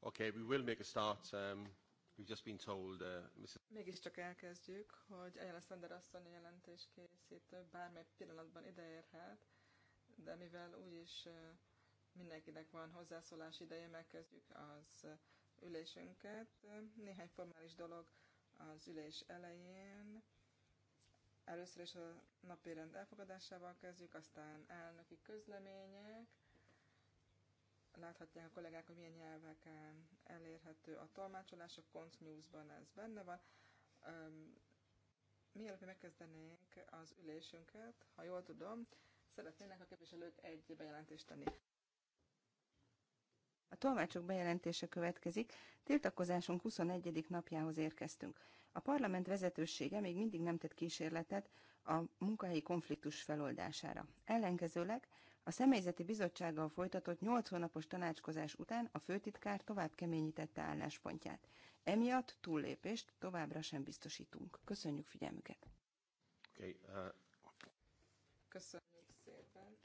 Okay, we will make a start. Um, we've just been told, uh, Mrs. Mégiscsak elkezdjük, hogy Ayala Sander asszony a jelentés készítő bármely pillanatban ideérhet, de mivel úgyis uh, mindenkinek van hozzászólás ideje, megkezdjük az uh, ülésünket. Néhány formális dolog az ülés elején. Először is a napirend elfogadásával kezdjük, aztán elnöki közlemények, láthatják a kollégák, hogy milyen nyelveken elérhető a tolmácsolás, a Conc News-ban ez benne van. Um, mielőtt megkezdenénk az ülésünket, ha jól tudom, szeretnének a képviselők egy bejelentést tenni. A tolmácsok bejelentése következik. Tiltakozásunk 21. napjához érkeztünk. A parlament vezetősége még mindig nem tett kísérletet a munkahelyi konfliktus feloldására. Ellenkezőleg a személyzeti bizottsággal folytatott 8 hónapos tanácskozás után a főtitkár tovább keményítette álláspontját. Emiatt túllépést továbbra sem biztosítunk. Köszönjük figyelmüket! Okay, uh... Köszönjük szépen!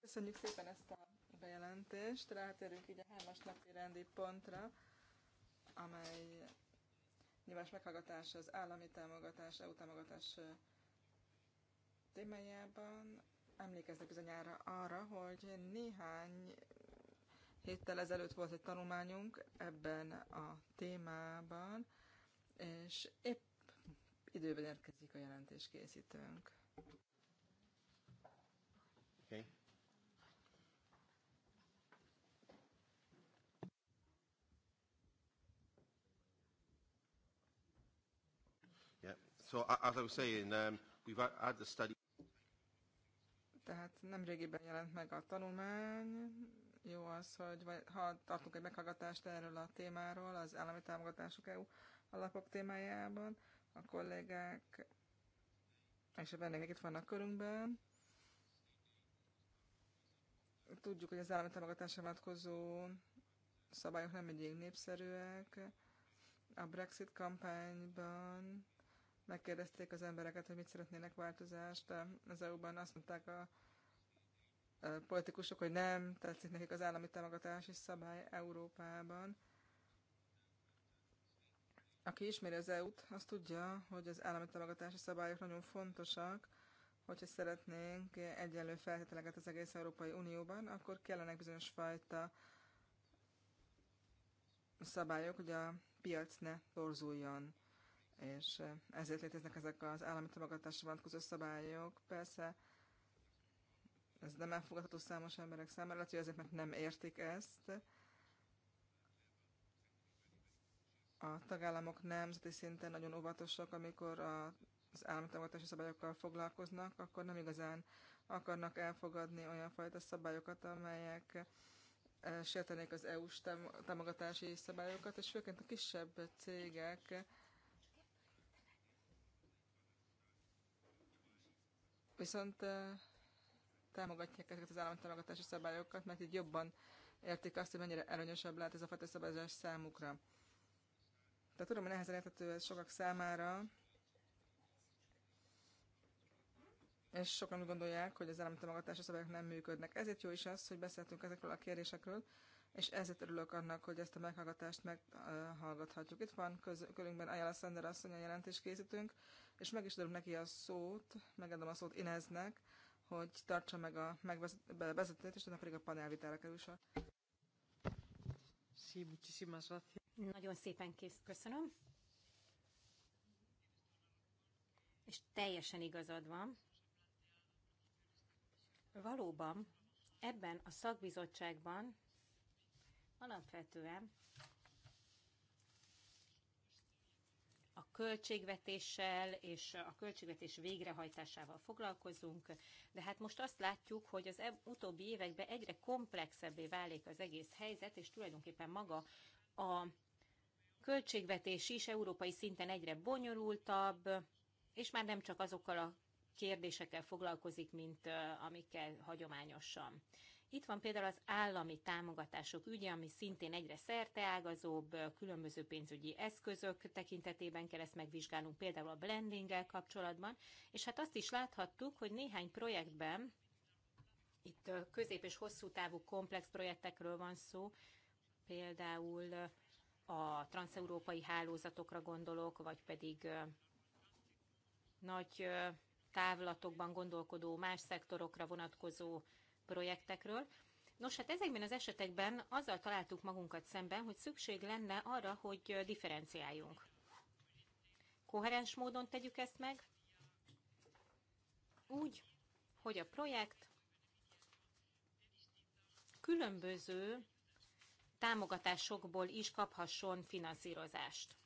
Köszönjük szépen ezt a bejelentést. Rátérünk így a hármas napi rendi pontra, amely nyilvános meghallgatás az állami támogatás, EU támogatás témájában emlékeznek bizonyára arra, hogy néhány héttel ezelőtt volt egy tanulmányunk ebben a témában, és épp időben érkezik a jelentéskészítőnk. Okay. Yeah. So as I was saying, um, we've had the study. Tehát nem régiben jelent meg a tanulmány. Jó az, hogy vagy, ha tartunk egy meghallgatást erről a témáról, az állami támogatások EU alapok témájában, a kollégák és a vendégek itt vannak körünkben. Tudjuk, hogy az állami támogatásra vonatkozó szabályok nem mindig népszerűek. A Brexit kampányban megkérdezték az embereket, hogy mit szeretnének változást az EU-ban. Azt mondták a politikusok, hogy nem tetszik nekik az állami támogatási szabály Európában. Aki ismeri az EU-t, az tudja, hogy az állami támogatási szabályok nagyon fontosak, hogyha szeretnénk egyenlő feltételeket az egész Európai Unióban, akkor kellenek bizonyos fajta szabályok, hogy a piac ne torzuljon és ezért léteznek ezek az állami támogatásra vonatkozó szabályok. Persze ez nem elfogadható számos emberek számára, lehet, hogy azért, mert nem értik ezt. A tagállamok nemzeti szinten nagyon óvatosak, amikor a az állami támogatási szabályokkal foglalkoznak, akkor nem igazán akarnak elfogadni olyan fajta szabályokat, amelyek sértenék az EU-s támogatási szabályokat, és főként a kisebb cégek viszont támogatják ezeket az támogatási szabályokat, mert így jobban értik azt, hogy mennyire előnyösebb lehet ez a fajta szabályozás számukra. Tehát tudom, hogy nehezen érthető ez sokak számára, és sokan úgy gondolják, hogy az állami támogatási szabályok nem működnek. Ezért jó is az, hogy beszéltünk ezekről a kérdésekről és ezért örülök annak, hogy ezt a meghallgatást meghallgathatjuk. Itt van köz, körünkben Ayala Szender asszony a jelentéskészítőnk, és meg is adom neki a szót, megadom a szót Ineznek, hogy tartsa meg a bevezetőt, és pedig a panelvitára kerül sor. Nagyon szépen kész, köszönöm. És teljesen igazad van. Valóban ebben a szakbizottságban Alapvetően a költségvetéssel és a költségvetés végrehajtásával foglalkozunk, de hát most azt látjuk, hogy az utóbbi években egyre komplexebbé válik az egész helyzet, és tulajdonképpen maga a költségvetés is európai szinten egyre bonyolultabb, és már nem csak azokkal a kérdésekkel foglalkozik, mint amikkel hagyományosan. Itt van például az állami támogatások ügye, ami szintén egyre szerteágazóbb, különböző pénzügyi eszközök tekintetében kell ezt megvizsgálnunk, például a blendinggel kapcsolatban, és hát azt is láthattuk, hogy néhány projektben, itt közép- és hosszú távú komplex projektekről van szó, például a transeurópai hálózatokra gondolok, vagy pedig nagy távlatokban gondolkodó más szektorokra vonatkozó projektekről. Nos, hát ezekben az esetekben azzal találtuk magunkat szemben, hogy szükség lenne arra, hogy differenciáljunk. Koherens módon tegyük ezt meg, úgy, hogy a projekt különböző támogatásokból is kaphasson finanszírozást.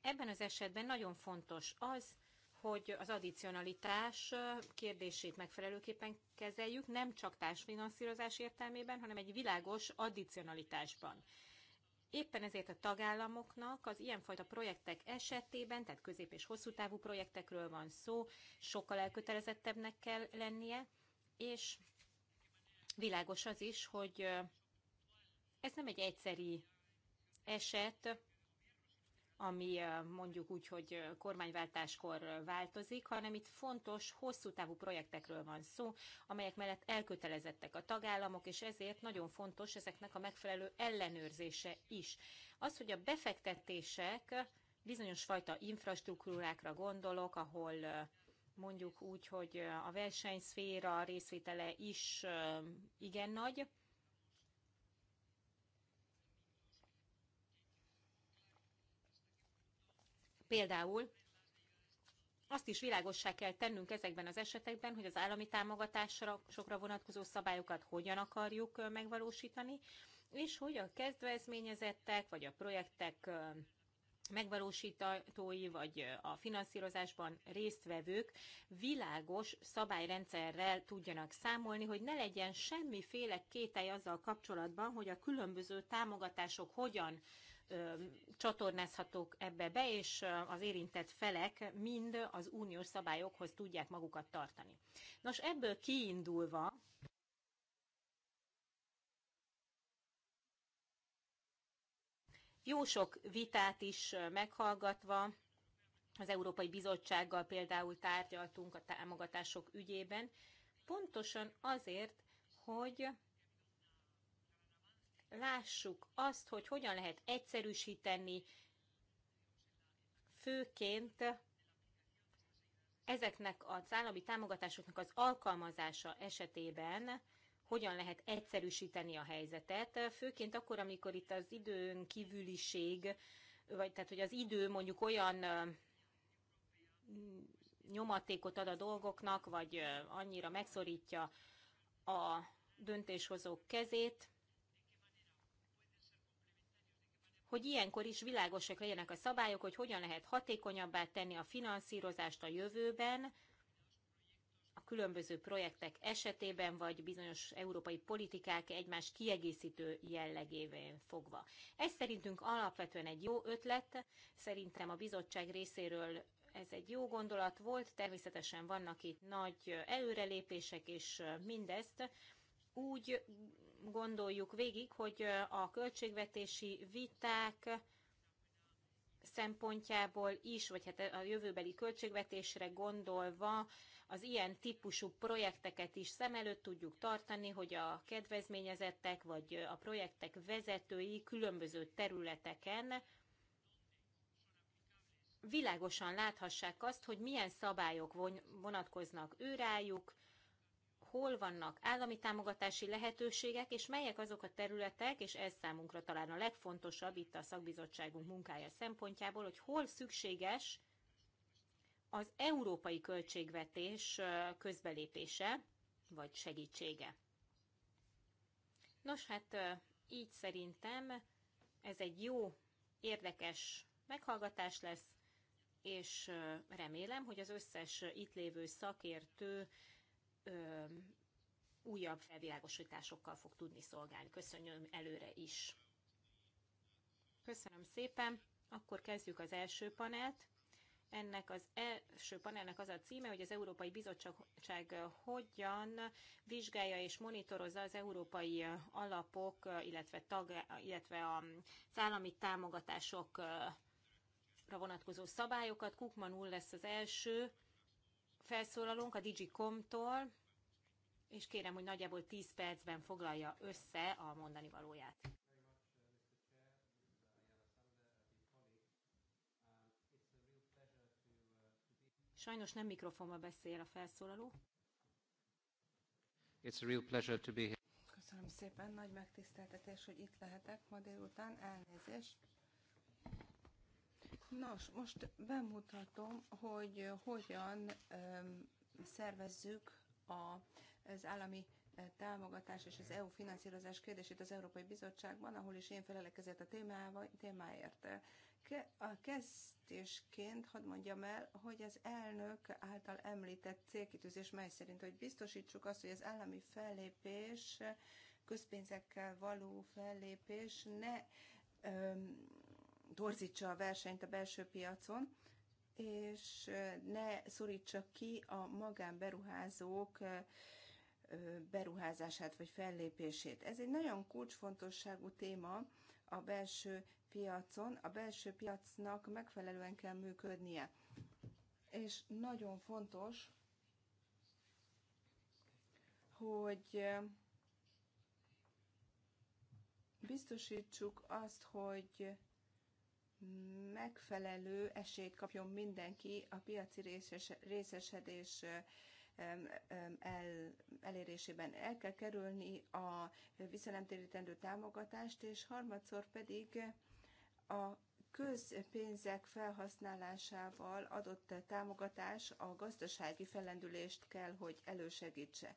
Ebben az esetben nagyon fontos az, hogy az addicionalitás kérdését megfelelőképpen kezeljük, nem csak társfinanszírozás értelmében, hanem egy világos addicionalitásban. Éppen ezért a tagállamoknak az ilyenfajta projektek esetében, tehát közép- és hosszú távú projektekről van szó, sokkal elkötelezettebbnek kell lennie, és világos az is, hogy ez nem egy egyszeri eset, ami mondjuk úgy, hogy kormányváltáskor változik, hanem itt fontos, hosszú távú projektekről van szó, amelyek mellett elkötelezettek a tagállamok, és ezért nagyon fontos ezeknek a megfelelő ellenőrzése is. Az, hogy a befektetések bizonyos fajta infrastruktúrákra gondolok, ahol mondjuk úgy, hogy a versenyszféra részvétele is igen nagy, Például azt is világossá kell tennünk ezekben az esetekben, hogy az állami támogatásra sokra vonatkozó szabályokat hogyan akarjuk megvalósítani, és hogy a kezdvezményezettek vagy a projektek megvalósítói vagy a finanszírozásban résztvevők világos szabályrendszerrel tudjanak számolni, hogy ne legyen semmiféle kételj azzal kapcsolatban, hogy a különböző támogatások hogyan csatornázhatók ebbe be, és az érintett felek mind az uniós szabályokhoz tudják magukat tartani. Nos, ebből kiindulva jó sok vitát is meghallgatva, az Európai Bizottsággal például tárgyaltunk a támogatások ügyében, pontosan azért, hogy lássuk azt, hogy hogyan lehet egyszerűsíteni főként ezeknek az állami támogatásoknak az alkalmazása esetében hogyan lehet egyszerűsíteni a helyzetet, főként akkor, amikor itt az időn kívüliség, vagy tehát, hogy az idő mondjuk olyan nyomatékot ad a dolgoknak, vagy annyira megszorítja a döntéshozók kezét, hogy ilyenkor is világosak legyenek a szabályok, hogy hogyan lehet hatékonyabbá tenni a finanszírozást a jövőben, a különböző projektek esetében, vagy bizonyos európai politikák egymás kiegészítő jellegévé fogva. Ez szerintünk alapvetően egy jó ötlet, szerintem a bizottság részéről ez egy jó gondolat volt, természetesen vannak itt nagy előrelépések, és mindezt úgy gondoljuk végig, hogy a költségvetési viták szempontjából is, vagy hát a jövőbeli költségvetésre gondolva az ilyen típusú projekteket is szem előtt tudjuk tartani, hogy a kedvezményezettek vagy a projektek vezetői különböző területeken világosan láthassák azt, hogy milyen szabályok vonatkoznak őrájuk, hol vannak állami támogatási lehetőségek, és melyek azok a területek, és ez számunkra talán a legfontosabb itt a szakbizottságunk munkája szempontjából, hogy hol szükséges az európai költségvetés közbelépése, vagy segítsége. Nos, hát így szerintem ez egy jó, érdekes meghallgatás lesz, és remélem, hogy az összes itt lévő szakértő ö, újabb felvilágosításokkal fog tudni szolgálni. Köszönöm előre is. Köszönöm szépen. Akkor kezdjük az első panelt. Ennek az első panelnek az a címe, hogy az Európai Bizottság hogyan vizsgálja és monitorozza az európai alapok, illetve, tag, illetve az állami támogatásokra vonatkozó szabályokat. Kukman úr lesz az első felszólalónk a Digicom-tól, és kérem, hogy nagyjából 10 percben foglalja össze a mondani valóját. Sajnos nem mikrofonba beszél a felszólaló. It's a real pleasure to be here. Köszönöm szépen, nagy megtiszteltetés, hogy itt lehetek ma délután. Elnézést, Nos, most bemutatom, hogy hogyan szervezzük a, az állami eh, támogatás és az EU finanszírozás kérdését az Európai Bizottságban, ahol is én felelek ezért a témával, témáért. A kezdésként hadd mondjam el, hogy az elnök által említett célkitűzés, mely szerint, hogy biztosítsuk azt, hogy az állami fellépés, közpénzekkel való fellépés ne öm, torzítsa a versenyt a belső piacon, és ne szorítsa ki a magánberuházók beruházását vagy fellépését. Ez egy nagyon kulcsfontosságú téma a belső piacon. A belső piacnak megfelelően kell működnie. És nagyon fontos, hogy biztosítsuk azt, hogy megfelelő esélyt kapjon mindenki a piaci részes, részesedés el, elérésében. El kell kerülni a visszanemtérítendő támogatást, és harmadszor pedig a közpénzek felhasználásával adott támogatás a gazdasági fellendülést kell, hogy elősegítse.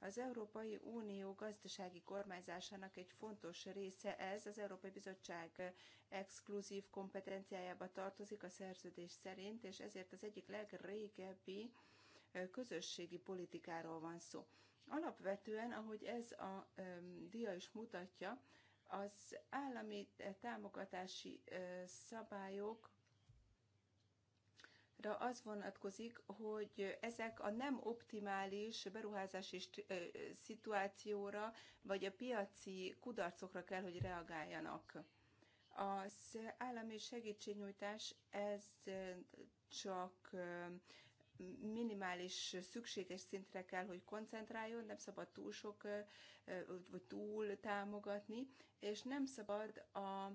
Az Európai Unió gazdasági kormányzásának egy fontos része ez, az Európai Bizottság exkluzív kompetenciájába tartozik a szerződés szerint, és ezért az egyik legrégebbi közösségi politikáról van szó. Alapvetően, ahogy ez a dia is mutatja, az állami támogatási szabályok ra az vonatkozik, hogy ezek a nem optimális beruházási szituációra, vagy a piaci kudarcokra kell, hogy reagáljanak. Az állami segítségnyújtás ez csak minimális szükséges szintre kell, hogy koncentráljon, nem szabad túl sok, vagy túl támogatni, és nem szabad a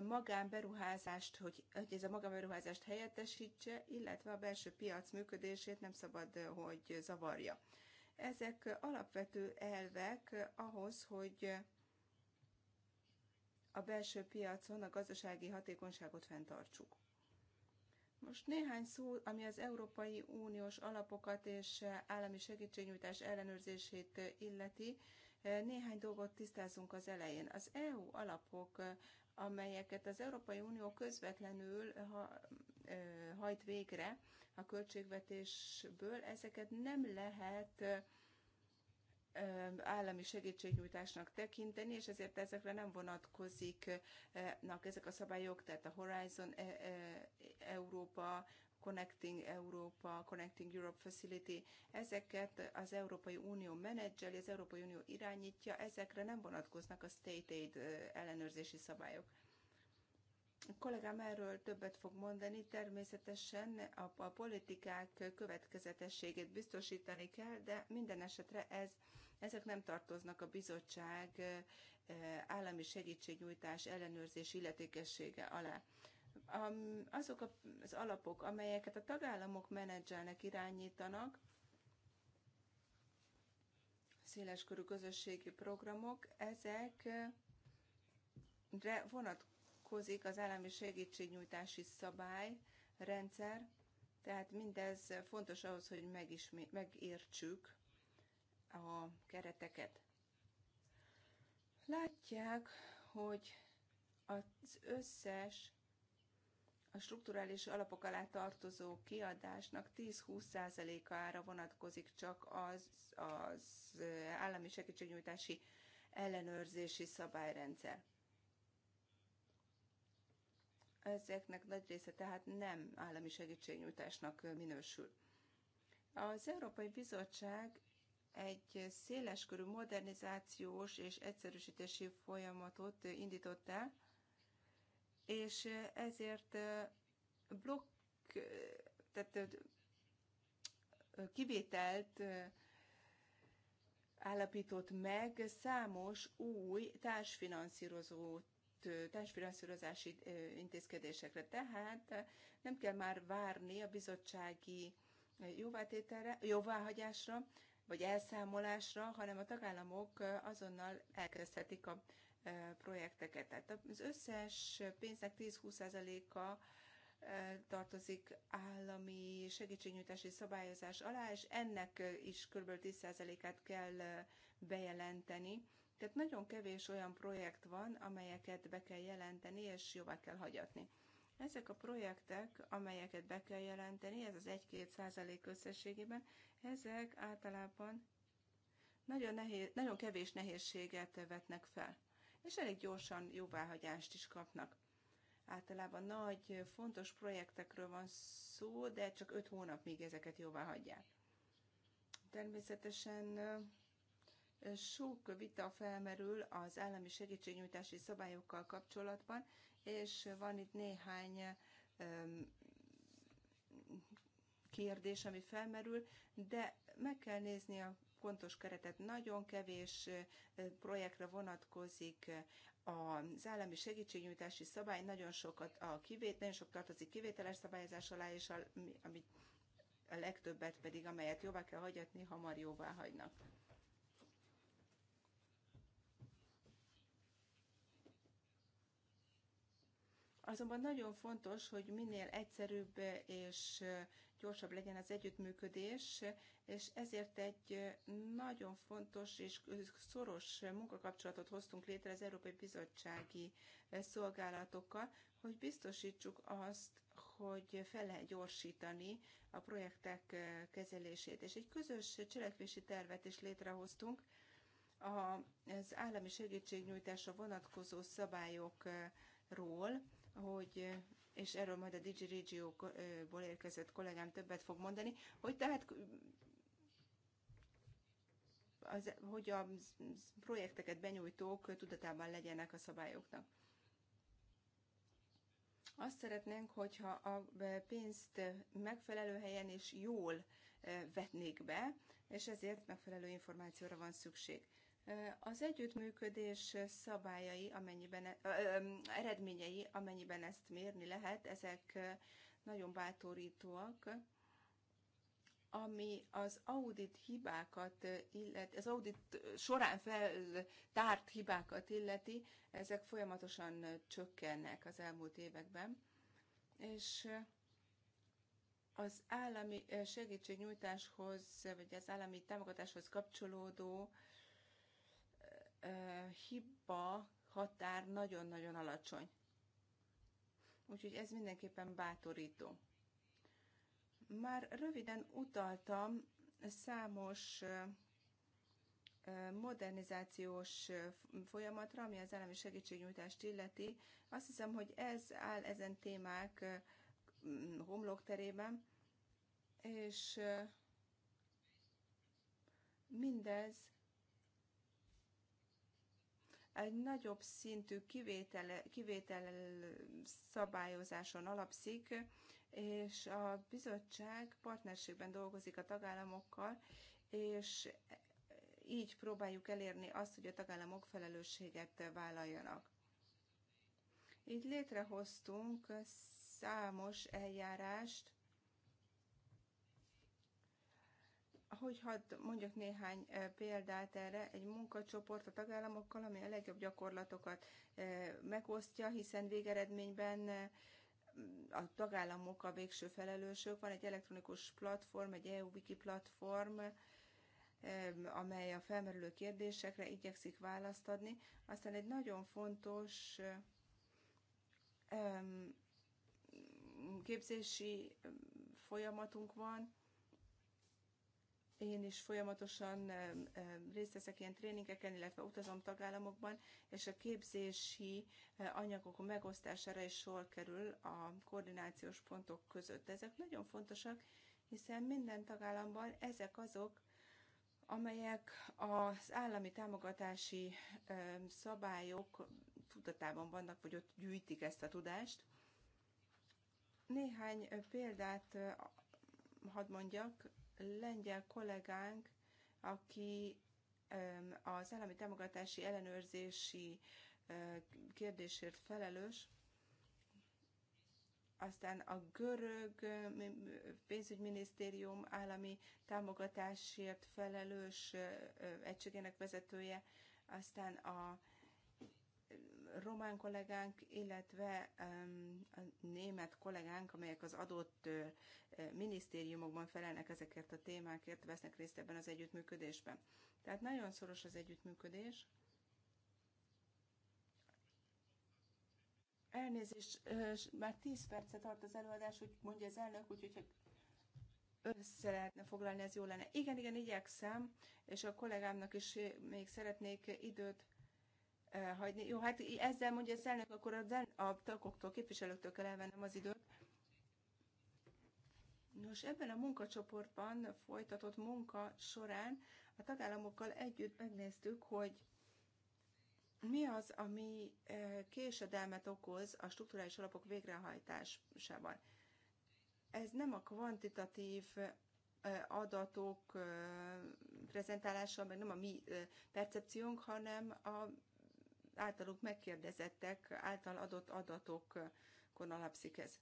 magánberuházást, hogy, hogy ez a magánberuházást helyettesítse, illetve a belső piac működését nem szabad, eh, hogy zavarja. Ezek eh, alapvető elvek eh, ahhoz, hogy a belső piacon a gazdasági hatékonyságot fenntartsuk. Most néhány szó, ami az Európai Uniós alapokat és állami segítségnyújtás ellenőrzését illeti. Néhány dolgot tisztázunk az elején. Az EU alapok, amelyeket az Európai Unió közvetlenül hajt végre a költségvetésből, ezeket nem lehet állami segítségnyújtásnak tekinteni, és ezért ezekre nem vonatkoziknak ezek a szabályok, tehát a Horizon Európa, Connecting Europa, Connecting Europe Facility, ezeket az Európai Unió menedzseli, az Európai Unió irányítja, ezekre nem vonatkoznak a state aid ellenőrzési szabályok. A kollégám erről többet fog mondani, természetesen a, a politikák következetességét biztosítani kell, de minden esetre ez, ezek nem tartoznak a bizottság állami segítségnyújtás ellenőrzés illetékessége alá azok az alapok, amelyeket a tagállamok menedzselnek, irányítanak, széleskörű közösségi programok, ezekre vonatkozik az állami segítségnyújtási szabály, rendszer, tehát mindez fontos ahhoz, hogy megismi, megértsük a kereteket. Látják, hogy az összes a strukturális alapok alá tartozó kiadásnak 10-20%-ára vonatkozik csak az, az állami segítségnyújtási ellenőrzési szabályrendszer. Ezeknek nagy része tehát nem állami segítségnyújtásnak minősül. Az Európai Bizottság egy széleskörű modernizációs és egyszerűsítési folyamatot indított el, és ezért blokk, tehát kivételt állapított meg számos új társfinanszírozó társfinanszírozási intézkedésekre. Tehát nem kell már várni a bizottsági jóvátételre, jóváhagyásra, vagy elszámolásra, hanem a tagállamok azonnal elkezdhetik a projekteket. Tehát az összes pénznek 10-20%-a tartozik állami segítségnyújtási szabályozás alá, és ennek is kb. 10%-át kell bejelenteni. Tehát nagyon kevés olyan projekt van, amelyeket be kell jelenteni, és jobbá kell hagyatni. Ezek a projektek, amelyeket be kell jelenteni, ez az 1-2 százalék összességében, ezek általában nagyon, nehéz, nagyon kevés nehézséget vetnek fel és elég gyorsan jóváhagyást is kapnak. Általában nagy, fontos projektekről van szó, de csak 5 hónap még ezeket jóváhagyják. Természetesen sok vita felmerül az állami segítségnyújtási szabályokkal kapcsolatban, és van itt néhány kérdés, ami felmerül, de meg kell nézni a pontos keretet. Nagyon kevés projektre vonatkozik az állami segítségnyújtási szabály, nagyon sokat a kivét, nagyon sok tartozik kivételes szabályozás alá, és a, ami a legtöbbet pedig, amelyet jobbá kell hagyatni, hamar jóvá hagynak. Azonban nagyon fontos, hogy minél egyszerűbb és gyorsabb legyen az együttműködés, és ezért egy nagyon fontos és szoros munkakapcsolatot hoztunk létre az Európai Bizottsági Szolgálatokkal, hogy biztosítsuk azt, hogy fel lehet gyorsítani a projektek kezelését. És egy közös cselekvési tervet is létrehoztunk, az állami segítségnyújtásra vonatkozó szabályokról, hogy és erről majd a digiregio ból érkezett kollégám többet fog mondani, hogy tehát az, hogy a projekteket benyújtók tudatában legyenek a szabályoknak. Azt szeretnénk, hogyha a pénzt megfelelő helyen és jól eh, vetnék be, és ezért megfelelő információra van szükség. Az együttműködés szabályai, amennyiben, e- ö, ö, eredményei, amennyiben ezt mérni lehet, ezek nagyon bátorítóak, ami az audit hibákat illeti, az audit során feltárt hibákat illeti, ezek folyamatosan csökkennek az elmúlt években, és az állami segítségnyújtáshoz, vagy az állami támogatáshoz kapcsolódó hiba határ nagyon-nagyon alacsony. Úgyhogy ez mindenképpen bátorító. Már röviden utaltam számos modernizációs folyamatra, ami az elemi segítségnyújtást illeti. Azt hiszem, hogy ez áll ezen témák homlokterében, és mindez egy nagyobb szintű kivétel, kivétel szabályozáson alapszik, és a bizottság partnerségben dolgozik a tagállamokkal, és így próbáljuk elérni azt, hogy a tagállamok felelősséget vállaljanak. Így létrehoztunk számos eljárást, hogy hadd mondjak néhány példát erre, egy munkacsoport a tagállamokkal, ami a legjobb gyakorlatokat megosztja, hiszen végeredményben a tagállamok a végső felelősök. Van egy elektronikus platform, egy EU-wiki platform, amely a felmerülő kérdésekre igyekszik választ adni. Aztán egy nagyon fontos képzési folyamatunk van, én is folyamatosan részt veszek ilyen tréningeken, illetve utazom tagállamokban, és a képzési eh, anyagok megosztására is sor kerül a koordinációs pontok között. Ezek nagyon fontosak, hiszen minden tagállamban ezek azok, amelyek az állami támogatási szabályok tudatában vannak, vagy ott gyűjtik ezt a tudást. Néhány eh, példát eh, hadd mondjak lengyel kollégánk, aki az állami támogatási ellenőrzési kérdésért felelős, aztán a görög pénzügyminisztérium állami támogatásért felelős egységének vezetője, aztán a román kollégánk, illetve a német kollégánk, amelyek az adott minisztériumokban felelnek ezekért a témákért, vesznek részt ebben az együttműködésben. Tehát nagyon szoros az együttműködés. Elnézést, már 10 percet tart az előadás, úgy mondja az elnök, úgyhogy ha össze lehetne foglalni, ez jó lenne. Igen, igen, igyekszem, és a kollégámnak is még szeretnék időt hagyni. Jó, hát ezzel mondja az elnök, akkor az el, a tagoktól, képviselőktől kell elvennem az időt. Nos, ebben a munkacsoportban folytatott munka során a tagállamokkal együtt megnéztük, hogy mi az, ami e, késedelmet okoz a struktúrális alapok végrehajtásában. Ez nem a kvantitatív e, adatok e, prezentálása, meg nem a mi percepciónk, hanem a általuk megkérdezettek által adott adatokon alapszik ez.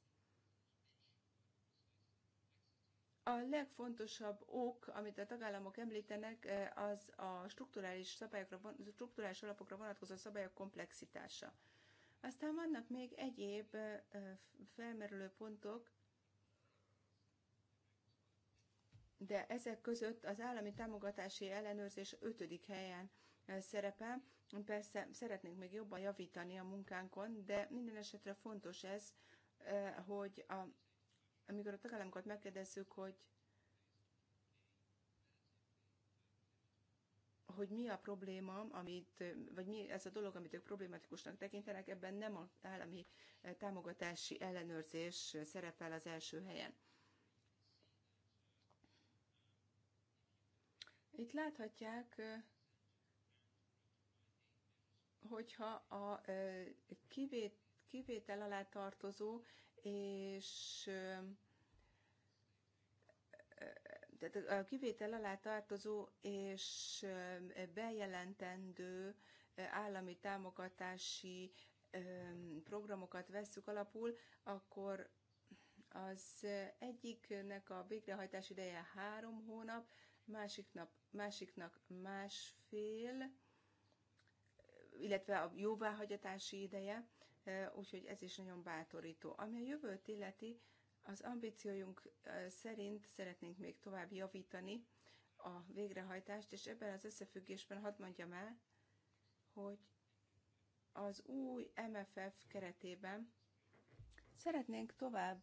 A legfontosabb ok, amit a tagállamok említenek, eh, az a strukturális, szabályokra, strukturális alapokra vonatkozó szabályok komplexitása. Aztán vannak még egyéb eh, felmerülő pontok, de ezek között az állami támogatási ellenőrzés ötödik helyen eh, szerepel. Persze szeretnénk még jobban javítani a munkánkon, de minden esetre fontos ez, eh, hogy a, amikor a tagállamokat megkérdezzük, hogy hogy mi a probléma, amit, vagy mi ez a dolog, amit ők problématikusnak tekintenek, ebben nem az állami eh, támogatási ellenőrzés szerepel az első helyen. Itt láthatják eh, hogyha a kivét, kivétel alá tartozó és tehát a kivétel alá tartozó és bejelentendő állami támogatási programokat vesszük alapul, akkor az egyiknek a végrehajtás ideje három hónap, másiknak, másiknak másfél, illetve a jóváhagyatási ideje, úgyhogy ez is nagyon bátorító. Ami a jövőt illeti, az ambíciójunk szerint szeretnénk még tovább javítani a végrehajtást, és ebben az összefüggésben hadd mondjam el, hogy az új MFF keretében szeretnénk tovább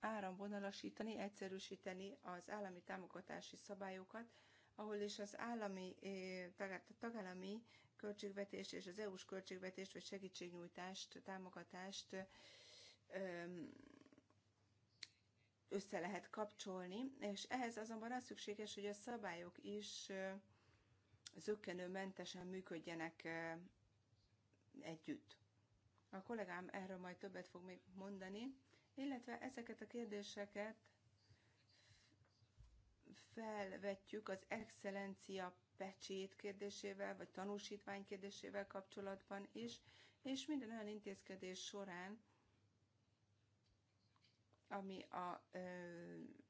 áramvonalasítani, egyszerűsíteni az állami támogatási szabályokat, ahol is az állami, eh, tagállami költségvetést és az EU-s költségvetést, vagy segítségnyújtást, támogatást össze lehet kapcsolni, és ehhez azonban az szükséges, hogy a szabályok is zöggenőmentesen működjenek együtt. A kollégám erről majd többet fog még mondani, illetve ezeket a kérdéseket felvetjük az excellencia pecsét kérdésével, vagy tanúsítvány kérdésével kapcsolatban is, és minden olyan intézkedés során, ami a,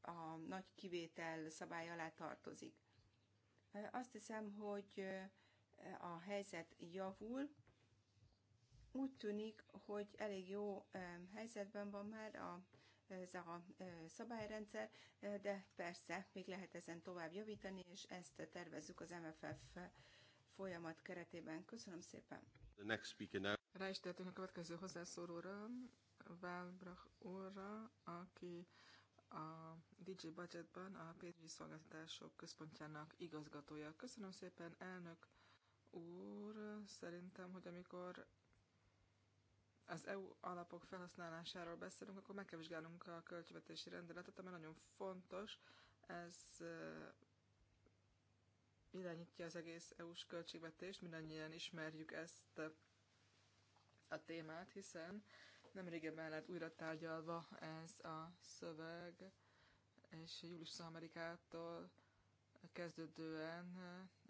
a nagy kivétel szabály alá tartozik. Azt hiszem, hogy a helyzet javul. Úgy tűnik, hogy elég jó helyzetben van már a ez a e, szabályrendszer, e, de persze még lehet ezen tovább javítani, és ezt tervezzük az MFF folyamat keretében. Köszönöm szépen! The next speaker now. Rá is tettünk a következő hozzászólóra, Valbrach úrra, aki a DJ Budgetban a pénzügyi szolgáltatások központjának igazgatója. Köszönöm szépen, elnök úr! Szerintem, hogy amikor az EU alapok felhasználásáról beszélünk, akkor meg kell vizsgálnunk a költségvetési rendeletet, ami nagyon fontos. Ez irányítja az egész EU-s költségvetést, mindannyian ismerjük ezt a témát, hiszen nem régebben lett újra tárgyalva ez a szöveg, és július 23-tól kezdődően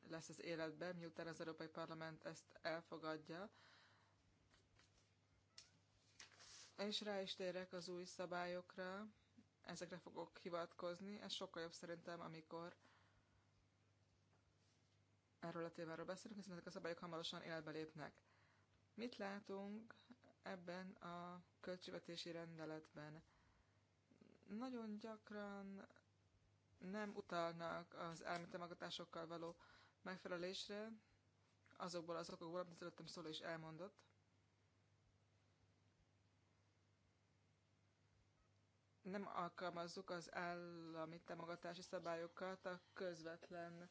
lesz az életben, miután az Európai Parlament ezt elfogadja, és rá is térek az új szabályokra, ezekre fogok hivatkozni, ez sokkal jobb szerintem, amikor erről a témáról beszélünk, hiszen ezek a szabályok hamarosan életbe lépnek. Mit látunk ebben a költségvetési rendeletben? Nagyon gyakran nem utalnak az elmétemagatásokkal való megfelelésre, azokból az okokból, amit előttem szól és elmondott. nem alkalmazzuk az állami támogatási szabályokat a közvetlen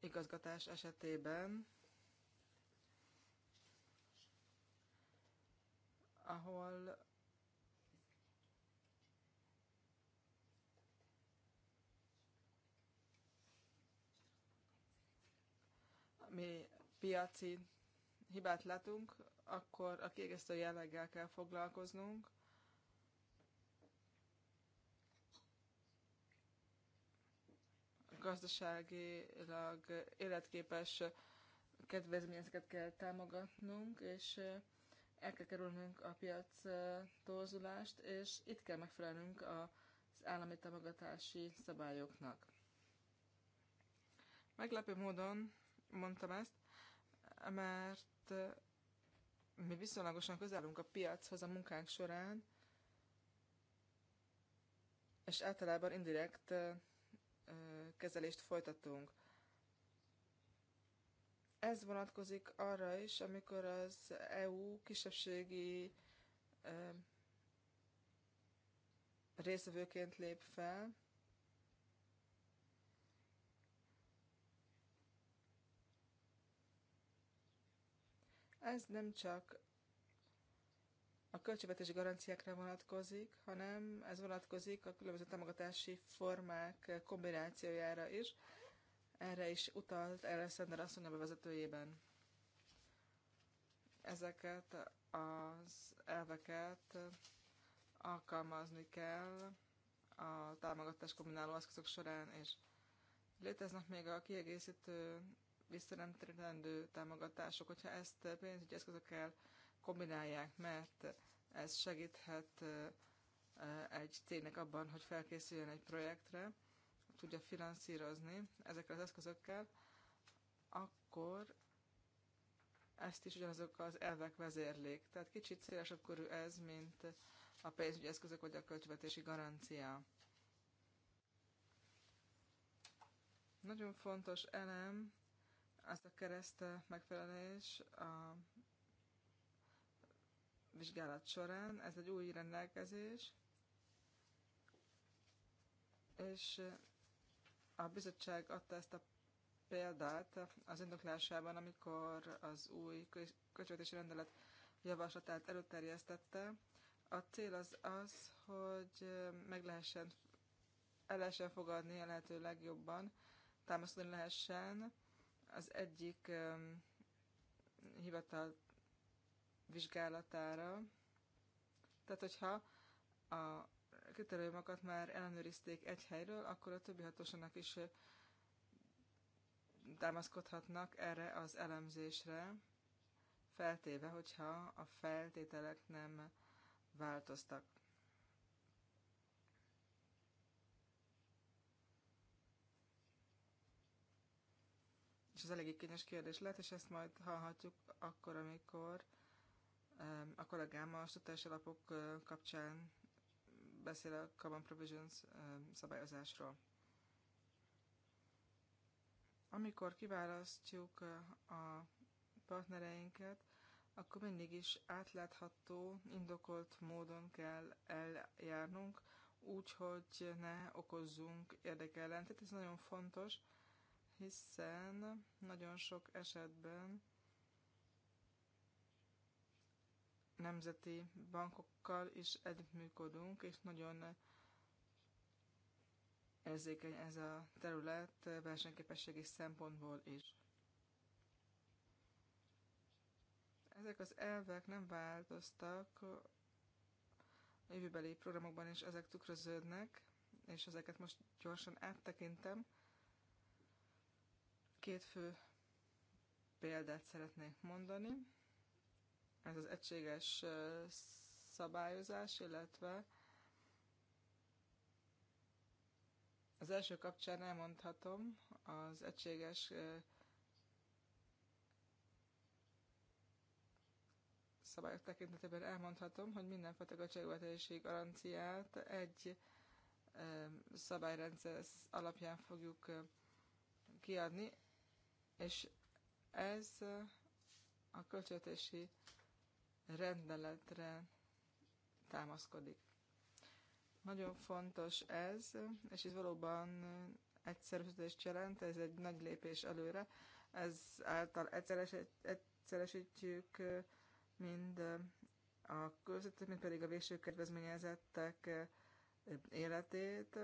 igazgatás esetében, ahol mi piaci hibát látunk, akkor a kiegészítő jelleggel kell foglalkoznunk. gazdaságilag életképes kedvezményeket kell támogatnunk, és el kell kerülnünk a piac torzulást, és itt kell megfelelnünk az állami támogatási szabályoknak. Meglepő módon mondtam ezt, mert mi viszonylagosan közelünk a piachoz a munkánk során, és általában indirekt kezelést folytatunk. Ez vonatkozik arra is, amikor az EU kisebbségi részvevőként lép fel, Ez nem csak a költségvetési garanciákra vonatkozik, hanem ez vonatkozik a különböző támogatási formák kombinációjára is. Erre is utalt Alexander asszony a bevezetőjében. Ezeket az elveket alkalmazni kell a támogatás kombináló eszközök során, és léteznek még a kiegészítő visszanemtérítendő támogatások, hogyha ezt pénzügyi eszközökkel kombinálják, mert ez segíthet egy cégnek abban, hogy felkészüljön egy projektre, tudja finanszírozni ezekkel az eszközökkel, akkor ezt is ugyanazok az elvek vezérlik. Tehát kicsit szélesebb körű ez, mint a pénzügyi eszközök vagy a költségvetési garancia. Nagyon fontos elem az a kereszt eh, megfelelés a vizsgálat során. Ez egy új rendelkezés, és eh, a bizottság adta ezt a példát az indoklásában, amikor az új költségvetési rendelet javaslatát előterjesztette. A cél az az, hogy eh, meg lehessen, el lehessen fogadni a lehető legjobban, támaszkodni lehessen az egyik hivatal vizsgálatára. Tehát, hogyha a kritériumokat már ellenőrizték egy helyről, akkor a többi hatóságnak is támaszkodhatnak erre az elemzésre, feltéve, hogyha a feltételek nem változtak. és ez eléggé kényes kérdés lehet, és ezt majd hallhatjuk akkor, amikor a kollégám a statutási alapok kapcsán beszél a Common Provisions szabályozásról. Amikor kiválasztjuk a partnereinket, akkor mindig is átlátható, indokolt módon kell eljárnunk, úgyhogy ne okozzunk érdekellentét. Ez nagyon fontos, hiszen nagyon sok esetben nemzeti bankokkal is együttműködünk, és nagyon érzékeny ez a terület versenyképességi szempontból is. Ezek az elvek nem változtak, a jövőbeli programokban is ezek tükröződnek, és ezeket most gyorsan áttekintem. Két fő példát szeretnék mondani. Ez az egységes szabályozás, illetve az első kapcsán elmondhatom az egységes szabályok tekintetében elmondhatom, hogy mindenfajta költségvetési garanciát egy szabályrendszer alapján fogjuk kiadni és ez a költségvetési rendeletre támaszkodik. Nagyon fontos ez, és ez valóban egyszerűsítést jelent, ez egy nagy lépés előre. Ez által egyszeresítjük mind a közvetet, mind pedig a végső kedvezményezettek életét.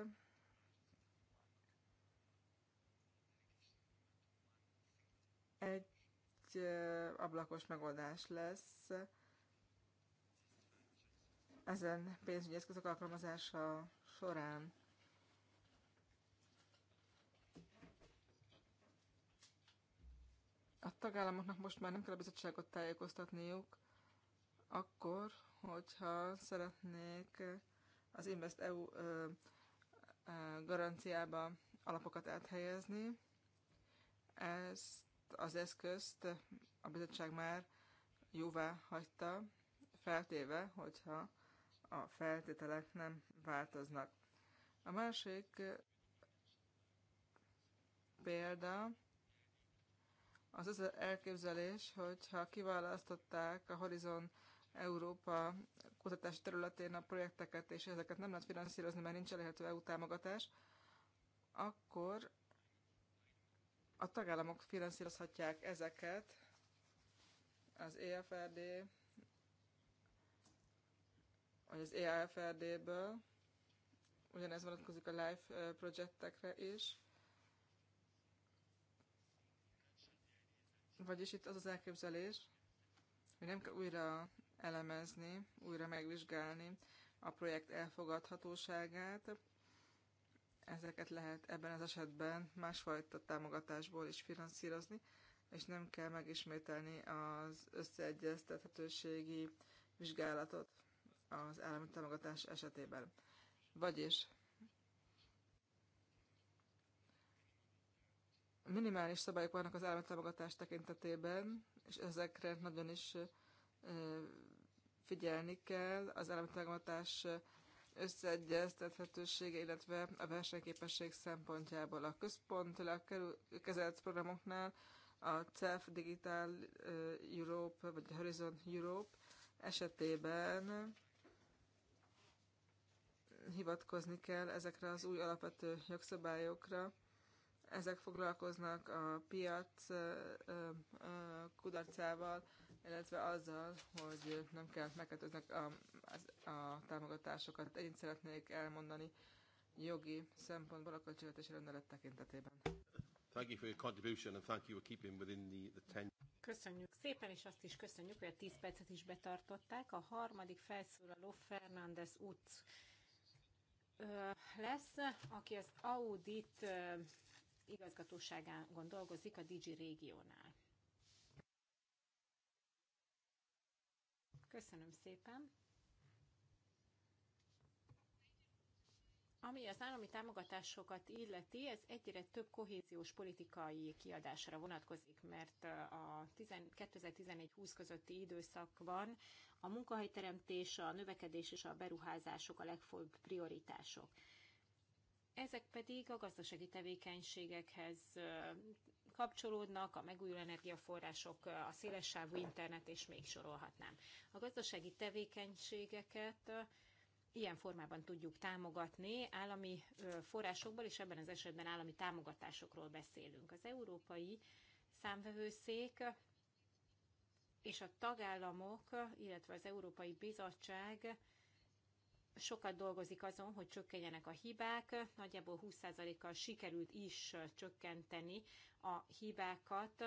Egy ablakos megoldás lesz. Ezen pénzügyi eszközök alkalmazása során a tagállamoknak most már nem kell a bizottságot tájékoztatniuk, akkor, hogyha szeretnék az Invest EU garanciába alapokat áthelyezni, ezt az eszközt a bizottság már jóvá hagyta, feltéve, hogyha a feltételek nem változnak. A másik példa az az elképzelés, hogyha kiválasztották a Horizon Európa kutatási területén a projekteket, és ezeket nem lehet finanszírozni, mert nincs elérhető EU támogatás, akkor a tagállamok finanszírozhatják ezeket, az EFRD, vagy az EAFRD-ből, ugyanez vonatkozik a live projektekre is. Vagyis itt az az elképzelés, hogy nem kell újra elemezni, újra megvizsgálni a projekt elfogadhatóságát, ezeket lehet ebben az esetben másfajta támogatásból is finanszírozni, és nem kell megismételni az összeegyeztethetőségi vizsgálatot az állami támogatás esetében. Vagyis minimális szabályok vannak az állami támogatás tekintetében, és ezekre nagyon is figyelni kell. Az állami támogatás összeegyeztethetősége, illetve a versenyképesség szempontjából a központilag kezelt programoknál a CEF Digital Europe vagy Horizon Europe esetében hivatkozni kell ezekre az új alapvető jogszabályokra. Ezek foglalkoznak a piac kudarcával, illetve azzal, hogy nem kell megkötöznek a, a, a támogatásokat. Én szeretnék elmondani jogi szempontból a költségvetési rendelet tekintetében. Thank you for your contribution and thank you for keeping within the, the ten... Köszönjük szépen, és azt is köszönjük, hogy a 10 percet is betartották. A harmadik felszólaló Fernández út lesz, aki az Audit igazgatóságán dolgozik a Digi régiónál. Köszönöm szépen. Ami az állami támogatásokat illeti, ez egyre több kohéziós politikai kiadásra vonatkozik, mert uh, a 2014-20 közötti időszakban a munkahelyteremtés, a növekedés és a beruházások a legfőbb prioritások. Ezek pedig a gazdasági tevékenységekhez uh, kapcsolódnak, a megújuló energiaforrások, a szélessávú internet, és még sorolhatnám. A gazdasági tevékenységeket ilyen formában tudjuk támogatni állami forrásokból, és ebben az esetben állami támogatásokról beszélünk. Az európai számvevőszék és a tagállamok, illetve az Európai Bizottság sokat dolgozik azon, hogy csökkenjenek a hibák, nagyjából 20%-kal sikerült is csökkenteni a hibákat,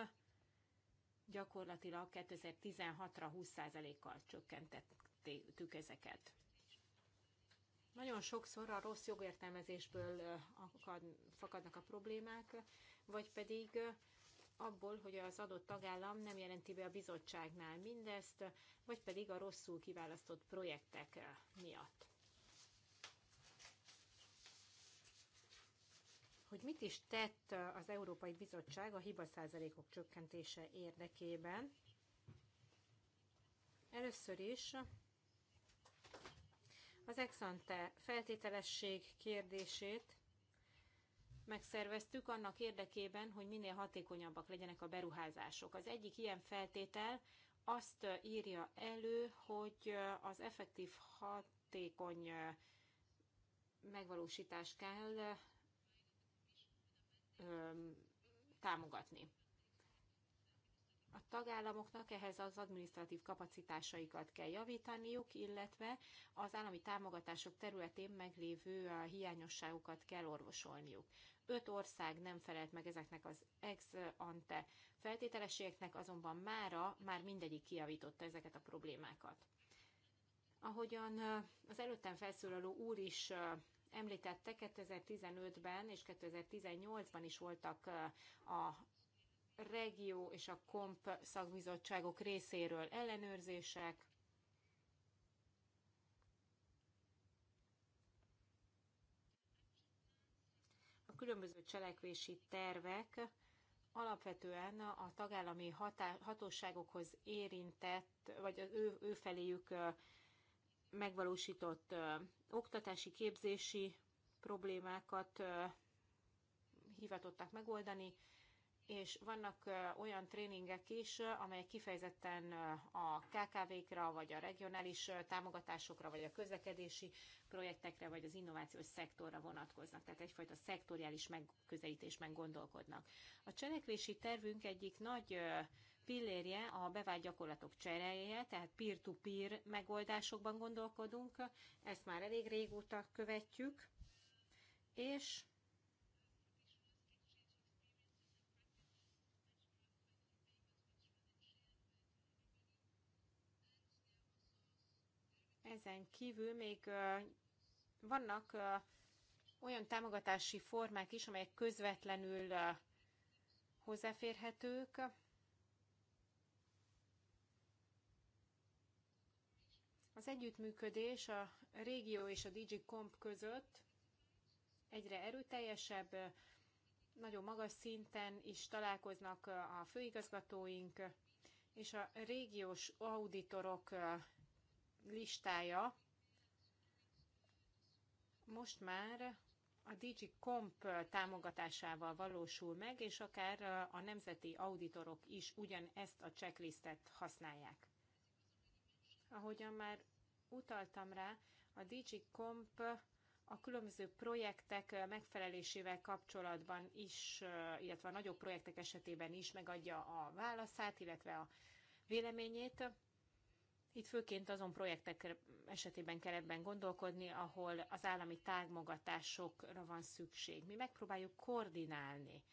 gyakorlatilag 2016-ra 20%-kal csökkentettük ezeket. Nagyon sokszor a rossz jogértelmezésből fakadnak a problémák, vagy pedig abból, hogy az adott tagállam nem jelenti be a bizottságnál mindezt, vagy pedig a rosszul kiválasztott projektek miatt. hogy mit is tett az Európai Bizottság a hibaszázalékok csökkentése érdekében. Először is az exante feltételesség kérdését megszerveztük annak érdekében, hogy minél hatékonyabbak legyenek a beruházások. Az egyik ilyen feltétel azt írja elő, hogy az effektív hatékony megvalósítás kell támogatni. A tagállamoknak ehhez az adminisztratív kapacitásaikat kell javítaniuk, illetve az állami támogatások területén meglévő hiányosságokat kell orvosolniuk. Öt ország nem felelt meg ezeknek az ex ante feltételességeknek, azonban mára már mindegyik kiavította ezeket a problémákat. Ahogyan az előttem felszólaló úr is említette, 2015-ben és 2018-ban is voltak a regió és a komp szakbizottságok részéről ellenőrzések, A különböző cselekvési tervek alapvetően a tagállami hatá- hatóságokhoz érintett, vagy az ő, ő feléjük megvalósított oktatási, képzési problémákat hivatották megoldani, és vannak olyan tréningek is, amelyek kifejezetten a KKV-kra, vagy a regionális támogatásokra, vagy a közlekedési projektekre, vagy az innovációs szektorra vonatkoznak. Tehát egyfajta szektoriális megközelítésben gondolkodnak. A cselekvési tervünk egyik nagy pillérje a bevált gyakorlatok cseréje, tehát peer-to-peer -peer megoldásokban gondolkodunk, ezt már elég régóta követjük, és ezen kívül még vannak olyan támogatási formák is, amelyek közvetlenül hozzáférhetők, Az együttműködés a régió és a DigiComp között egyre erőteljesebb, nagyon magas szinten is találkoznak a főigazgatóink, és a régiós auditorok listája most már a DG Comp támogatásával valósul meg, és akár a nemzeti auditorok is ugyanezt a checklistet használják. Ahogyan már utaltam rá, a DigiComp Comp a különböző projektek megfelelésével kapcsolatban is, illetve a nagyobb projektek esetében is megadja a válaszát, illetve a véleményét. Itt főként azon projektek esetében kell ebben gondolkodni, ahol az állami támogatásokra van szükség. Mi megpróbáljuk koordinálni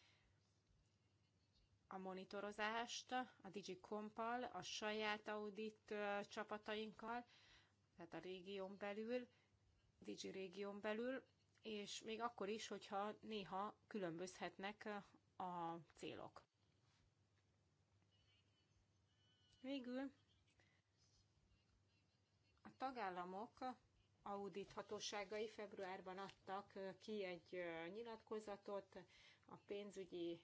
a monitorozást a digicomp a saját audit csapatainkkal, tehát a régión belül, Digi régión belül, és még akkor is, hogyha néha különbözhetnek a célok. Végül a tagállamok audíthatóságai februárban adtak ki egy nyilatkozatot a pénzügyi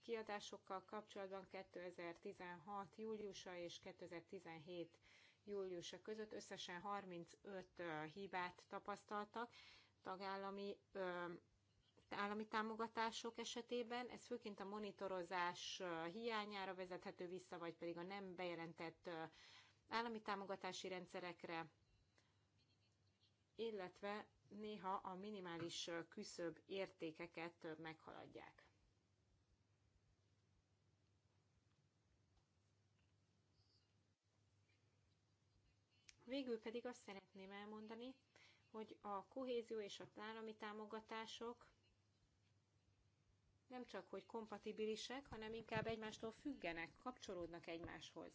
kiadásokkal kapcsolatban 2016. júliusa és 2017 júliusa között összesen 35 hibát tapasztaltak tagállami állami támogatások esetében. Ez főként a monitorozás hiányára vezethető vissza, vagy pedig a nem bejelentett állami támogatási rendszerekre, illetve néha a minimális küszöb értékeket meghaladják. Végül pedig azt szeretném elmondani, hogy a kohézió és a állami támogatások nem csak hogy kompatibilisek, hanem inkább egymástól függenek, kapcsolódnak egymáshoz.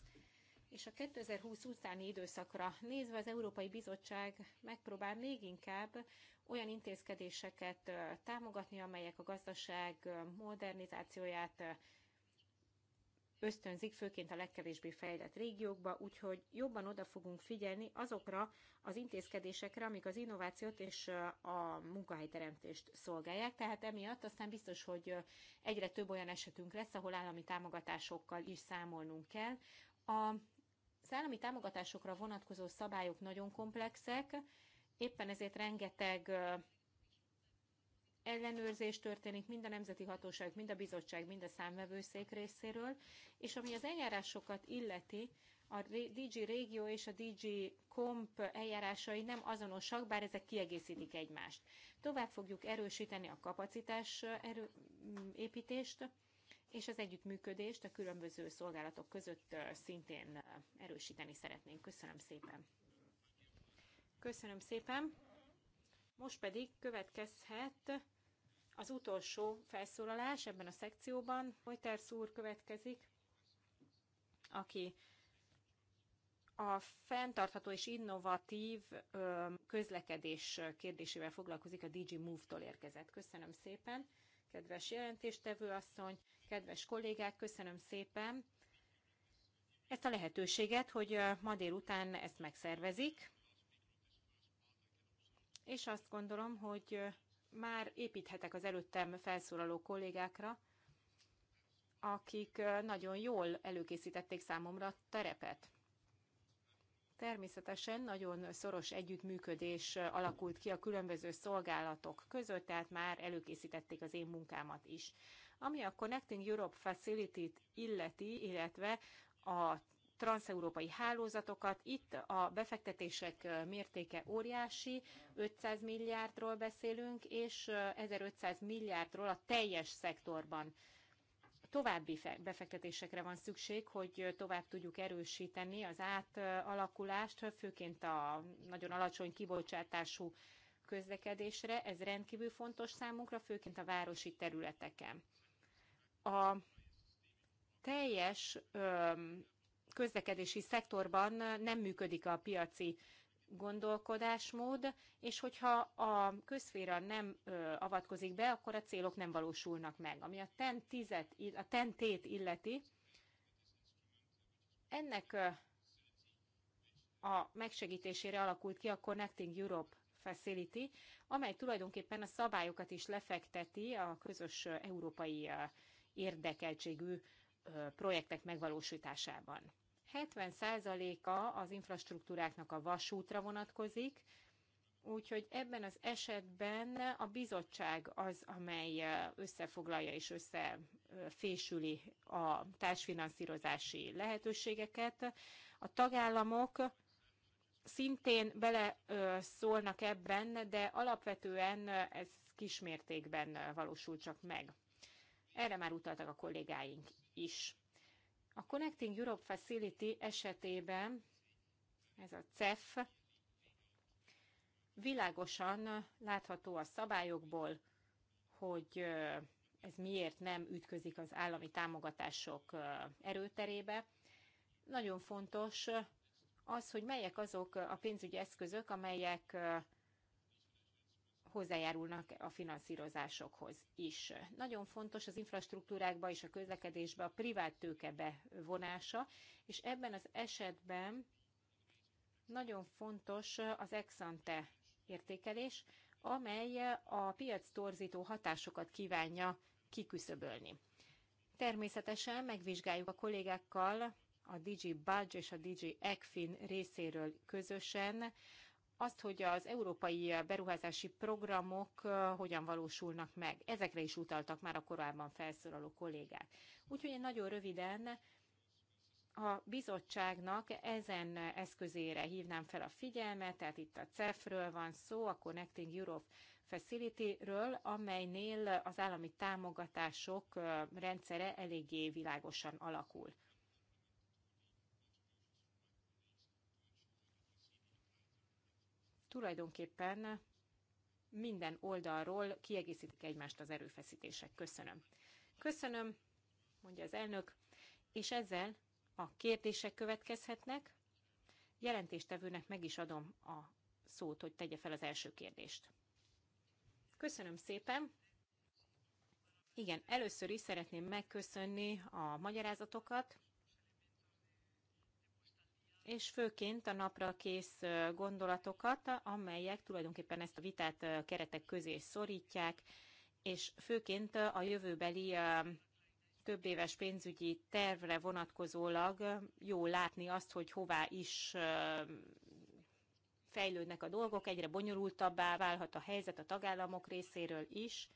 És a 2020 utáni időszakra nézve az Európai Bizottság megpróbál még inkább olyan intézkedéseket támogatni, amelyek a gazdaság modernizációját ösztönzik, főként a legkevésbé fejlett régiókba, úgyhogy jobban oda fogunk figyelni azokra az intézkedésekre, amik az innovációt és a munkahelyteremtést szolgálják. Tehát emiatt aztán biztos, hogy egyre több olyan esetünk lesz, ahol állami támogatásokkal is számolnunk kell. A az állami támogatásokra vonatkozó szabályok nagyon komplexek, éppen ezért rengeteg ellenőrzés történik mind a Nemzeti Hatóság, mind a Bizottság, mind a számvevőszék részéről, és ami az eljárásokat illeti, a DG Régió és a DG Comp eljárásai nem azonosak, bár ezek kiegészítik egymást. Tovább fogjuk erősíteni a kapacitás erő, mm, építést, és az együttműködést a különböző szolgálatok között szintén erősíteni szeretnénk. Köszönöm szépen! Köszönöm szépen! Most pedig következhet az utolsó felszólalás ebben a szekcióban, Reuters úr következik, aki a fenntartható és innovatív közlekedés kérdésével foglalkozik, a DG Move-tól érkezett. Köszönöm szépen, kedves jelentéstevő asszony, kedves kollégák, köszönöm szépen ezt a lehetőséget, hogy ma délután ezt megszervezik, és azt gondolom, hogy már építhetek az előttem felszólaló kollégákra, akik nagyon jól előkészítették számomra a terepet. Természetesen nagyon szoros együttműködés alakult ki a különböző szolgálatok között, tehát már előkészítették az én munkámat is. Ami a Connecting Europe Facility-t illeti, illetve a transeurópai hálózatokat. Itt a befektetések mértéke óriási, 500 milliárdról beszélünk, és 1500 milliárdról a teljes szektorban. További befektetésekre van szükség, hogy tovább tudjuk erősíteni az átalakulást, főként a nagyon alacsony kibocsátású közlekedésre. Ez rendkívül fontos számunkra, főként a városi területeken. A teljes közlekedési szektorban nem működik a piaci gondolkodásmód, és hogyha a közféra nem ö, avatkozik be, akkor a célok nem valósulnak meg. Ami a ten a ten illeti, ennek ö, a megsegítésére alakult ki a Connecting Europe Facility, amely tulajdonképpen a szabályokat is lefekteti a közös európai érdekeltségű projektek megvalósításában. 70%-a az infrastruktúráknak a vasútra vonatkozik, úgyhogy ebben az esetben a bizottság az, amely összefoglalja és összefésüli a társfinanszírozási lehetőségeket. A tagállamok szintén bele szólnak ebben, de alapvetően ez kismértékben valósul csak meg. Erre már utaltak a kollégáink is. A Connecting Europe Facility esetében ez a CEF világosan látható a szabályokból, hogy ez miért nem ütközik az állami támogatások erőterébe. Nagyon fontos az, hogy melyek azok a pénzügyi eszközök, amelyek hozzájárulnak a finanszírozásokhoz is. Nagyon fontos az infrastruktúrákba és a közlekedésbe a privát tőke bevonása, és ebben az esetben nagyon fontos az exante értékelés, amely a piac torzító hatásokat kívánja kiküszöbölni. Természetesen megvizsgáljuk a kollégákkal a DG Budge és a DG ECFIN részéről közösen azt, hogy az európai beruházási programok hogyan valósulnak meg. Ezekre is utaltak már a korábban felszólaló kollégák. Úgyhogy én nagyon röviden a bizottságnak ezen eszközére hívnám fel a figyelmet, tehát itt a CEF-ről van szó, a Connecting Europe Facility-ről, amelynél az állami támogatások rendszere eléggé világosan alakul. tulajdonképpen minden oldalról kiegészítik egymást az erőfeszítések. Köszönöm. Köszönöm, mondja az elnök, és ezzel a kérdések következhetnek. Jelentéstevőnek meg is adom a szót, hogy tegye fel az első kérdést. Köszönöm szépen. Igen, először is szeretném megköszönni a magyarázatokat, és főként a napra kész gondolatokat, amelyek tulajdonképpen ezt a vitát keretek közé szorítják, és főként a jövőbeli több éves pénzügyi tervre vonatkozólag jó látni azt, hogy hová is fejlődnek a dolgok, egyre bonyolultabbá válhat a helyzet a tagállamok részéről is,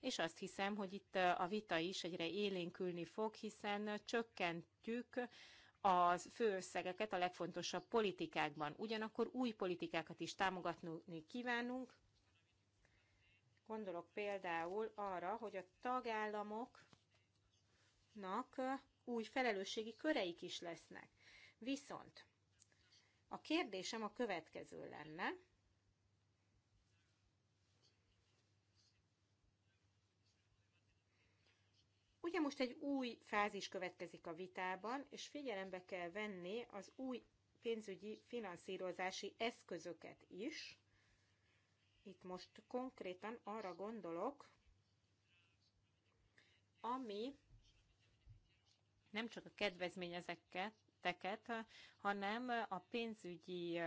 és azt hiszem, hogy itt a vita is egyre élénkülni fog, hiszen csökkentjük a fő összegeket a legfontosabb politikákban. Ugyanakkor új politikákat is támogatni kívánunk. Gondolok például arra, hogy a tagállamoknak új felelősségi köreik is lesznek. Viszont a kérdésem a következő lenne, Ugye most egy új fázis következik a vitában, és figyelembe kell venni az új pénzügyi finanszírozási eszközöket is. Itt most konkrétan arra gondolok, ami nem csak a kedvezményezeket, hanem a pénzügyi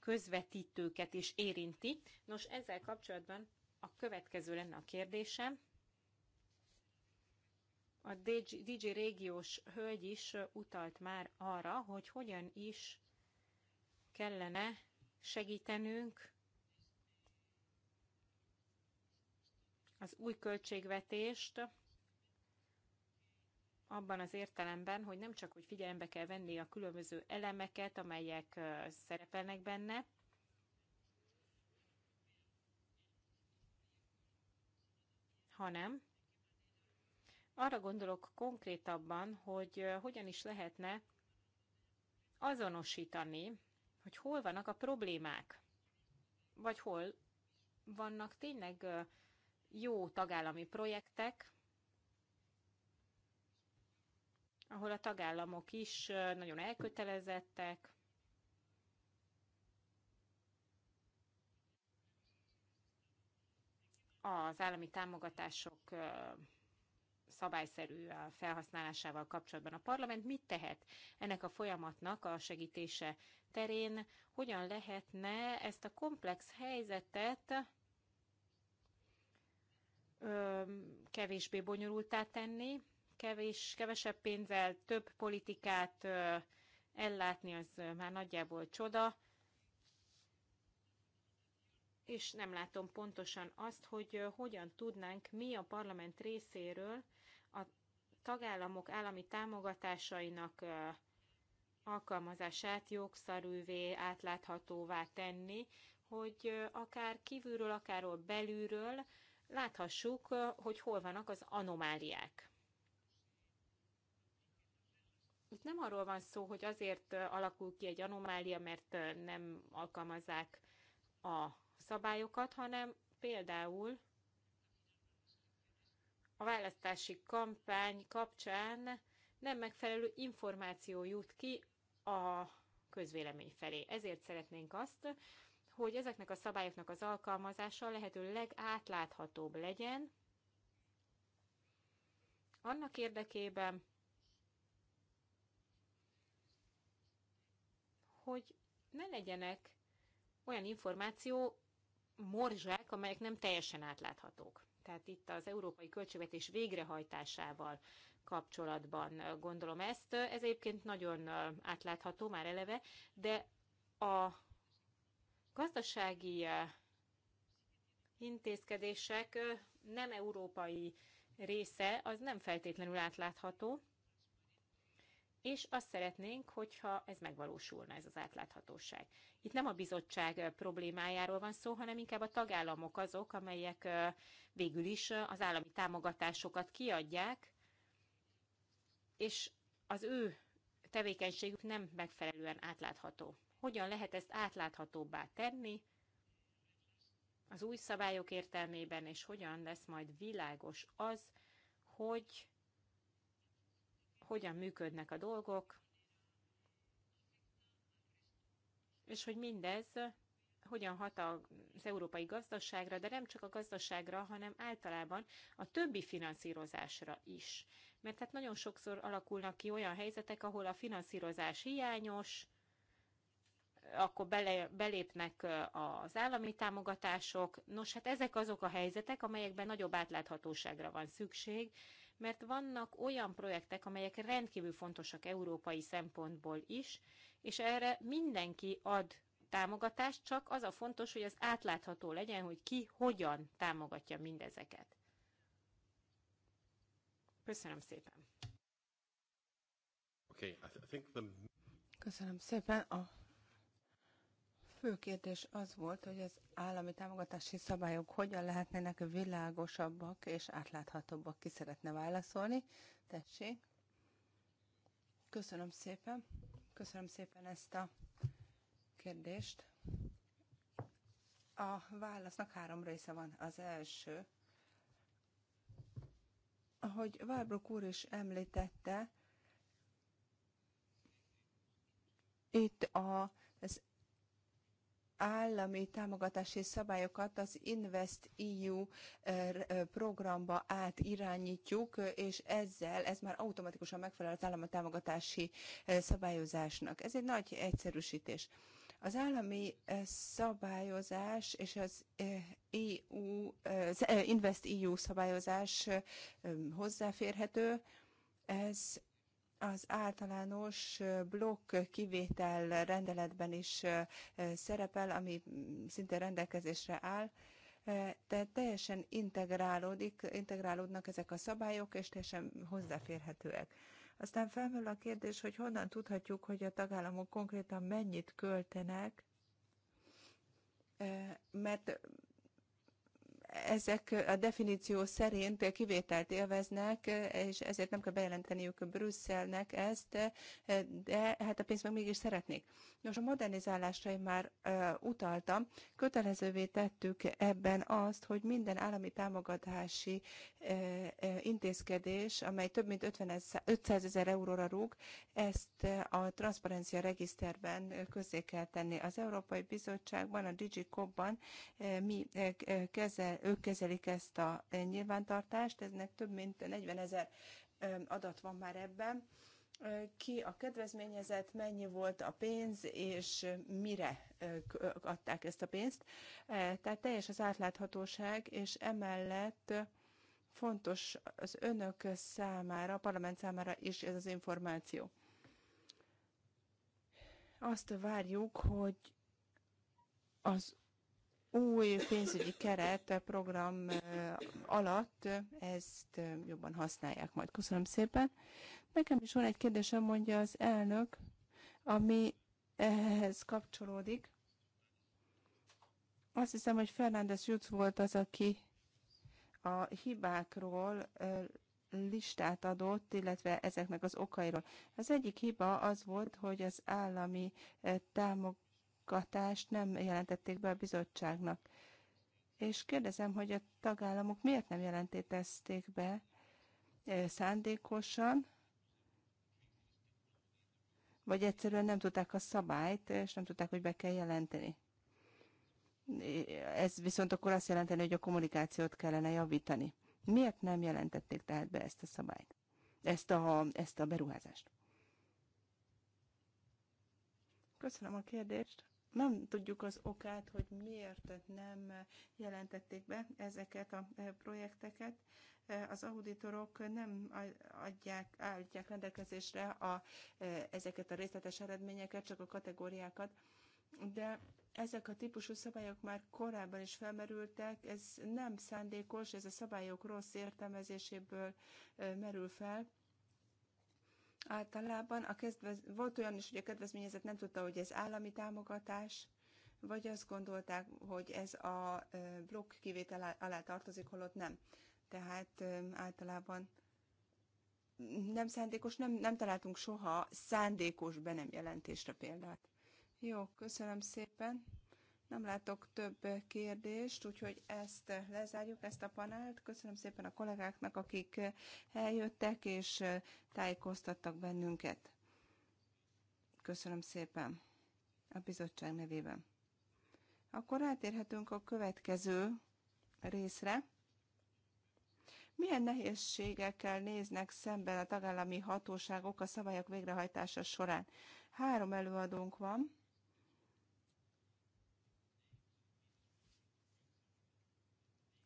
közvetítőket is érinti. Nos, ezzel kapcsolatban a következő lenne a kérdésem. A DJ, DG régiós hölgy is utalt már arra, hogy hogyan is kellene segítenünk az új költségvetést abban az értelemben, hogy nem csak, hogy figyelembe kell venni a különböző elemeket, amelyek szerepelnek benne, hanem arra gondolok konkrétabban, hogy hogyan is lehetne azonosítani, hogy hol vannak a problémák, vagy hol vannak tényleg jó tagállami projektek, ahol a tagállamok is nagyon elkötelezettek, az állami támogatások szabályszerű felhasználásával kapcsolatban. A parlament mit tehet ennek a folyamatnak a segítése terén? Hogyan lehetne ezt a komplex helyzetet kevésbé bonyolultá tenni, kevés, kevesebb pénzzel több politikát ellátni, az már nagyjából csoda. És nem látom pontosan azt, hogy hogyan tudnánk mi a parlament részéről tagállamok állami támogatásainak alkalmazását jogszerűvé, átláthatóvá tenni, hogy akár kívülről, akárról belülről láthassuk, hogy hol vannak az anomáliák. Itt nem arról van szó, hogy azért alakul ki egy anomália, mert nem alkalmazzák a szabályokat, hanem például a választási kampány kapcsán nem megfelelő információ jut ki a közvélemény felé. Ezért szeretnénk azt, hogy ezeknek a szabályoknak az alkalmazása lehető legátláthatóbb legyen, annak érdekében, hogy ne legyenek olyan információ morzsák, amelyek nem teljesen átláthatók tehát itt az európai költségvetés végrehajtásával kapcsolatban gondolom ezt. Ez egyébként nagyon átlátható már eleve, de a gazdasági intézkedések nem európai része, az nem feltétlenül átlátható, és azt szeretnénk, hogyha ez megvalósulna, ez az átláthatóság. Itt nem a bizottság problémájáról van szó, hanem inkább a tagállamok azok, amelyek végül is az állami támogatásokat kiadják, és az ő tevékenységük nem megfelelően átlátható. Hogyan lehet ezt átláthatóbbá tenni az új szabályok értelmében, és hogyan lesz majd világos az, hogy hogyan működnek a dolgok, és hogy mindez hogyan hat az európai gazdaságra, de nem csak a gazdaságra, hanem általában a többi finanszírozásra is. Mert hát nagyon sokszor alakulnak ki olyan helyzetek, ahol a finanszírozás hiányos, akkor bele, belépnek az állami támogatások. Nos, hát ezek azok a helyzetek, amelyekben nagyobb átláthatóságra van szükség, mert vannak olyan projektek, amelyek rendkívül fontosak európai szempontból is, és erre mindenki ad támogatást, csak az a fontos, hogy az átlátható legyen, hogy ki hogyan támogatja mindezeket. Köszönöm szépen. Okay, I think the... Köszönöm szépen. A fő kérdés az volt, hogy az állami támogatási szabályok hogyan lehetnének világosabbak és átláthatóbbak. Ki szeretne válaszolni? Tessék. Köszönöm szépen. Köszönöm szépen ezt a kérdést. A válasznak három része van. Az első, ahogy Várbrok úr is említette, itt a, az állami támogatási szabályokat az Invest EU programba átirányítjuk, és ezzel ez már automatikusan megfelel az állami támogatási szabályozásnak. Ez egy nagy egyszerűsítés. Az állami szabályozás és az EU, Invest EU szabályozás hozzáférhető, ez az általános blokk kivétel rendeletben is szerepel, ami szinte rendelkezésre áll, tehát teljesen integrálódik, integrálódnak ezek a szabályok, és teljesen hozzáférhetőek. Aztán felmerül a kérdés, hogy honnan tudhatjuk, hogy a tagállamok konkrétan mennyit költenek, mert ezek a definíció szerint kivételt élveznek, és ezért nem kell bejelenteniük Brüsszelnek ezt, de hát a pénzt meg mégis szeretnék. Nos, a modernizálásra én már utaltam, kötelezővé tettük ebben azt, hogy minden állami támogatási intézkedés, amely több mint 50 500 ezer euróra rúg, ezt a transzparencia regiszterben közzé kell tenni. Az Európai Bizottságban, a DigiCob-ban mi kezel, ők kezelik ezt a e, nyilvántartást, eznek több mint 40 ezer e, adat van már ebben. E, ki a kedvezményezett, mennyi volt a pénz, és mire adták ezt a pénzt. Tehát teljes az átláthatóság, és emellett fontos az önök számára, a parlament számára is ez az információ. Azt várjuk, hogy az új pénzügyi keret eh, program eh, alatt eh, ezt jobban használják majd. Köszönöm szépen. Nekem is van egy kérdésem, mondja az elnök, ami ehhez kapcsolódik. Azt hiszem, hogy Fernández Jutz volt az, aki a hibákról listát adott, illetve ezeknek az okairól. Az egyik hiba az volt, hogy az állami támog, katást nem jelentették be a bizottságnak. És kérdezem, hogy a tagállamok miért nem jelentették be szándékosan, vagy egyszerűen nem tudták a szabályt, és nem tudták, hogy be kell jelenteni. Ez viszont akkor azt jelenteni, hogy a kommunikációt kellene javítani. Miért nem jelentették tehát be ezt a szabályt, ezt a, ezt a beruházást? Köszönöm a kérdést nem tudjuk az okát, hogy miért nem jelentették be ezeket a e, projekteket. E, az auditorok nem adják, állítják rendelkezésre a, e, ezeket a részletes eredményeket, csak a kategóriákat, de ezek a típusú szabályok már korábban is felmerültek, ez nem szándékos, ez a szabályok rossz értelmezéséből merül fel Általában a kedvez... volt olyan is, hogy a kedvezményezet nem tudta, hogy ez állami támogatás, vagy azt gondolták, hogy ez a blokk kivétel alá tartozik, holott nem. Tehát általában nem szándékos, nem, nem találtunk soha szándékos be nem jelentésre példát. Jó, köszönöm szépen. Nem látok több kérdést, úgyhogy ezt lezárjuk, ezt a panelt. Köszönöm szépen a kollégáknak, akik eljöttek és tájékoztattak bennünket. Köszönöm szépen a bizottság nevében. Akkor átérhetünk a következő részre. Milyen nehézségekkel néznek szemben a tagállami hatóságok a szabályok végrehajtása során? Három előadónk van.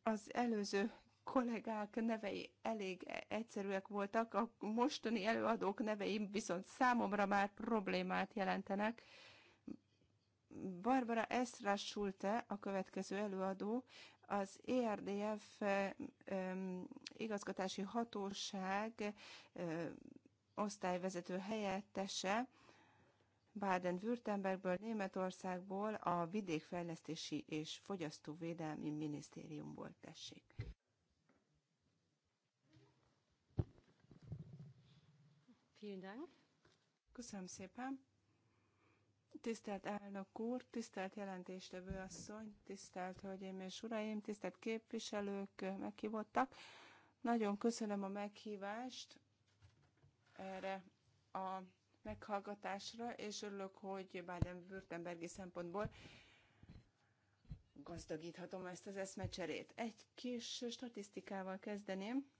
Az előző kollégák nevei elég egyszerűek voltak, a mostani előadók nevei viszont számomra már problémát jelentenek. Barbara Esra Schulte, a következő előadó, az ERDF igazgatási hatóság osztályvezető helyettese, Baden-Württembergből, Németországból, a Vidékfejlesztési és Fogyasztóvédelmi Minisztériumból tessék. Köszönöm szépen. Tisztelt elnök úr, tisztelt jelentéstevő asszony, tisztelt hölgyeim és uraim, tisztelt képviselők, meghívottak. Nagyon köszönöm a meghívást erre a meghallgatásra, és örülök, hogy Baden-Württembergi szempontból gazdagíthatom ezt az eszmecserét. Egy kis statisztikával kezdeném.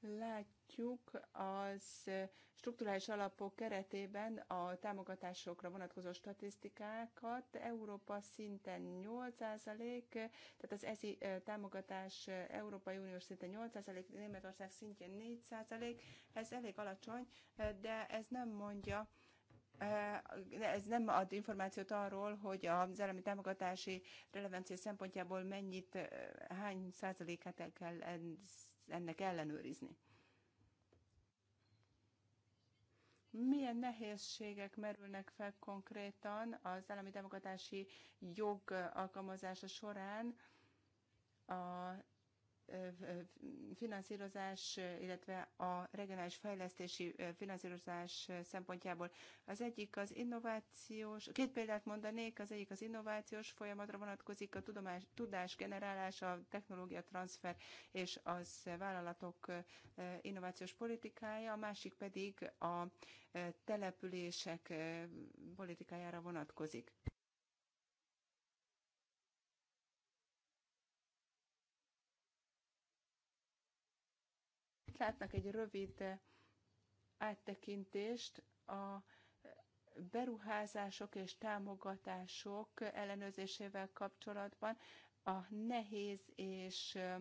Látjuk, látjuk az strukturális alapok keretében a támogatásokra vonatkozó statisztikákat. Európa szinten 8%, tehát az ezi támogatás Európai Uniós szinten 8%, Németország szintjén 4%, ez elég alacsony, de ez nem mondja, ez nem ad információt arról, hogy az elemi támogatási relevancia szempontjából mennyit, hány százalékát el kell ennek ellenőrizni. milyen nehézségek merülnek fel konkrétan az állami támogatási jog alkalmazása során a finanszírozás, illetve a regionális fejlesztési finanszírozás szempontjából. Az egyik az innovációs, két példát mondanék, az egyik az innovációs folyamatra vonatkozik, a tudomás, tudás generálása, a technológia transfer és az vállalatok innovációs politikája, a másik pedig a települések politikájára vonatkozik. látnak egy rövid eh, áttekintést a beruházások és támogatások ellenőrzésével kapcsolatban a nehéz és eh,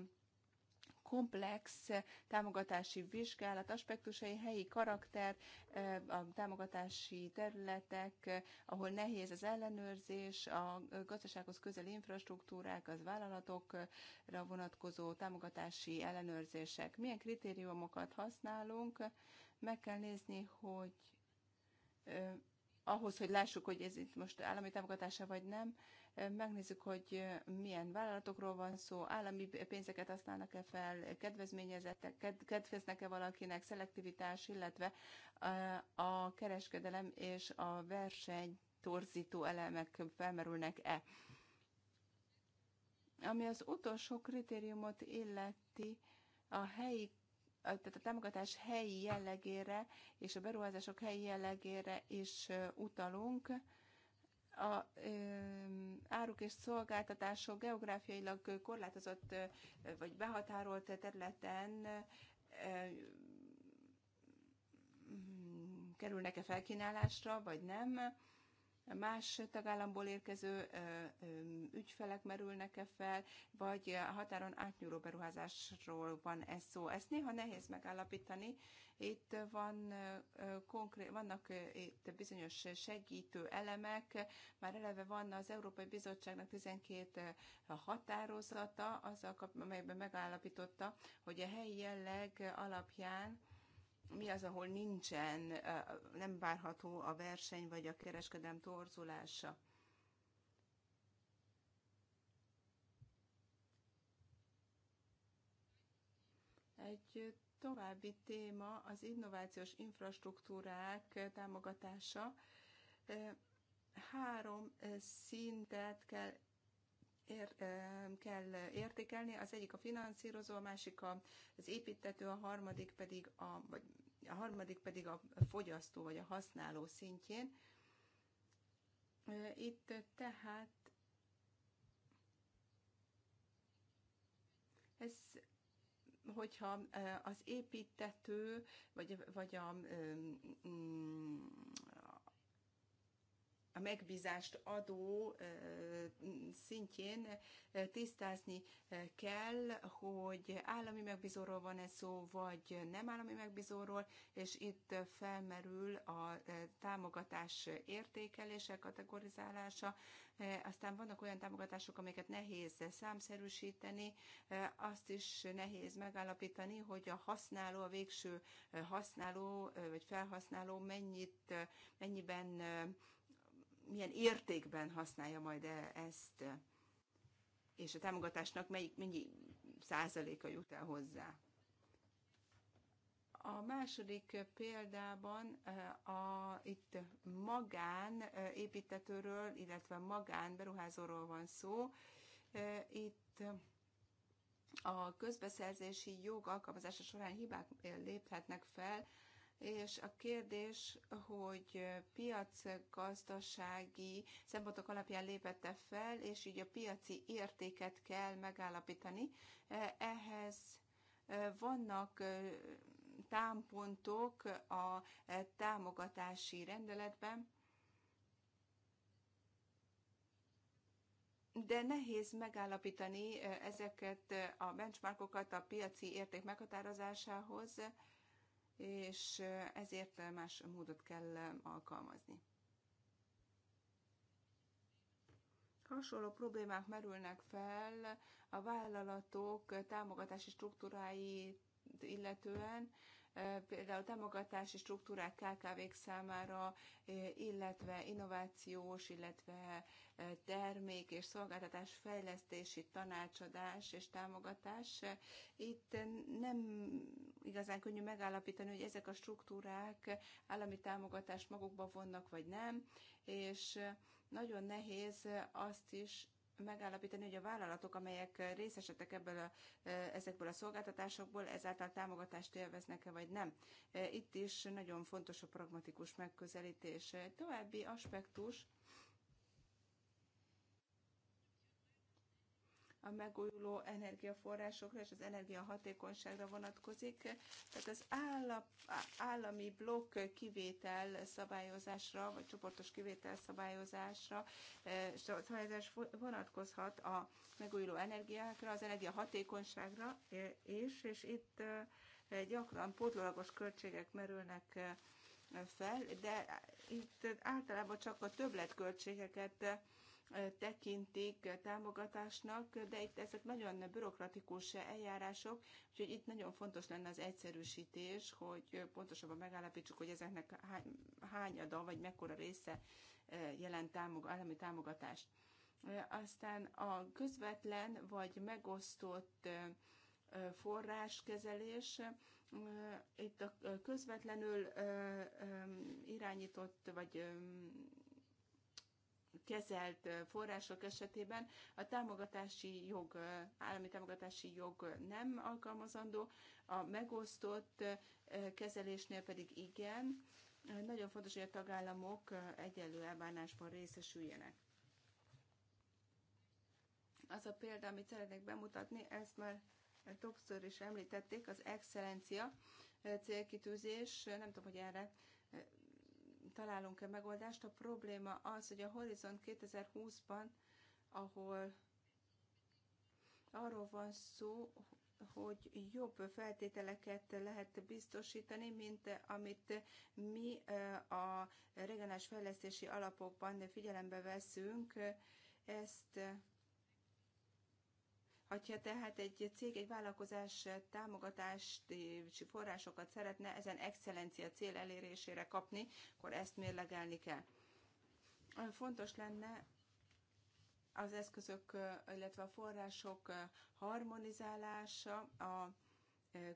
komplex támogatási vizsgálat aspektusai, helyi karakter, a támogatási területek, ahol nehéz az ellenőrzés, a gazdasághoz közeli infrastruktúrák, az vállalatokra vonatkozó támogatási ellenőrzések. Milyen kritériumokat használunk? Meg kell nézni, hogy ahhoz, hogy lássuk, hogy ez itt most állami támogatása vagy nem, megnézzük, hogy milyen vállalatokról van szó, állami pénzeket használnak -e fel, kedvezményezettek, kedveznek-e valakinek, szelektivitás, illetve eh, a kereskedelem és a verseny torzító elemek felmerülnek-e. Ami az utolsó kritériumot illeti, a helyi tehát a támogatás helyi jellegére és a beruházások helyi jellegére is eh, utalunk a áruk és szolgáltatások geográfiailag korlátozott vagy behatárolt területen mm, kerülnek-e felkínálásra, vagy nem más tagállamból érkező ügyfelek merülnek-e fel, vagy a határon átnyúló beruházásról van ez szó. Ezt néha nehéz megállapítani. Itt van, konkrét, vannak itt bizonyos segítő elemek, már eleve van az Európai Bizottságnak 12 határozata, azzal, amelyben megállapította, hogy a helyi jelleg alapján mi az, ahol nincsen, nem várható a verseny vagy a kereskedem torzulása. Egy további téma az innovációs infrastruktúrák támogatása. Három szintet kell ér, kell értékelni. Az egyik a finanszírozó, a másik az építető, a harmadik pedig a, vagy a harmadik pedig a fogyasztó vagy a használó szintjén. Itt tehát ez hogyha az építető, vagy, vagy a a megbízást adó szintjén tisztázni kell, hogy állami megbízóról van-e szó, vagy nem állami megbízóról, és itt felmerül a támogatás értékelése, kategorizálása. Aztán vannak olyan támogatások, amiket nehéz számszerűsíteni, azt is nehéz megállapítani, hogy a használó, a végső használó vagy felhasználó mennyit, mennyiben milyen értékben használja majd -e ezt, és a támogatásnak melyik, mennyi százaléka jut el hozzá. A második példában eh, a, itt magán eh, építetőről, illetve magán beruházóról van szó. Eh, itt a közbeszerzési jog alkalmazása során hibák léphetnek fel, és a kérdés, hogy piacgazdasági szempontok alapján lépette fel, és így a piaci értéket kell megállapítani. Ehhez e, vannak e, támpontok a e, támogatási rendeletben, de nehéz megállapítani ezeket a benchmarkokat a piaci érték meghatározásához, és eh, ezért eh, más módot kell eh, alkalmazni. Hasonló problémák merülnek fel a vállalatok támogatási struktúráit illetően, például támogatási struktúrák KKV-k számára, illetve innovációs, illetve termék és szolgáltatás fejlesztési tanácsadás és támogatás. Itt nem igazán könnyű megállapítani, hogy ezek a struktúrák állami támogatást magukba vonnak, vagy nem, és nagyon nehéz azt is megállapítani, hogy a vállalatok, amelyek részesedtek ebből a, ezekből a szolgáltatásokból, ezáltal támogatást élveznek-e vagy nem. Itt is nagyon fontos a pragmatikus megközelítés. További aspektus, a megújuló energiaforrásokra és az energiahatékonyságra vonatkozik. Tehát az állap, állami blokk kivétel szabályozásra, vagy csoportos kivétel szabályozásra e, szabályozás vonatkozhat a megújuló energiákra, az energiahatékonyságra is, e, és itt e, gyakran pótlólagos költségek merülnek fel, de itt általában csak a többletköltségeket tekintik támogatásnak, de itt ezek nagyon bürokratikus eljárások, úgyhogy itt nagyon fontos lenne az egyszerűsítés, hogy pontosabban megállapítsuk, hogy ezeknek hányada vagy mekkora része eh, jelent támog, állami támogatást. Eh, aztán a közvetlen vagy megosztott eh, forráskezelés, itt a közvetlenül irányított vagy kezelt források esetében a támogatási jog, állami támogatási jog nem alkalmazandó, a megosztott kezelésnél pedig igen. Nagyon fontos, hogy a tagállamok egyenlő elbánásban részesüljenek. Az a példa, amit szeretnék bemutatni, ezt már többször is említették, az excellencia célkitűzés, nem tudom, hogy erre találunk-e megoldást. A probléma az, hogy a Horizon 2020-ban, ahol arról van szó, hogy jobb feltételeket lehet biztosítani, mint amit mi eh, a regionális fejlesztési alapokban figyelembe veszünk. Ezt Hogyha tehát egy cég, egy vállalkozás támogatási eh, forrásokat szeretne ezen excellencia cél elérésére kapni, akkor ezt mérlegelni kell. Fontos lenne az eszközök, eh, illetve a források eh, harmonizálása, a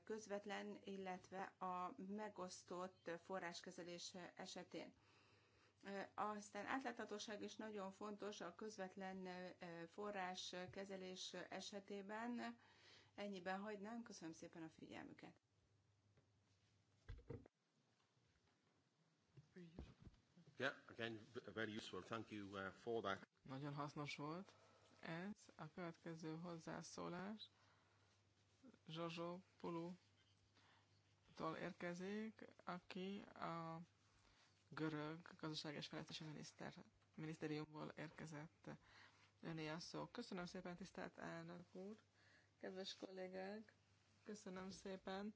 közvetlen, illetve a megosztott forráskezelés esetén. Aztán átláthatóság is nagyon fontos a közvetlen forrás kezelés esetében. Ennyiben hagynám, köszönöm szépen a figyelmüket. Yeah, again, very useful. Thank you uh, for that. Nagyon hasznos volt ez. A következő hozzászólás Zsozsó Pulu tól érkezik, aki a görög gazdaság és fejlesztési miniszter, minisztériumból érkezett öné szó. Köszönöm szépen, tisztelt elnök úr, kedves kollégák, köszönöm szépen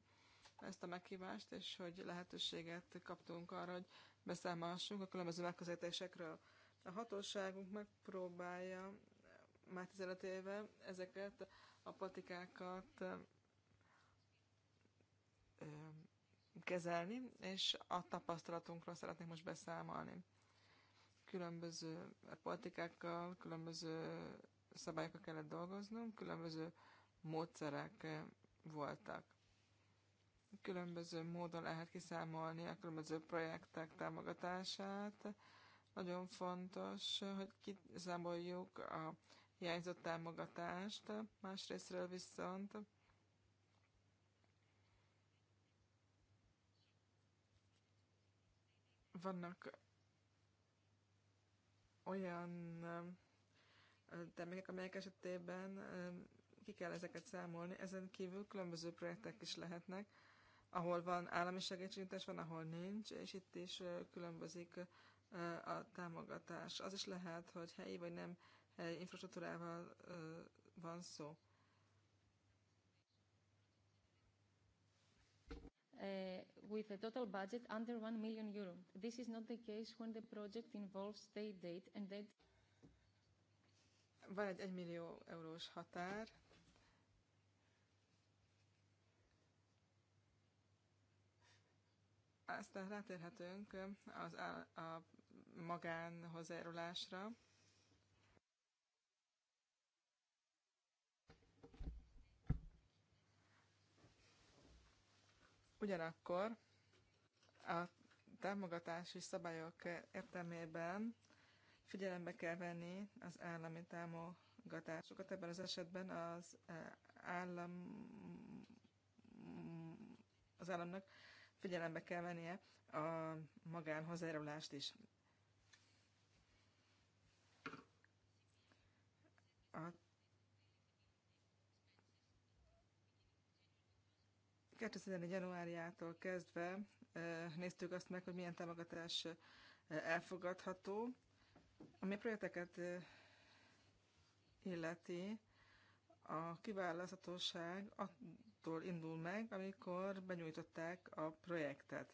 ezt a meghívást, és hogy lehetőséget kaptunk arra, hogy beszámolhassunk a különböző megközelítésekről. A hatóságunk megpróbálja már 15 éve ezeket a patikákat kezelni, és a tapasztalatunkról szeretnék most beszámolni. Különböző politikákkal, különböző szabályokkal kellett dolgoznunk, különböző módszerek voltak. Különböző módon lehet kiszámolni a különböző projektek támogatását. Nagyon fontos, hogy kiszámoljuk a hiányzott támogatást, másrésztről viszont vannak olyan um, termékek, amelyek esetében um, ki kell ezeket számolni. Ezen kívül különböző projektek is lehetnek, ahol van állami segítségnyújtás, van, ahol nincs, és itt is uh, különbözik uh, a támogatás. Az is lehet, hogy helyi vagy nem helyi infrastruktúrával uh, van szó. uh, with a total budget under 1 million euro. This is not the case when the project involves state aid and that van egy 1 millió eurós határ, aztán rátérhetünk az a, a magán Ugyanakkor a támogatási szabályok értelmében figyelembe kell venni az állami támogatásokat. Ebben az esetben az eh, állam az államnak figyelembe kell vennie a magánhozzájárulást is. A 2011. januárjától kezdve néztük azt meg, hogy milyen támogatás elfogadható. Ami a projekteket illeti, a kiválaszthatóság attól indul meg, amikor benyújtották a projektet.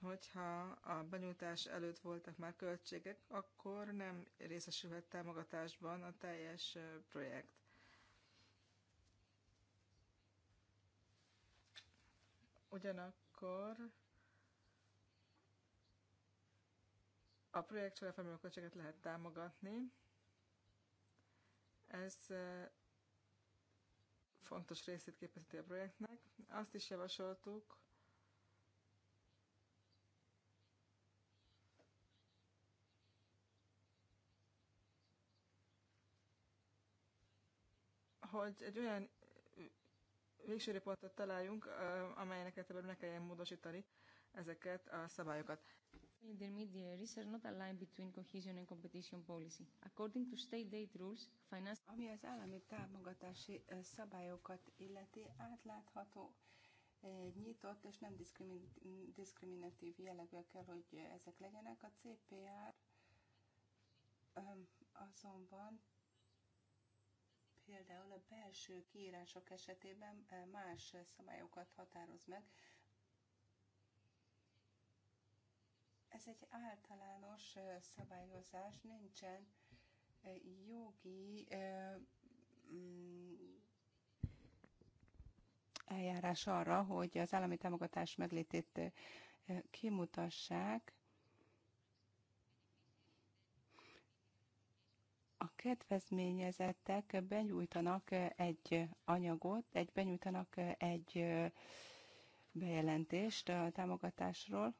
Hogyha a benyújtás előtt voltak már költségek, akkor nem részesülhet támogatásban a teljes projekt. Ugyanakkor a projekt során költséget lehet támogatni. Ez fontos részét képezheti a projektnek. Azt is javasoltuk, hogy egy olyan végső pontot találjunk, amelynek esetben ne kelljen módosítani ezeket a szabályokat. Intermediaries are not aligned between cohesion and competition policy. According to state aid rules, finance... Ami az állami támogatási szabályokat illeti, átlátható, nyitott és nem diszkrimin diszkriminatív jellegűek kell, hogy ezek legyenek. A CPR azonban például a belső kiírások esetében más szabályokat határoz meg. Ez egy általános szabályozás, nincsen jogi mm, eljárás arra, hogy az állami támogatás meglétét kimutassák. a kedvezményezettek benyújtanak egy anyagot, egy benyújtanak egy bejelentést a támogatásról.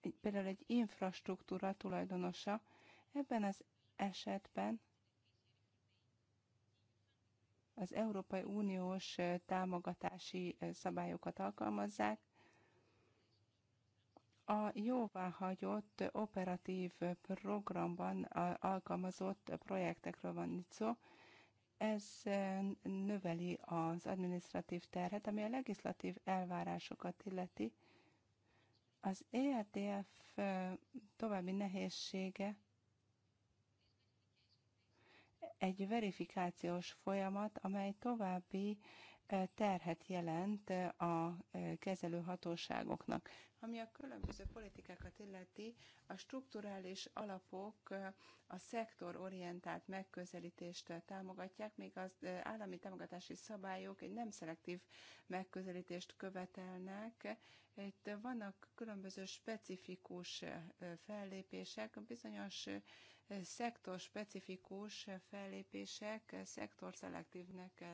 Egy, például egy infrastruktúra tulajdonosa ebben az esetben az Európai Uniós támogatási szabályokat alkalmazzák, a jóváhagyott operatív programban alkalmazott projektekről van itt szó. Ez eh, növeli az administratív terhet, ami a legislatív elvárásokat illeti. Az ERTF eh, további nehézsége egy verifikációs folyamat, amely további terhet jelent a kezelő hatóságoknak. Ami a különböző politikákat illeti, a strukturális alapok a szektororientált megközelítést támogatják, még az állami támogatási szabályok egy nem szelektív megközelítést követelnek. Itt vannak különböző specifikus fellépések, bizonyos szektorspecifikus specifikus fellépések szektorszelektívnek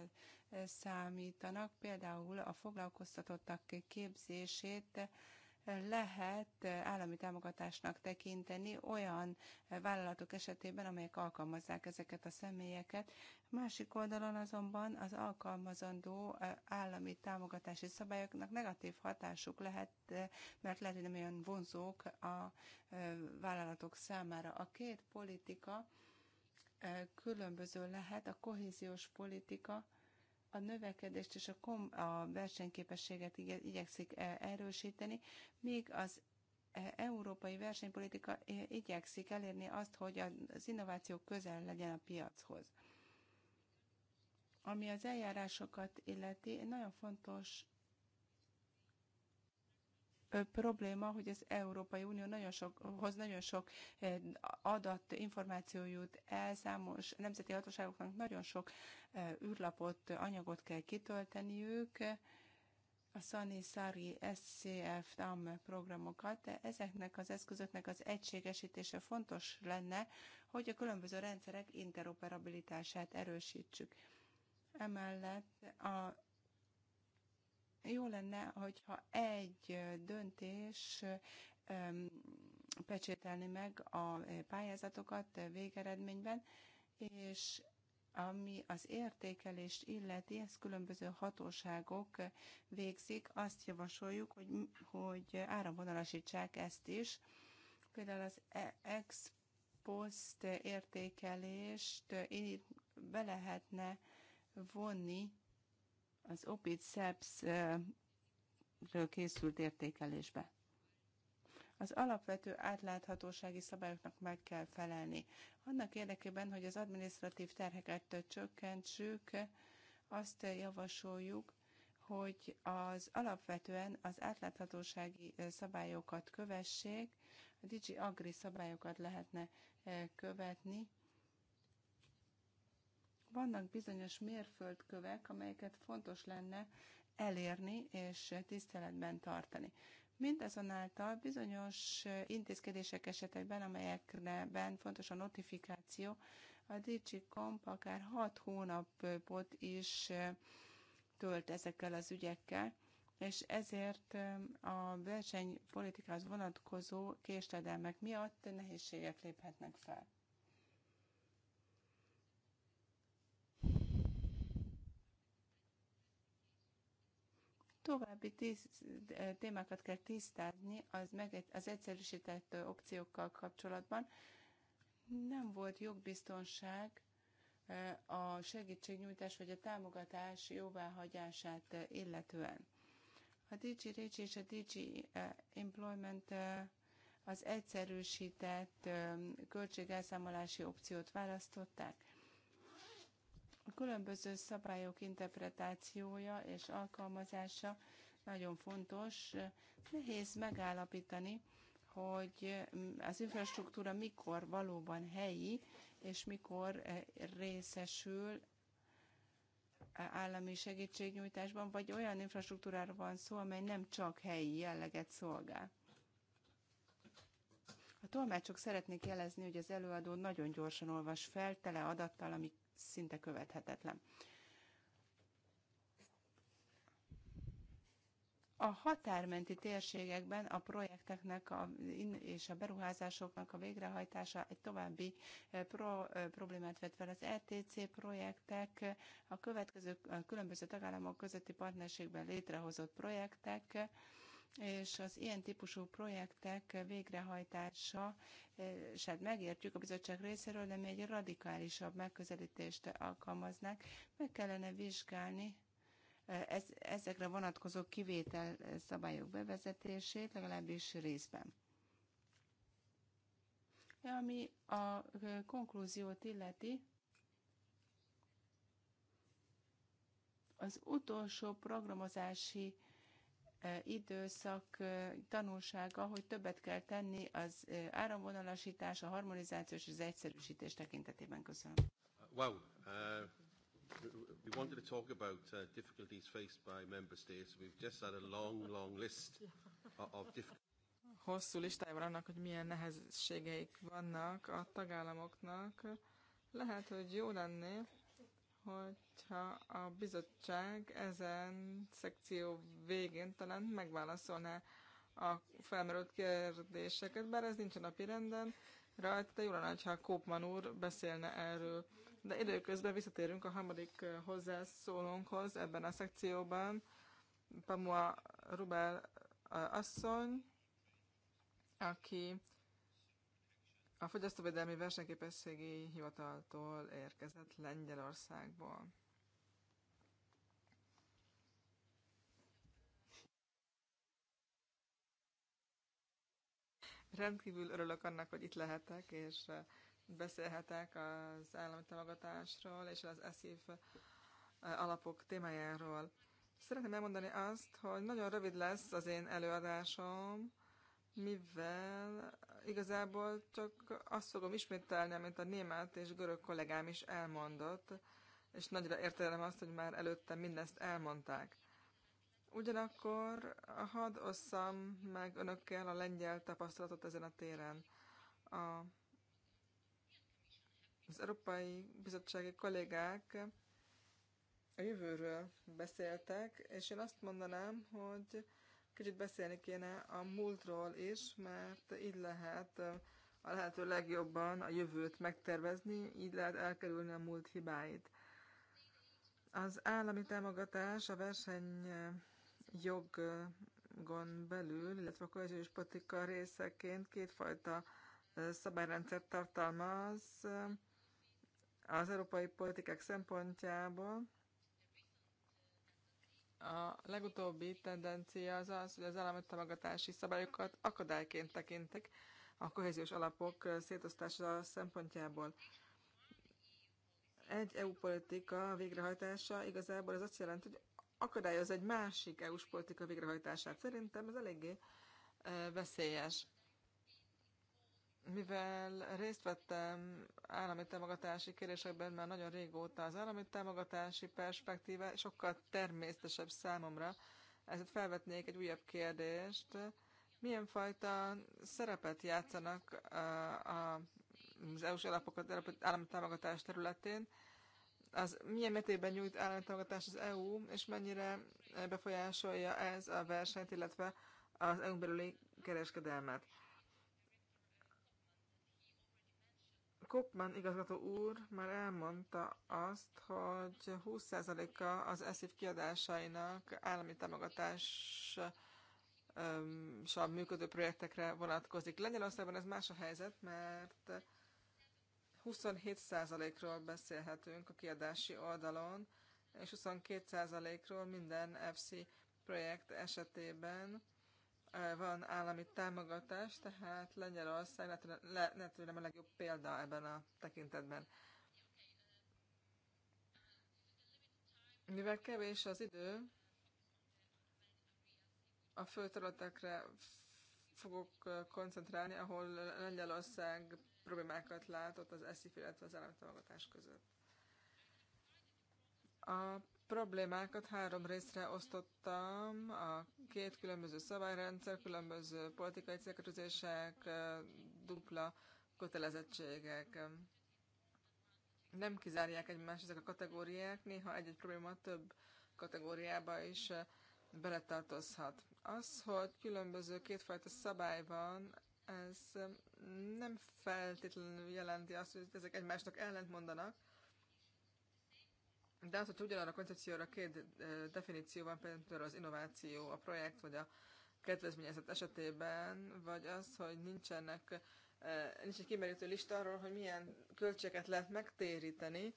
számítanak, például a foglalkoztatottak képzését lehet állami támogatásnak tekinteni olyan vállalatok esetében, amelyek alkalmazzák ezeket a személyeket. Másik oldalon azonban az alkalmazandó állami támogatási szabályoknak negatív hatásuk lehet, mert lehet, hogy nem olyan vonzók a vállalatok számára. A két politika különböző lehet, a kohéziós politika, a növekedést és a, kom- a versenyképességet igye- igyekszik e, erősíteni, míg az e, európai versenypolitika e, igyekszik elérni azt, hogy az innováció közel legyen a piachoz. Ami az eljárásokat illeti, nagyon fontos probléma, hogy az Európai Unió nagyon sokhoz nagyon sok adat, információ jut el, számos nemzeti hatóságoknak nagyon sok űrlapot, anyagot kell kitölteniük, a Sani Sari SCF TAM programokat, de ezeknek az eszközöknek az egységesítése fontos lenne, hogy a különböző rendszerek interoperabilitását erősítsük. Emellett a jó lenne, hogyha egy döntés pecsételni meg a pályázatokat végeredményben, és ami az értékelést illeti, ezt különböző hatóságok végzik. Azt javasoljuk, hogy, hogy áramvonalasítsák ezt is. Például az e, ex post értékelést be lehetne vonni az Opit SEPS-ről készült értékelésbe. Az alapvető átláthatósági szabályoknak meg kell felelni. Annak érdekében, hogy az administratív terheket csökkentsük, azt javasoljuk, hogy az alapvetően az átláthatósági szabályokat kövessék, a Digi Agri szabályokat lehetne követni, vannak bizonyos mérföldkövek, amelyeket fontos lenne elérni és tiszteletben tartani. Mindazonáltal bizonyos intézkedések esetekben, amelyekben fontos a notifikáció, a komp akár 6 hónapot is tölt ezekkel az ügyekkel, és ezért a versenypolitikához vonatkozó késledelmek miatt nehézségek léphetnek fel. További tíz, eh, témákat kell tisztázni az, meg, az egyszerűsített eh, opciókkal kapcsolatban. Nem volt jogbiztonság eh, a segítségnyújtás vagy a támogatás jóváhagyását illetően. A DG Reach és a DG Employment az egyszerűsített költségelszámolási opciót választották különböző szabályok interpretációja és alkalmazása nagyon fontos. Nehéz megállapítani, hogy az infrastruktúra mikor valóban helyi, és mikor eh, részesül eh, állami segítségnyújtásban, vagy olyan infrastruktúrára van szó, amely nem csak helyi jelleget szolgál. A tolmácsok szeretnék jelezni, hogy az előadó nagyon gyorsan olvas fel, tele adattal, amik szinte követhetetlen. A határmenti térségekben a projekteknek a, és a beruházásoknak a végrehajtása egy további eh, pro, eh, problémát vet fel. Az RTC projektek a következő a különböző tagállamok közötti partnerségben létrehozott projektek, és az ilyen típusú projektek végrehajtása, és eh, hát megértjük a bizottság részéről, de mi egy radikálisabb megközelítést alkalmaznak, Meg kellene vizsgálni eh, ez, ezekre vonatkozó kivétel eh, szabályok bevezetését, legalábbis részben. Ami a konklúziót illeti, az utolsó programozási időszak tanulsága, hogy többet kell tenni az áramvonalasítás, a harmonizációs és az egyszerűsítés tekintetében. Köszönöm. Wow. Uh, we wanted to talk about uh, difficulties faced by member states. We've just had a long, long list of difficulties. Hosszú listája van annak, hogy milyen nehézségeik vannak a tagállamoknak. Lehet, hogy jó lenné, hogyha a bizottság ezen szekció végén talán megválaszolná a felmerült kérdéseket, bár ez nincs a napi renden rajta, de jó lenne, ha Kópman úr beszélne erről. De időközben visszatérünk a harmadik hozzászólónkhoz ebben a szekcióban. Pamua Rubel asszony, aki a Fogyasztóvédelmi Versenyképességi Hivataltól érkezett Lengyelországból. Rendkívül örülök annak, hogy itt lehetek, és beszélhetek az állami támogatásról és az eszív alapok témájáról. Szeretném elmondani azt, hogy nagyon rövid lesz az én előadásom, mivel igazából csak azt fogom ismételni, amit a német és görög kollégám is elmondott, és nagyra értelem azt, hogy már előtte mindezt elmondták. Ugyanakkor hadd osszam meg önökkel a lengyel tapasztalatot ezen a téren. A, az Európai Bizottsági kollégák a jövőről beszéltek, és én azt mondanám, hogy Kicsit beszélni kéne a múltról is, mert így lehet a lehető legjobban a jövőt megtervezni, így lehet elkerülni a múlt hibáit. Az állami támogatás a versenyjogon belül, illetve a kohéziós politika részeként kétfajta szabályrendszert tartalmaz az európai politikák szempontjából. A legutóbbi tendencia az az, hogy az állami szabályokat akadályként tekintik a kohéziós alapok szétosztása szempontjából. Egy EU politika végrehajtása igazából az azt jelenti, hogy akadályoz egy másik EU-s politika végrehajtását. Szerintem ez eléggé eh, veszélyes mivel részt vettem állami támogatási kérésekben már nagyon régóta, az állami támogatási perspektíva sokkal természetesebb számomra, ezért felvetnék egy újabb kérdést. Milyen fajta szerepet játszanak eh, az EU-s alapokat, állami támogatás területén? Az milyen mértékben nyújt állami támogatás az EU, és mennyire befolyásolja ez a versenyt, illetve az EU-n belüli kereskedelmet? Kopman igazgató úr már elmondta azt, hogy 20%-a az eszív kiadásainak állami támogatással működő projektekre vonatkozik. Lengyelországban ez más a helyzet, mert 27%-ról beszélhetünk a kiadási oldalon, és 22%-ról minden FC projekt esetében van állami támogatás, tehát Lengyelország lehet, hogy nem a legjobb példa ebben a tekintetben. Mivel kevés az idő, a földterületekre fogok koncentrálni, ahol Lengyelország problémákat látott az ESZIF, illetve az állami támogatás között. A problémákat három részre osztottam, a két különböző szabályrendszer, különböző politikai célkötözések, dupla kötelezettségek. Nem kizárják egymást ezek a kategóriák, néha egy-egy probléma több kategóriába is beletartozhat. Az, hogy különböző kétfajta szabály van, ez nem feltétlenül jelenti azt, hogy ezek egymásnak ellent mondanak, de az, hogy ugyanarra a koncepcióra két eh, definíció van, például az innováció, a projekt, vagy a kedvezményezet esetében, vagy az, hogy nincsenek, eh, nincs egy kimerítő lista arról, hogy milyen költségeket lehet megtéríteni,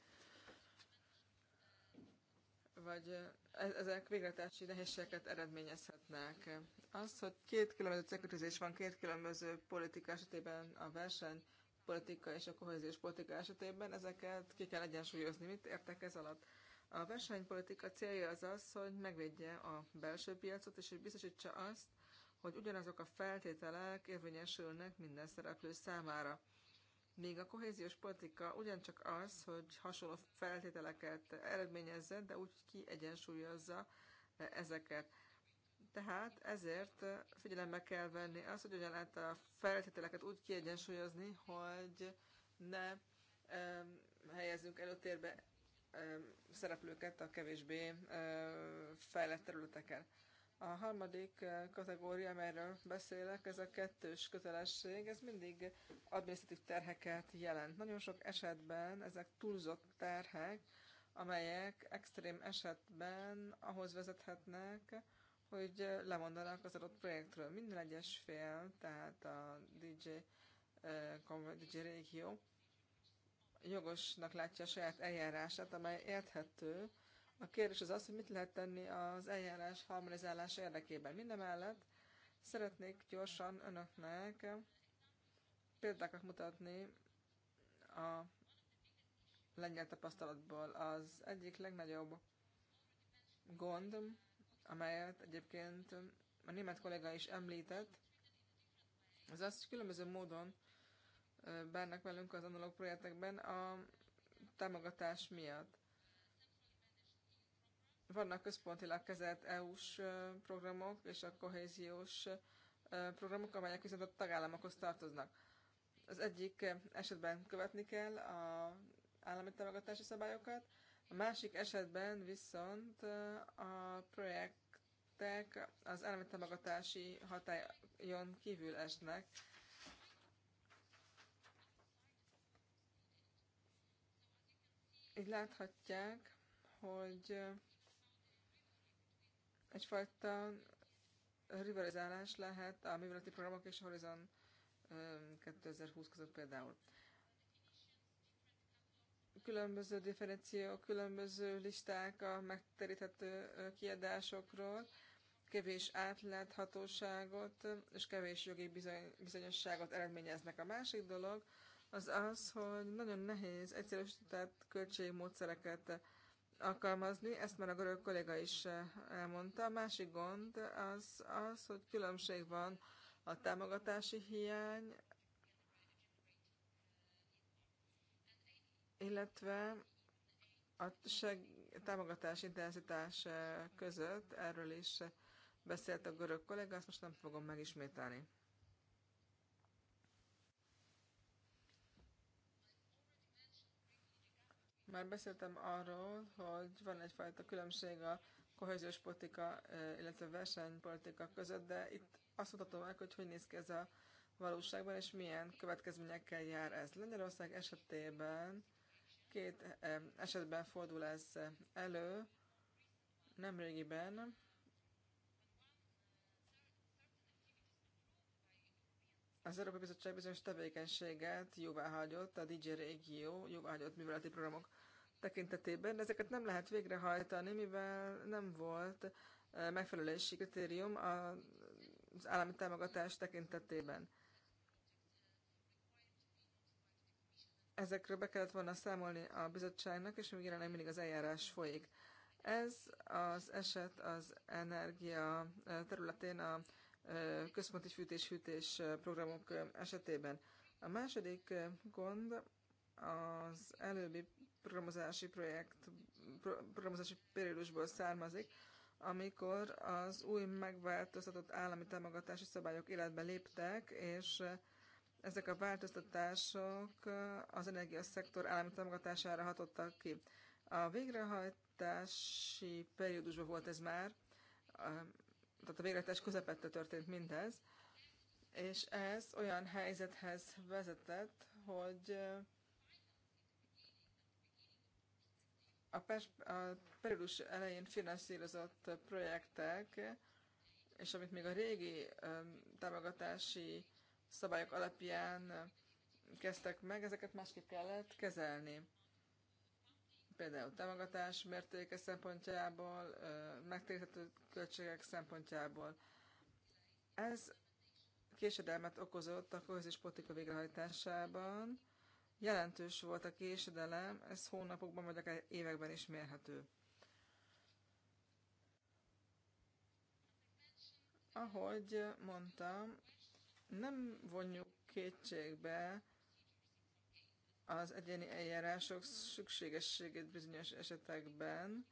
vagy eh, e-, ezek végletási nehézségeket eredményezhetnek. Az, hogy két különböző célkötözés van, két különböző politika esetében a verseny politika és a kohéziós politika esetében, ezeket ki kell egyensúlyozni. Mit értek ez alatt? A versenypolitika célja az az, hogy megvédje a belső piacot, és hogy biztosítsa azt, hogy ugyanazok a feltételek érvényesülnek minden szereplő számára. Míg a kohéziós politika ugyancsak az, hogy hasonló feltételeket eredményezzen, de úgy kiegyensúlyozza ezeket. Tehát ezért figyelembe kell venni azt, hogy hogyan lehet a feltételeket úgy kiegyensúlyozni, hogy ne um, helyezzünk előtérbe um, szereplőket a kevésbé um, fejlett területeken. A harmadik kategória, amelyről beszélek, ez a kettős kötelesség, ez mindig adminisztratív terheket jelent. Nagyon sok esetben ezek túlzott terhek, amelyek extrém esetben ahhoz vezethetnek, hogy lemondanak az adott projektről. Minden egyes fél, tehát a DJ, uh, DJ régió jogosnak látja a saját eljárását, amely érthető. A kérdés az az, hogy mit lehet tenni az eljárás harmonizálása érdekében. Mindemellett szeretnék gyorsan önöknek példákat mutatni a lengyel tapasztalatból. Az egyik legnagyobb gond, amelyet egyébként a német kollega is említett, az az, hogy különböző módon bánnak velünk az analóg projektekben a támogatás miatt. Vannak központilag kezelt EU-s programok és a kohéziós programok, amelyek viszont a tagállamokhoz tartoznak. Az egyik esetben követni kell a állami támogatási szabályokat, a másik esetben viszont a projektek az elemi támogatási hatályon kívül esnek. Így láthatják, hogy egyfajta rivalizálás lehet a műveleti programok és Horizon 2020 között például különböző differenciók, különböző listák a megteríthető kiadásokról, kevés átláthatóságot és kevés jogi bizony, bizonyosságot eredményeznek. A másik dolog az az, hogy nagyon nehéz egyszerűsített költségmódszereket alkalmazni, ezt már a görög kolléga is elmondta. A másik gond az, az, hogy különbség van a támogatási hiány, illetve a seg- támogatás intenzitás eh, között, erről is beszélt a görög kollega, azt most nem fogom megismételni. Már beszéltem arról, hogy van egyfajta különbség a kohéziós politika, eh, illetve versenypolitika között, de itt azt mutatom meg, hogy hogy néz ki ez a valóságban, és milyen következményekkel jár ez. Lengyelország esetében Két eh, esetben fordul ez elő. Nemrégiben az Európai Bizottság bizonyos tevékenységet jóváhagyott, a DJ Régió jóváhagyott műveleti programok tekintetében, de ezeket nem lehet végrehajtani, mivel nem volt eh, megfelelési kritérium az állami támogatás tekintetében. Ezekről be kellett volna számolni a bizottságnak, és még jelenleg mindig az eljárás folyik. Ez az eset az energia területén a központi fűtés-hűtés programok esetében. A második gond az előbbi programozási projekt, programozási periódusból származik, amikor az új megváltoztatott állami támogatási szabályok életbe léptek, és ezek a változtatások az energiaszektor állami támogatására hatottak ki. A végrehajtási periódusban volt ez már, tehát a végrehajtás közepette történt mindez, és ez olyan helyzethez vezetett, hogy a, pers- a periódus elején finanszírozott projektek, és amit még a régi támogatási szabályok alapján kezdtek meg, ezeket másképp kellett kezelni. Például támogatás mértéke szempontjából, megtérhető költségek szempontjából. Ez késedelmet okozott a kohézis politika végrehajtásában. Jelentős volt a késedelem, ez hónapokban vagy akár években is mérhető. Ahogy mondtam, nem vonjuk kétségbe az egyéni eljárások szükségességét bizonyos esetekben.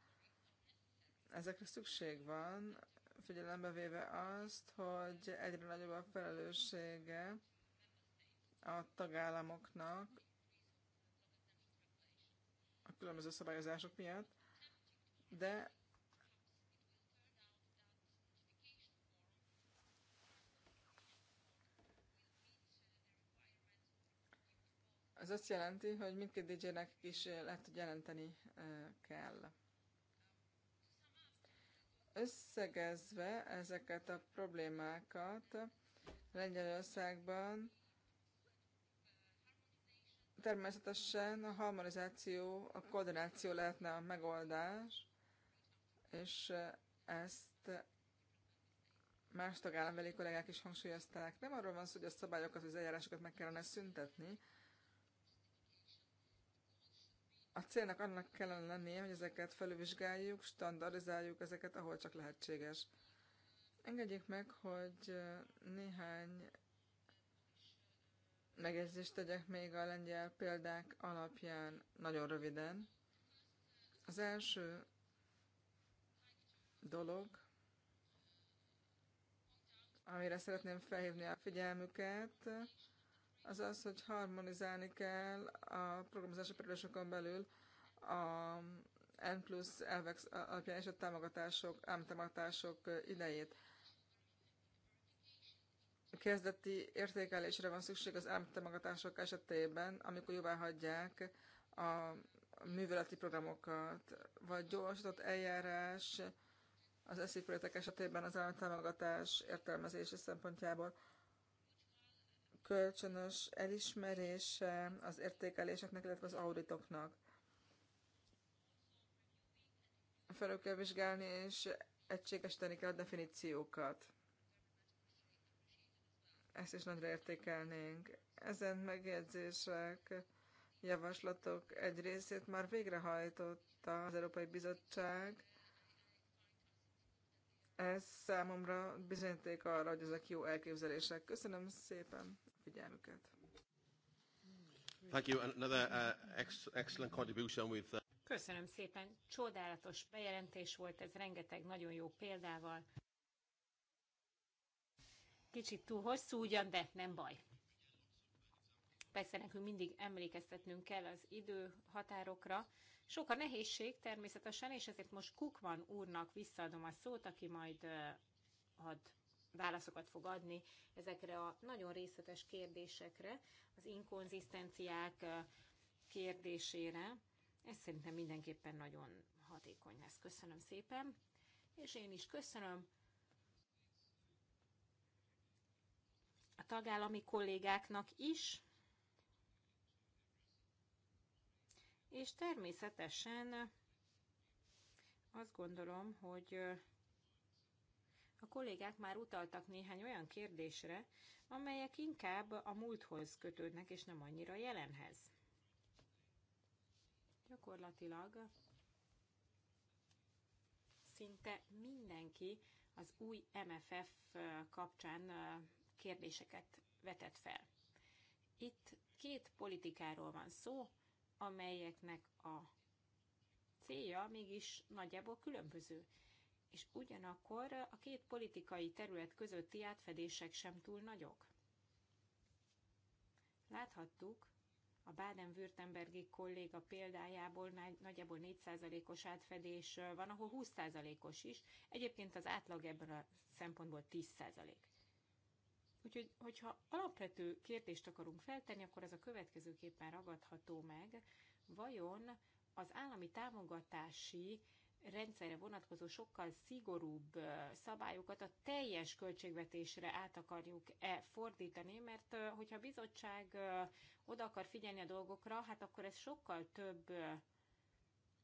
Ezekre szükség van, figyelembe véve azt, hogy egyre nagyobb a felelőssége a tagállamoknak a különböző szabályozások miatt, de Ez azt jelenti, hogy mindkét DJ-nek is lehet, hogy jelenteni kell. Összegezve ezeket a problémákat Lengyelországban természetesen a harmonizáció, a koordináció lehetne a megoldás, és ezt más tagállambeli kollégák is hangsúlyozták. Nem arról van szó, hogy a szabályokat, az eljárásokat meg kellene szüntetni, a célnak annak kellene lennie, hogy ezeket felülvizsgáljuk, standardizáljuk ezeket, ahol csak lehetséges. Engedjék meg, hogy néhány megjegyzést tegyek még a lengyel példák alapján nagyon röviden. Az első dolog, amire szeretném felhívni a figyelmüket, az az, hogy harmonizálni kell a programozási periódusokon belül a N plusz elvek alapján és a támogatások, ámtámogatások idejét. Kezdeti értékelésre van szükség az ámtámogatások esetében, amikor jóvá hagyják a műveleti programokat, vagy gyorsított eljárás az eszi esetében az ámtámogatás támogatás értelmezése szempontjából kölcsönös elismerése az értékeléseknek, illetve az auditoknak. Felül kell vizsgálni, és egységesíteni kell a definíciókat. Ezt is nagyra értékelnénk. Ezen megjegyzések, javaslatok egy részét már végrehajtotta az Európai Bizottság. Ez számomra bizonyíték arra, hogy ezek jó elképzelések. Köszönöm szépen figyelmüket. Thank you. Another uh, excellent contribution with, uh... Köszönöm szépen. Csodálatos bejelentés volt ez rengeteg nagyon jó példával. Kicsit túl hosszú ugyan, de nem baj. Persze nekünk mindig emlékeztetnünk kell az idő határokra. Sok a nehézség természetesen, és ezért most Kukman úrnak visszaadom a szót, aki majd uh, ad válaszokat fog adni ezekre a nagyon részletes kérdésekre, az inkonzisztenciák kérdésére. Ez szerintem mindenképpen nagyon hatékony lesz. Köszönöm szépen, és én is köszönöm. a tagállami kollégáknak is, és természetesen azt gondolom, hogy a kollégák már utaltak néhány olyan kérdésre, amelyek inkább a múlthoz kötődnek, és nem annyira a jelenhez. Gyakorlatilag szinte mindenki az új MFF kapcsán kérdéseket vetett fel. Itt két politikáról van szó, amelyeknek a célja mégis nagyjából különböző és ugyanakkor a két politikai terület közötti átfedések sem túl nagyok. Láthattuk a Baden-Württembergi kolléga példájából nagyjából 4%-os átfedés van, ahol 20%-os is. Egyébként az átlag ebben a szempontból 10%. Úgyhogy, hogyha alapvető kérdést akarunk feltenni, akkor ez a következőképpen ragadható meg. Vajon az állami támogatási rendszerre vonatkozó sokkal szigorúbb szabályokat a teljes költségvetésre át akarjuk-e fordítani, mert hogyha a bizottság oda akar figyelni a dolgokra, hát akkor ez sokkal több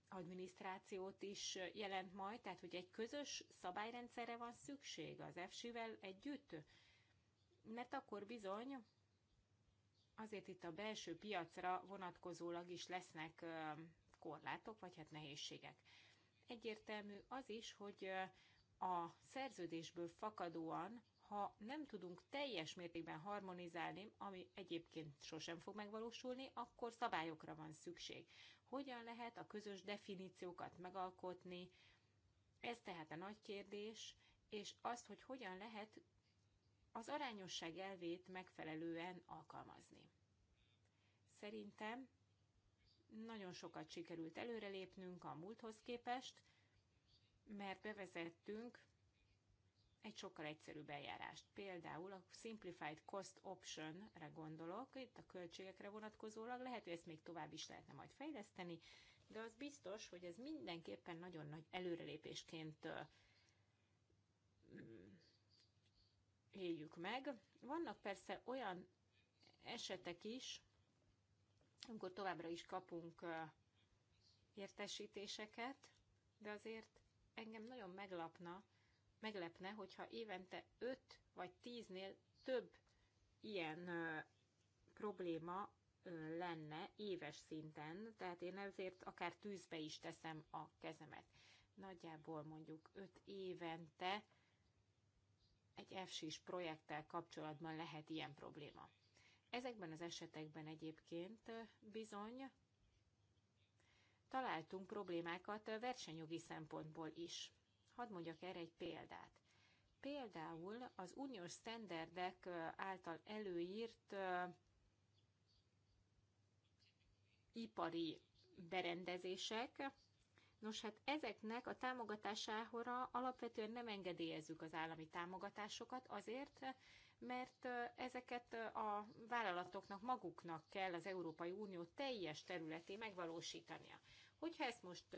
adminisztrációt is jelent majd, tehát hogy egy közös szabályrendszerre van szükség az EFSI-vel együtt, mert akkor bizony azért itt a belső piacra vonatkozólag is lesznek korlátok, vagy hát nehézségek egyértelmű az is, hogy a szerződésből fakadóan, ha nem tudunk teljes mértékben harmonizálni, ami egyébként sosem fog megvalósulni, akkor szabályokra van szükség. Hogyan lehet a közös definíciókat megalkotni? Ez tehát a nagy kérdés, és azt, hogy hogyan lehet az arányosság elvét megfelelően alkalmazni. Szerintem nagyon sokat sikerült előrelépnünk a múlthoz képest, mert bevezettünk egy sokkal egyszerűbb eljárást. Például a Simplified Cost Option-re gondolok, itt a költségekre vonatkozólag, lehet, hogy ezt még tovább is lehetne majd fejleszteni, de az biztos, hogy ez mindenképpen nagyon nagy előrelépésként éljük meg. Vannak persze olyan esetek is, amikor továbbra is kapunk értesítéseket, de azért engem nagyon meglapna, meglepne, hogyha évente 5 vagy 10-nél több ilyen probléma lenne éves szinten, tehát én ezért akár tűzbe is teszem a kezemet. Nagyjából mondjuk 5 évente egy FSIS projekttel kapcsolatban lehet ilyen probléma. Ezekben az esetekben egyébként bizony találtunk problémákat versenyjogi szempontból is. Hadd mondjak erre egy példát. Például az uniós standardek által előírt ipari berendezések, Nos, hát ezeknek a támogatására alapvetően nem engedélyezzük az állami támogatásokat azért, mert ezeket a vállalatoknak maguknak kell az Európai Unió teljes területén megvalósítania. Hogyha ezt most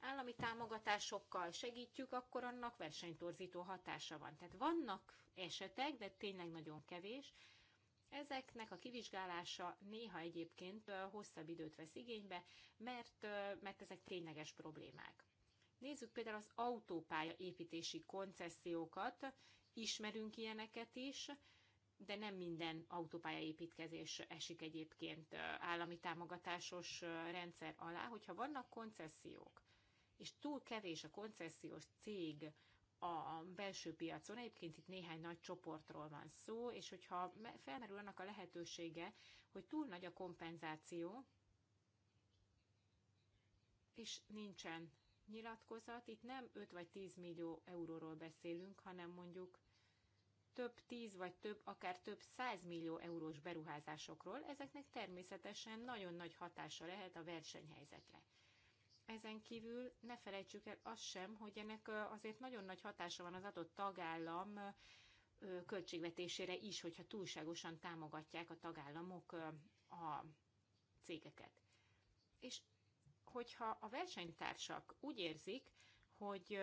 állami támogatásokkal segítjük, akkor annak versenytorzító hatása van. Tehát vannak esetek, de tényleg nagyon kevés. Ezeknek a kivizsgálása néha egyébként hosszabb időt vesz igénybe, mert, mert ezek tényleges problémák. Nézzük például az autópálya építési koncesziókat ismerünk ilyeneket is, de nem minden autópályaépítkezés esik egyébként állami támogatásos rendszer alá, hogyha vannak koncesziók, és túl kevés a koncesziós cég a belső piacon, egyébként itt néhány nagy csoportról van szó, és hogyha felmerül annak a lehetősége, hogy túl nagy a kompenzáció, és nincsen nyilatkozat. Itt nem 5 vagy 10 millió euróról beszélünk, hanem mondjuk több 10 vagy több, akár több 100 millió eurós beruházásokról. Ezeknek természetesen nagyon nagy hatása lehet a versenyhelyzetre. Ezen kívül ne felejtsük el azt sem, hogy ennek azért nagyon nagy hatása van az adott tagállam költségvetésére is, hogyha túlságosan támogatják a tagállamok a cégeket. És hogyha a versenytársak úgy érzik, hogy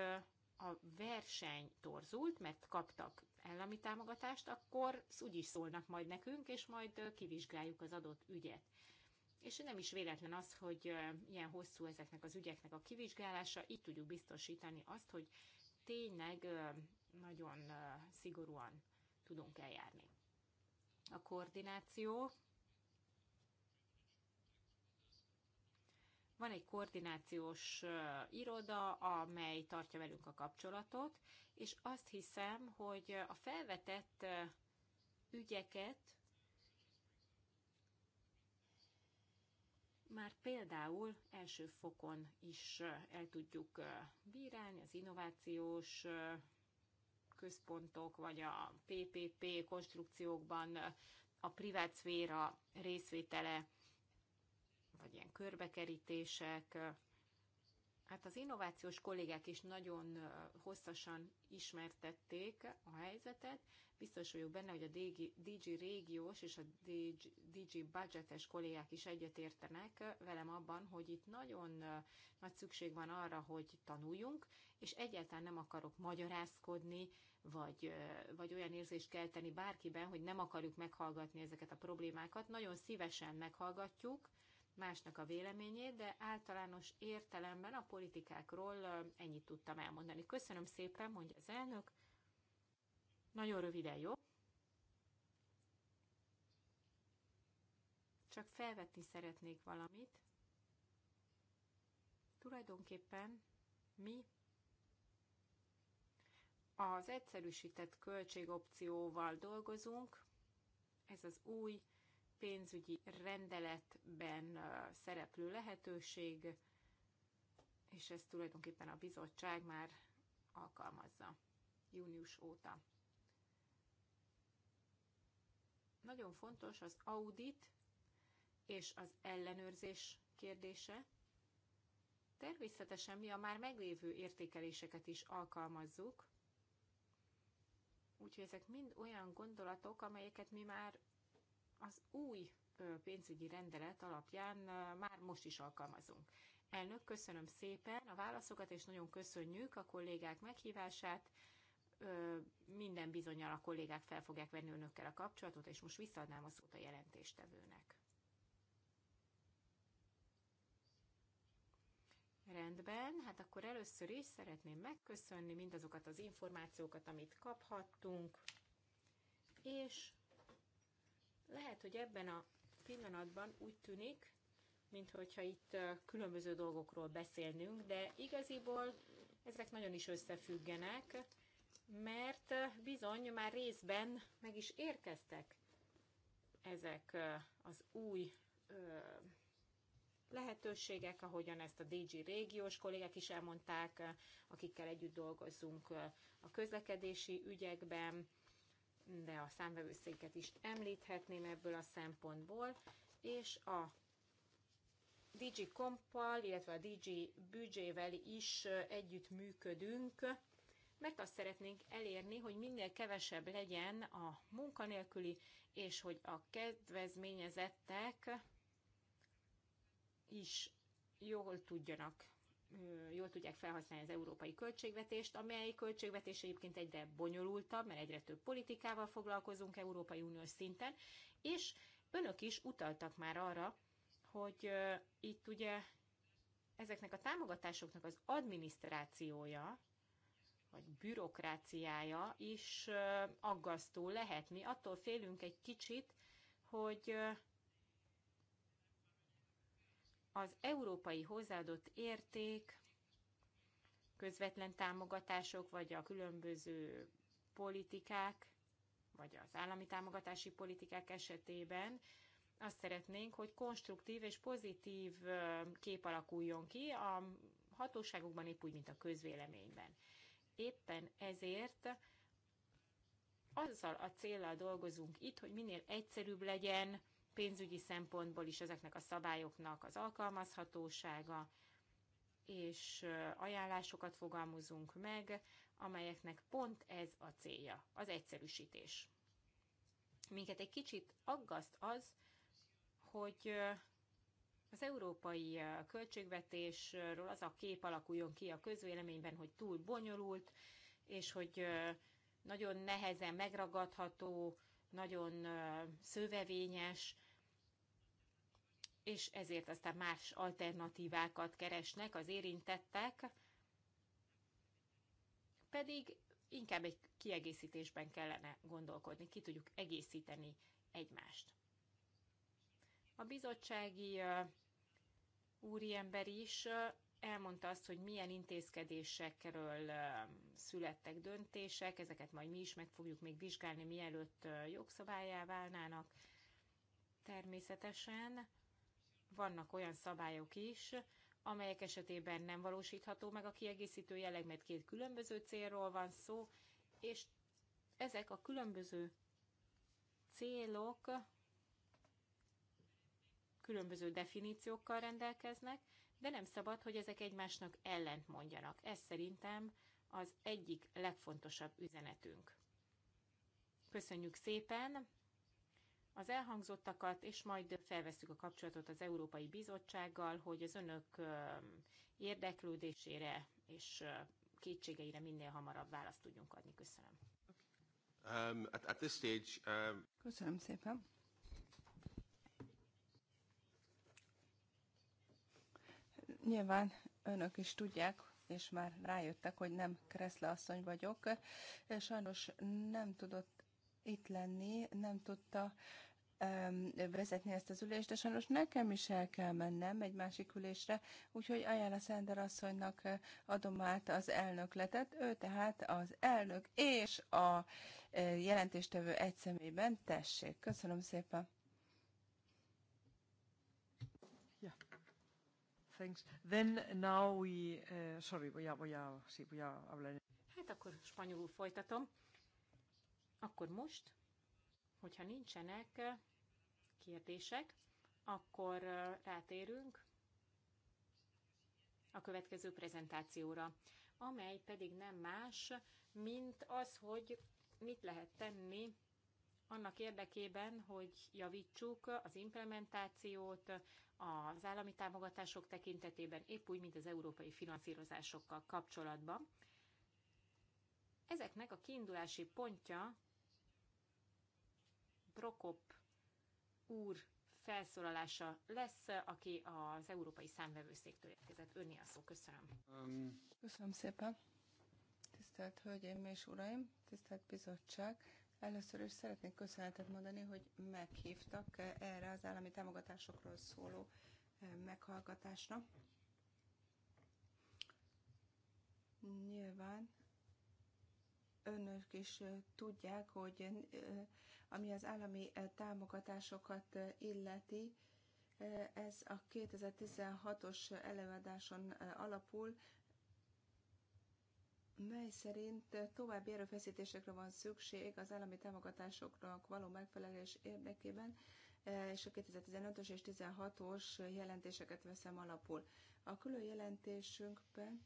a verseny torzult, mert kaptak állami támogatást, akkor is szólnak majd nekünk, és majd kivizsgáljuk az adott ügyet. És nem is véletlen az, hogy ilyen hosszú ezeknek az ügyeknek a kivizsgálása, így tudjuk biztosítani azt, hogy tényleg nagyon szigorúan tudunk eljárni. A koordináció Van egy koordinációs iroda, amely tartja velünk a kapcsolatot, és azt hiszem, hogy a felvetett ügyeket már például első fokon is el tudjuk bírálni, az innovációs központok, vagy a PPP konstrukciókban a privát szféra részvétele vagy ilyen körbekerítések. Hát az innovációs kollégák is nagyon hosszasan ismertették a helyzetet. Biztos vagyok benne, hogy a DG régiós és a DG, budgetes kollégák is egyetértenek velem abban, hogy itt nagyon nagy szükség van arra, hogy tanuljunk, és egyáltalán nem akarok magyarázkodni, vagy, vagy olyan érzést kelteni bárkiben, hogy nem akarjuk meghallgatni ezeket a problémákat. Nagyon szívesen meghallgatjuk, másnak a véleményét, de általános értelemben a politikákról ennyit tudtam elmondani. Köszönöm szépen, mondja az elnök. Nagyon röviden, jó? Csak felvetni szeretnék valamit. Tulajdonképpen mi az egyszerűsített költségopcióval dolgozunk, ez az új pénzügyi rendeletben szereplő lehetőség, és ezt tulajdonképpen a bizottság már alkalmazza június óta. Nagyon fontos az audit és az ellenőrzés kérdése. Természetesen mi a már meglévő értékeléseket is alkalmazzuk, úgyhogy ezek mind olyan gondolatok, amelyeket mi már az új pénzügyi rendelet alapján már most is alkalmazunk. Elnök, köszönöm szépen a válaszokat, és nagyon köszönjük a kollégák meghívását. Minden bizonyal a kollégák fel fogják venni önökkel a kapcsolatot, és most visszaadnám a szót a jelentéstevőnek. Rendben, hát akkor először is szeretném megköszönni mindazokat az információkat, amit kaphattunk, és lehet, hogy ebben a pillanatban úgy tűnik, mintha itt különböző dolgokról beszélnünk, de igaziból ezek nagyon is összefüggenek, mert bizony már részben meg is érkeztek ezek az új lehetőségek, ahogyan ezt a DG régiós kollégák is elmondták, akikkel együtt dolgozzunk a közlekedési ügyekben, de a számvevőszéket is említhetném ebből a szempontból, és a DG Kompal, illetve a DG Büdzsével is együtt működünk, mert azt szeretnénk elérni, hogy minél kevesebb legyen a munkanélküli, és hogy a kedvezményezettek is jól tudjanak jól tudják felhasználni az európai költségvetést, amely költségvetés egyébként egyre bonyolultabb, mert egyre több politikával foglalkozunk Európai Uniós szinten, és önök is utaltak már arra, hogy itt ugye ezeknek a támogatásoknak az adminisztrációja, vagy bürokráciája is aggasztó lehet. Mi attól félünk egy kicsit, hogy az európai hozzáadott érték közvetlen támogatások, vagy a különböző politikák, vagy az állami támogatási politikák esetében azt szeretnénk, hogy konstruktív és pozitív kép alakuljon ki a hatóságokban, épp úgy, mint a közvéleményben. Éppen ezért azzal a célral dolgozunk itt, hogy minél egyszerűbb legyen pénzügyi szempontból is ezeknek a szabályoknak az alkalmazhatósága, és ajánlásokat fogalmazunk meg, amelyeknek pont ez a célja, az egyszerűsítés. Minket egy kicsit aggaszt az, hogy az európai költségvetésről az a kép alakuljon ki a közvéleményben, hogy túl bonyolult, és hogy nagyon nehezen megragadható, nagyon szövevényes, és ezért aztán más alternatívákat keresnek az érintettek, pedig inkább egy kiegészítésben kellene gondolkodni, ki tudjuk egészíteni egymást. A bizottsági úriember is elmondta azt, hogy milyen intézkedésekről születtek döntések, ezeket majd mi is meg fogjuk még vizsgálni, mielőtt jogszabályá válnának természetesen vannak olyan szabályok is, amelyek esetében nem valósítható meg a kiegészítő jelleg, mert két különböző célról van szó, és ezek a különböző célok különböző definíciókkal rendelkeznek, de nem szabad, hogy ezek egymásnak ellent mondjanak. Ez szerintem az egyik legfontosabb üzenetünk. Köszönjük szépen! az elhangzottakat, és majd felveszük a kapcsolatot az Európai Bizottsággal, hogy az önök érdeklődésére és kétségeire minél hamarabb választ tudjunk adni. Köszönöm. Um, at, at this stage, um... Köszönöm szépen. Nyilván önök is tudják, és már rájöttek, hogy nem Kreszle asszony vagyok. Sajnos nem tudott itt lenni, nem tudta vezetni ezt az ülést, de sajnos nekem is el kell mennem egy másik ülésre, úgyhogy a Szender asszonynak adom át az elnökletet. Ő tehát az elnök és a jelentéstevő egy személyben. Tessék, köszönöm szépen. Yeah. Thanks. Then now we, uh, sorry, voy a, voy a, sí, voy a hablar. Hát akkor spanyolul folytatom. Akkor most Hogyha nincsenek kérdések, akkor rátérünk a következő prezentációra, amely pedig nem más, mint az, hogy mit lehet tenni annak érdekében, hogy javítsuk az implementációt az állami támogatások tekintetében, épp úgy, mint az európai finanszírozásokkal kapcsolatban. Ezeknek a kiindulási pontja Prokop úr felszólalása lesz, aki az Európai Számvevőszéktől érkezett. Önni a szó, köszönöm. Um, köszönöm szépen. Tisztelt Hölgyeim és Uraim, tisztelt Bizottság, Először is szeretnék köszönetet mondani, hogy meghívtak erre az állami támogatásokról szóló eh, meghallgatásra. Nyilván önök is eh, tudják, hogy eh, ami az állami eh, támogatásokat eh, illeti. Eh, ez a 2016-os előadáson alapul, mely szerint további erőfeszítésekre van szükség az állami támogatásoknak való megfelelés érdekében, és a 2015-ös és 2016-os jelentéseket veszem alapul. A külön jelentésünkben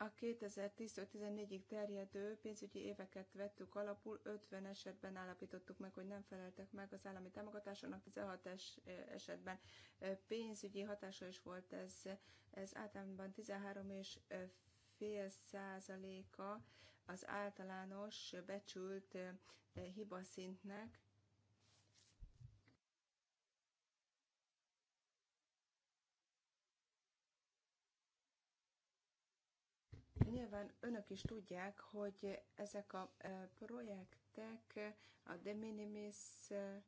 a 2010-14-ig terjedő pénzügyi éveket vettük alapul, 50 esetben állapítottuk meg, hogy nem feleltek meg az állami támogatásának, 16 esetben pénzügyi hatása is volt ez, ez általában 13 és fél százaléka az általános becsült hibaszintnek, Nyilván önök is tudják, hogy ezek a e, projektek a de minimis e,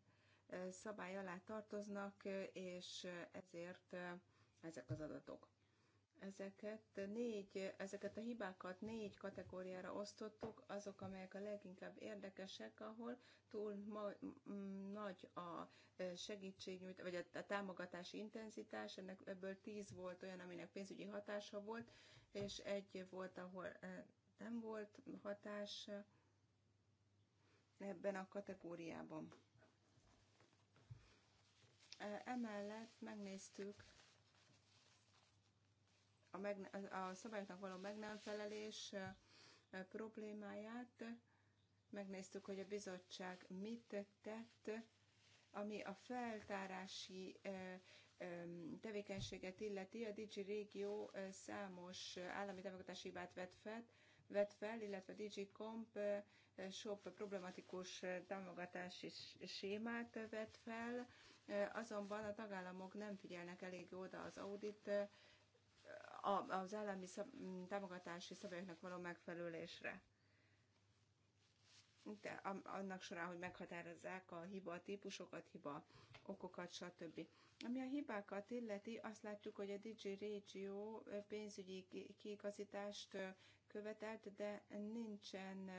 e, szabály alá tartoznak, és ezért ezek az adatok. Ezeket, négy, ezeket a hibákat négy kategóriára osztottuk, azok, amelyek a leginkább érdekesek, ahol túl ma, nagy a segítségnyújt, vagy a, a intenzitás, ennek ebből tíz volt olyan, aminek pénzügyi hatása volt, és egy év volt, ahol eh, nem volt hatás eh, ebben a kategóriában. Eh, emellett megnéztük a, meg, a szabályoknak való meg nem felelés problémáját, megnéztük, hogy a bizottság mit tett, ami a feltárási tevékenységet illeti, a Digi Régió számos állami támogatási hibát vett fel, vett fel, illetve DG sok problematikus támogatási sémát vett fel, azonban a tagállamok nem figyelnek elég oda az audit az állami szab- támogatási szabályoknak való megfelelésre. De annak során, hogy meghatározzák a hiba típusokat, hiba okokat, stb. Ami a hibákat illeti, azt látjuk, hogy a Digi Régió pénzügyi kiigazítást követelt, de nincsen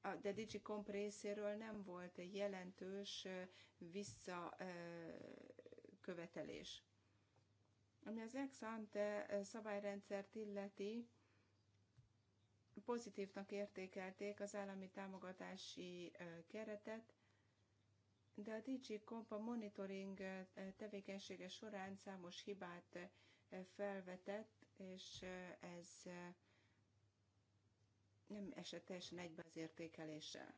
a de Digicomp részéről nem volt jelentős visszakövetelés. Ami az ex ante szabályrendszert illeti, pozitívnak értékelték az állami támogatási keretet, de a DG kompa a monitoring eh, tevékenysége során számos hibát eh, felvetett, és eh, ez nem esett teljesen egybe az értékeléssel.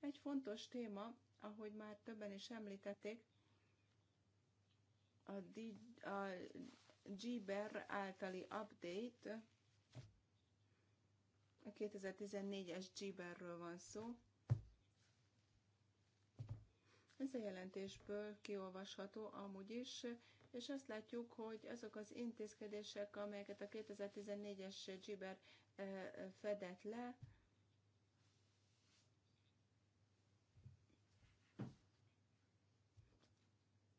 Egy fontos téma, ahogy már többen is említették, a, D, a GBER általi update, a 2014-es GBER-ről van szó, ez a jelentésből kiolvasható amúgy is, és azt látjuk, hogy azok az intézkedések, amelyeket a 2014-es Giber eh, fedett le,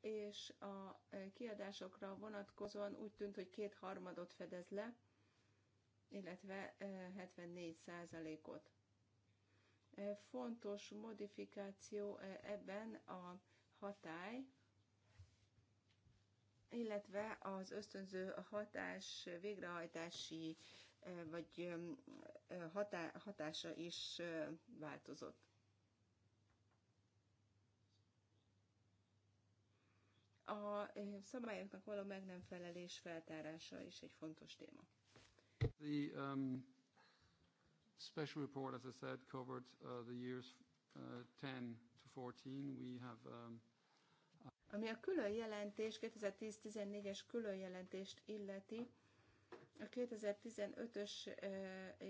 és a eh, kiadásokra vonatkozóan úgy tűnt, hogy kétharmadot fedez le, illetve 74 eh, százalékot. Fontos modifikáció e, ebben a hatály, illetve az ösztönző hatás végrehajtási e, vagy e, hatá, hatása is változott. A szabályoknak való meg nem felelés feltárása is egy fontos téma. The, um special report, as I said, covered uh, the years uh, 10 to 14. We have um, ami a külön jelentés, 2010-14-es külön jelentést illeti, a 2015-ös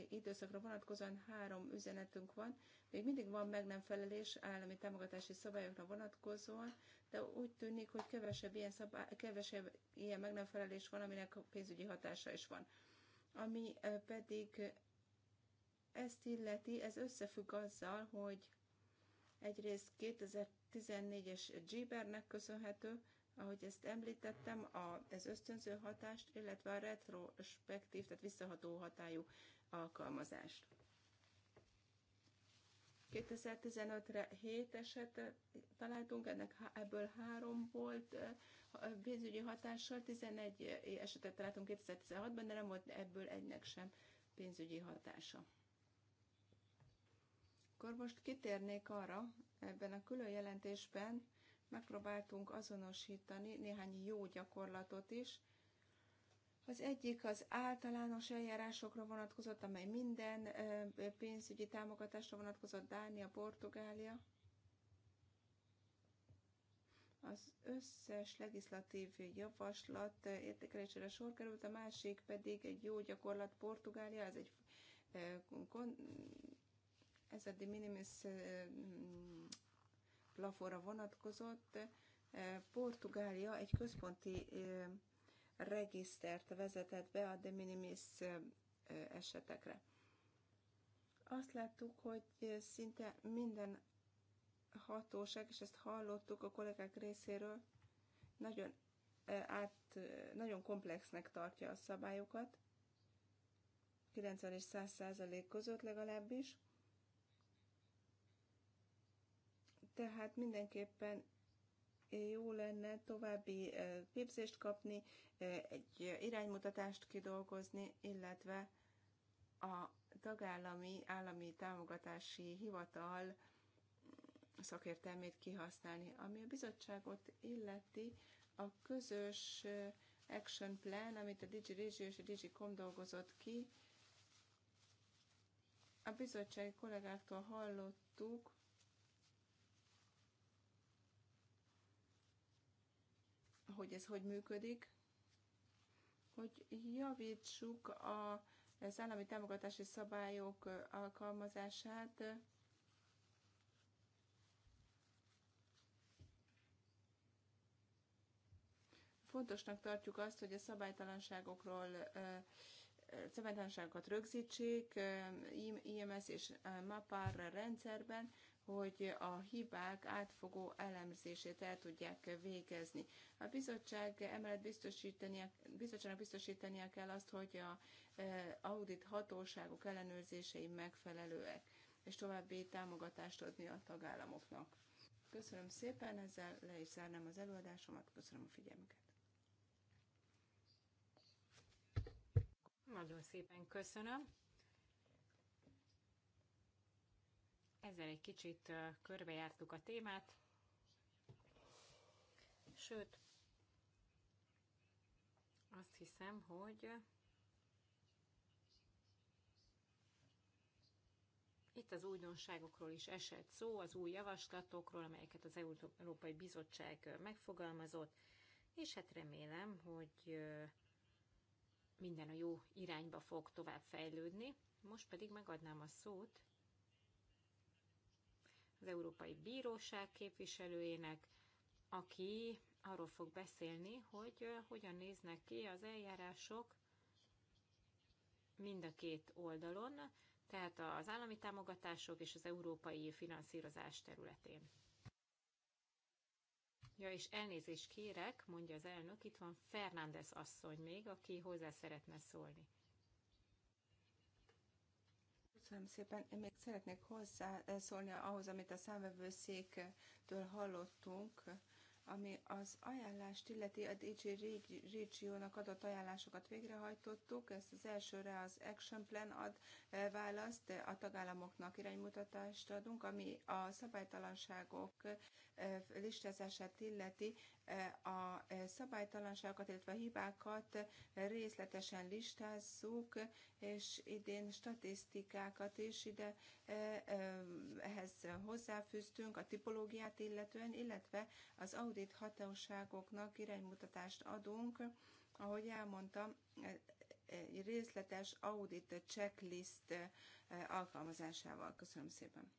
időszakra vonatkozóan három üzenetünk van. Még mindig van meg nem felelés állami támogatási szabályokra vonatkozóan, de úgy tűnik, hogy kevesebb ilyen, szabály, kevesebb ilyen meg nem felelés van, aminek pénzügyi hatása is van. Ami pedig ezt illeti, ez összefügg azzal, hogy egyrészt 2014-es Gibernek köszönhető, ahogy ezt említettem, a ez ösztönző hatást, illetve a retrospektív, tehát visszaható hatályú alkalmazást. 2015-re 7 esetet találtunk, ennek ebből három volt pénzügyi hatással, 11 esetet találtunk 2016-ban, de nem volt ebből egynek sem pénzügyi hatása. Akkor most kitérnék arra, ebben a külön jelentésben megpróbáltunk azonosítani néhány jó gyakorlatot is. Az egyik az általános eljárásokra vonatkozott, amely minden pénzügyi támogatásra vonatkozott, Dánia, Portugália. Az összes legislatív javaslat értékelésére sor került, a másik pedig egy jó gyakorlat Portugália, ez egy ez a de minimis mm, plafonra vonatkozott. Portugália egy központi regisztert vezetett be a de minimis esetekre. Azt láttuk, hogy szinte minden hatóság, és ezt hallottuk a kollégák részéről, nagyon, át, nagyon komplexnek tartja a szabályokat, 90 és 100 százalék között legalábbis. tehát mindenképpen jó lenne további képzést kapni, egy iránymutatást kidolgozni, illetve a tagállami állami támogatási hivatal mm, szakértelmét kihasználni. Ami a bizottságot illeti, a közös action plan, amit a DigiRegio és a DigiCom dolgozott ki, a bizottsági kollégáktól hallottuk, hogy ez hogy működik, hogy javítsuk a, az állami támogatási szabályok alkalmazását, fontosnak tartjuk azt, hogy a szabálytalanságokról szabálytalanságokat rögzítsék IMS és MAPAR rendszerben, hogy a hibák átfogó elemzését el tudják végezni. A bizottság emellett biztosítania, bizottságnak biztosítania kell azt, hogy a e, audit hatóságok ellenőrzései megfelelőek, és további támogatást adni a tagállamoknak. Köszönöm szépen, ezzel le is zárnám az előadásomat, köszönöm a figyelmüket. Nagyon szépen köszönöm. Ezzel egy kicsit körbejártuk a témát, sőt, azt hiszem, hogy Itt az újdonságokról is esett szó, az új javaslatokról, amelyeket az Európai Bizottság megfogalmazott, és hát remélem, hogy minden a jó irányba fog tovább fejlődni. Most pedig megadnám a szót az Európai Bíróság képviselőjének, aki arról fog beszélni, hogy hogyan néznek ki az eljárások mind a két oldalon, tehát az állami támogatások és az európai finanszírozás területén. Ja, és elnézést kérek, mondja az elnök, itt van Fernández asszony még, aki hozzá szeretne szólni. Köszönöm szépen. Én még szeretnék hozzászólni ahhoz, amit a számvevőszéktől hallottunk, ami az ajánlást illeti a DG Régiónak adott ajánlásokat végrehajtottuk. Ezt az elsőre az Action Plan ad eh, választ, a tagállamoknak iránymutatást adunk, ami a szabálytalanságok eh, listázását illeti a szabálytalanságokat, illetve a hibákat részletesen listázzuk, és idén statisztikákat is ide e, e, ehhez hozzáfűztünk a tipológiát illetően, illetve az audit hatóságoknak iránymutatást adunk, ahogy elmondtam, e, egy részletes audit checklist alkalmazásával. Köszönöm szépen.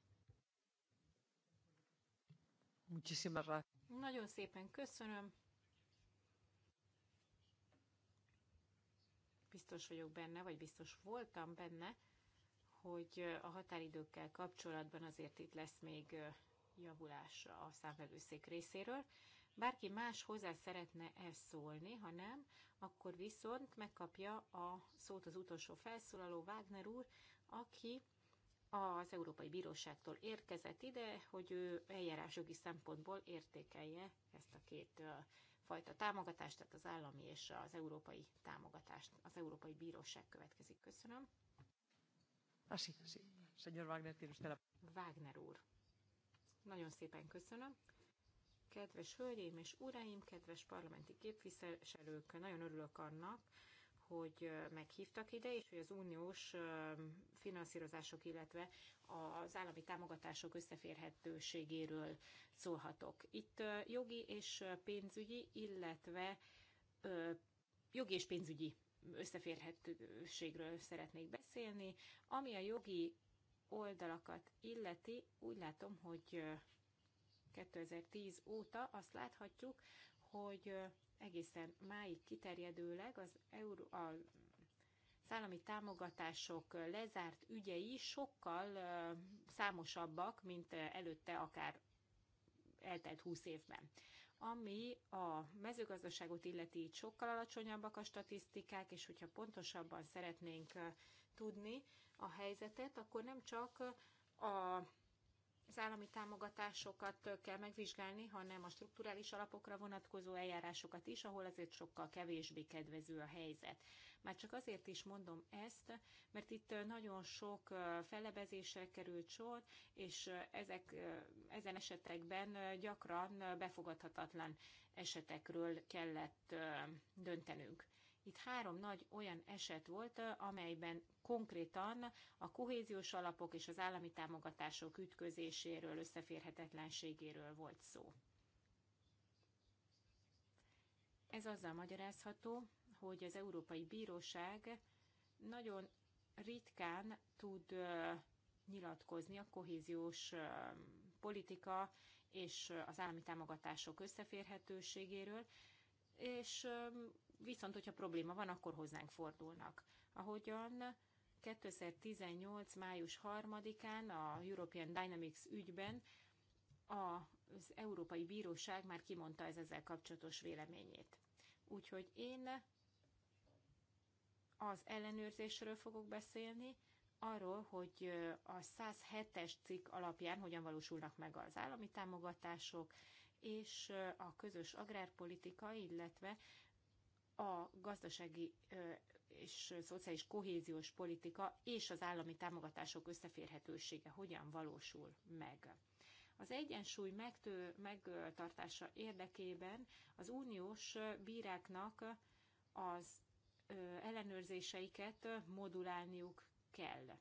Muchísimas nagyon szépen köszönöm. Biztos vagyok benne, vagy biztos voltam benne, hogy a határidőkkel kapcsolatban azért itt lesz még javulás a számvevőszék részéről. Bárki más hozzá szeretne ezt szólni, ha nem, akkor viszont megkapja a szót az utolsó felszólaló Wagner úr, aki az Európai Bíróságtól érkezett ide, hogy ő eljárásjogi szempontból értékelje ezt a két fajta támogatást, tehát az állami és az európai támogatást. Az Európai Bíróság következik. Köszönöm. Ah, sí, sí. Wagner, tiene Wagner úr. Nagyon szépen köszönöm. Kedves hölgyeim és uraim, kedves parlamenti képviselők, nagyon örülök annak, hogy meghívtak ide, és hogy az uniós finanszírozások, illetve az állami támogatások összeférhetőségéről szólhatok. Itt jogi és pénzügyi, illetve jogi és pénzügyi összeférhetőségről szeretnék beszélni. Ami a jogi oldalakat illeti, úgy látom, hogy 2010 óta azt láthatjuk, hogy egészen máig kiterjedőleg az, Euró- a szállami támogatások lezárt ügyei sokkal számosabbak, mint előtte akár eltelt 20 évben. Ami a mezőgazdaságot illeti, így sokkal alacsonyabbak a statisztikák, és hogyha pontosabban szeretnénk tudni a helyzetet, akkor nem csak a az állami támogatásokat kell megvizsgálni, hanem a strukturális alapokra vonatkozó eljárásokat is, ahol azért sokkal kevésbé kedvező a helyzet. Már csak azért is mondom ezt, mert itt nagyon sok fellebezésre került sor, és ezek, ezen esetekben gyakran befogadhatatlan esetekről kellett döntenünk. Itt három nagy olyan eset volt, amelyben konkrétan a kohéziós alapok és az állami támogatások ütközéséről, összeférhetetlenségéről volt szó. Ez azzal magyarázható, hogy az Európai Bíróság nagyon ritkán tud nyilatkozni a kohéziós politika és az állami támogatások összeférhetőségéről, és viszont, hogyha probléma van, akkor hozzánk fordulnak. Ahogyan 2018. május 3-án a European Dynamics ügyben az Európai Bíróság már kimondta ez ezzel kapcsolatos véleményét. Úgyhogy én az ellenőrzésről fogok beszélni, arról, hogy a 107-es cikk alapján hogyan valósulnak meg az állami támogatások és a közös agrárpolitika, illetve a gazdasági és szociális kohéziós politika és az állami támogatások összeférhetősége hogyan valósul meg. Az egyensúly megtő, megtartása érdekében az uniós bíráknak az ellenőrzéseiket modulálniuk kell.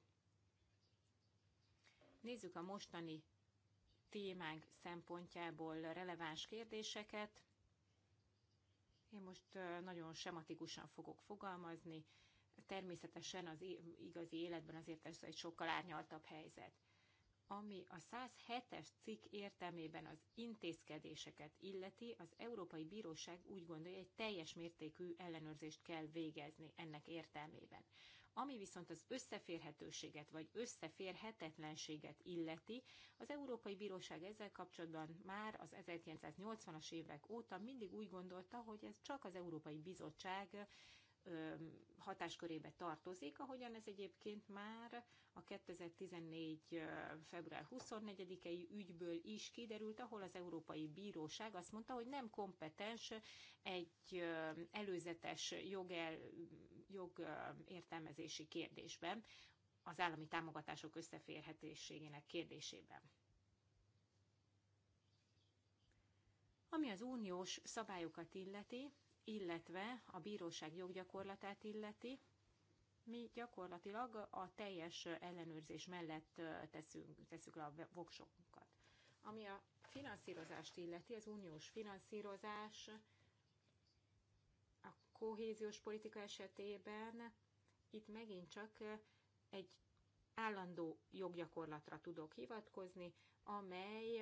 Nézzük a mostani témánk szempontjából releváns kérdéseket. Én most nagyon sematikusan fogok fogalmazni. Természetesen az igazi életben azért ez egy sokkal árnyaltabb helyzet. Ami a 107-es cikk értelmében az intézkedéseket illeti, az Európai Bíróság úgy gondolja, hogy teljes mértékű ellenőrzést kell végezni ennek értelmében. Ami viszont az összeférhetőséget vagy összeférhetetlenséget illeti, az Európai Bíróság ezzel kapcsolatban már az 1980-as évek óta mindig úgy gondolta, hogy ez csak az Európai Bizottság hatáskörébe tartozik, ahogyan ez egyébként már a 2014. február 24-i ügyből is kiderült, ahol az Európai Bíróság azt mondta, hogy nem kompetens egy előzetes jogel, jogértelmezési kérdésben, az állami támogatások összeférhetőségének kérdésében. Ami az uniós szabályokat illeti, illetve a bíróság joggyakorlatát illeti, mi gyakorlatilag a teljes ellenőrzés mellett teszünk, teszünk le a voksokat. Ami a finanszírozást illeti, az uniós finanszírozás kohéziós politika esetében itt megint csak egy állandó joggyakorlatra tudok hivatkozni, amely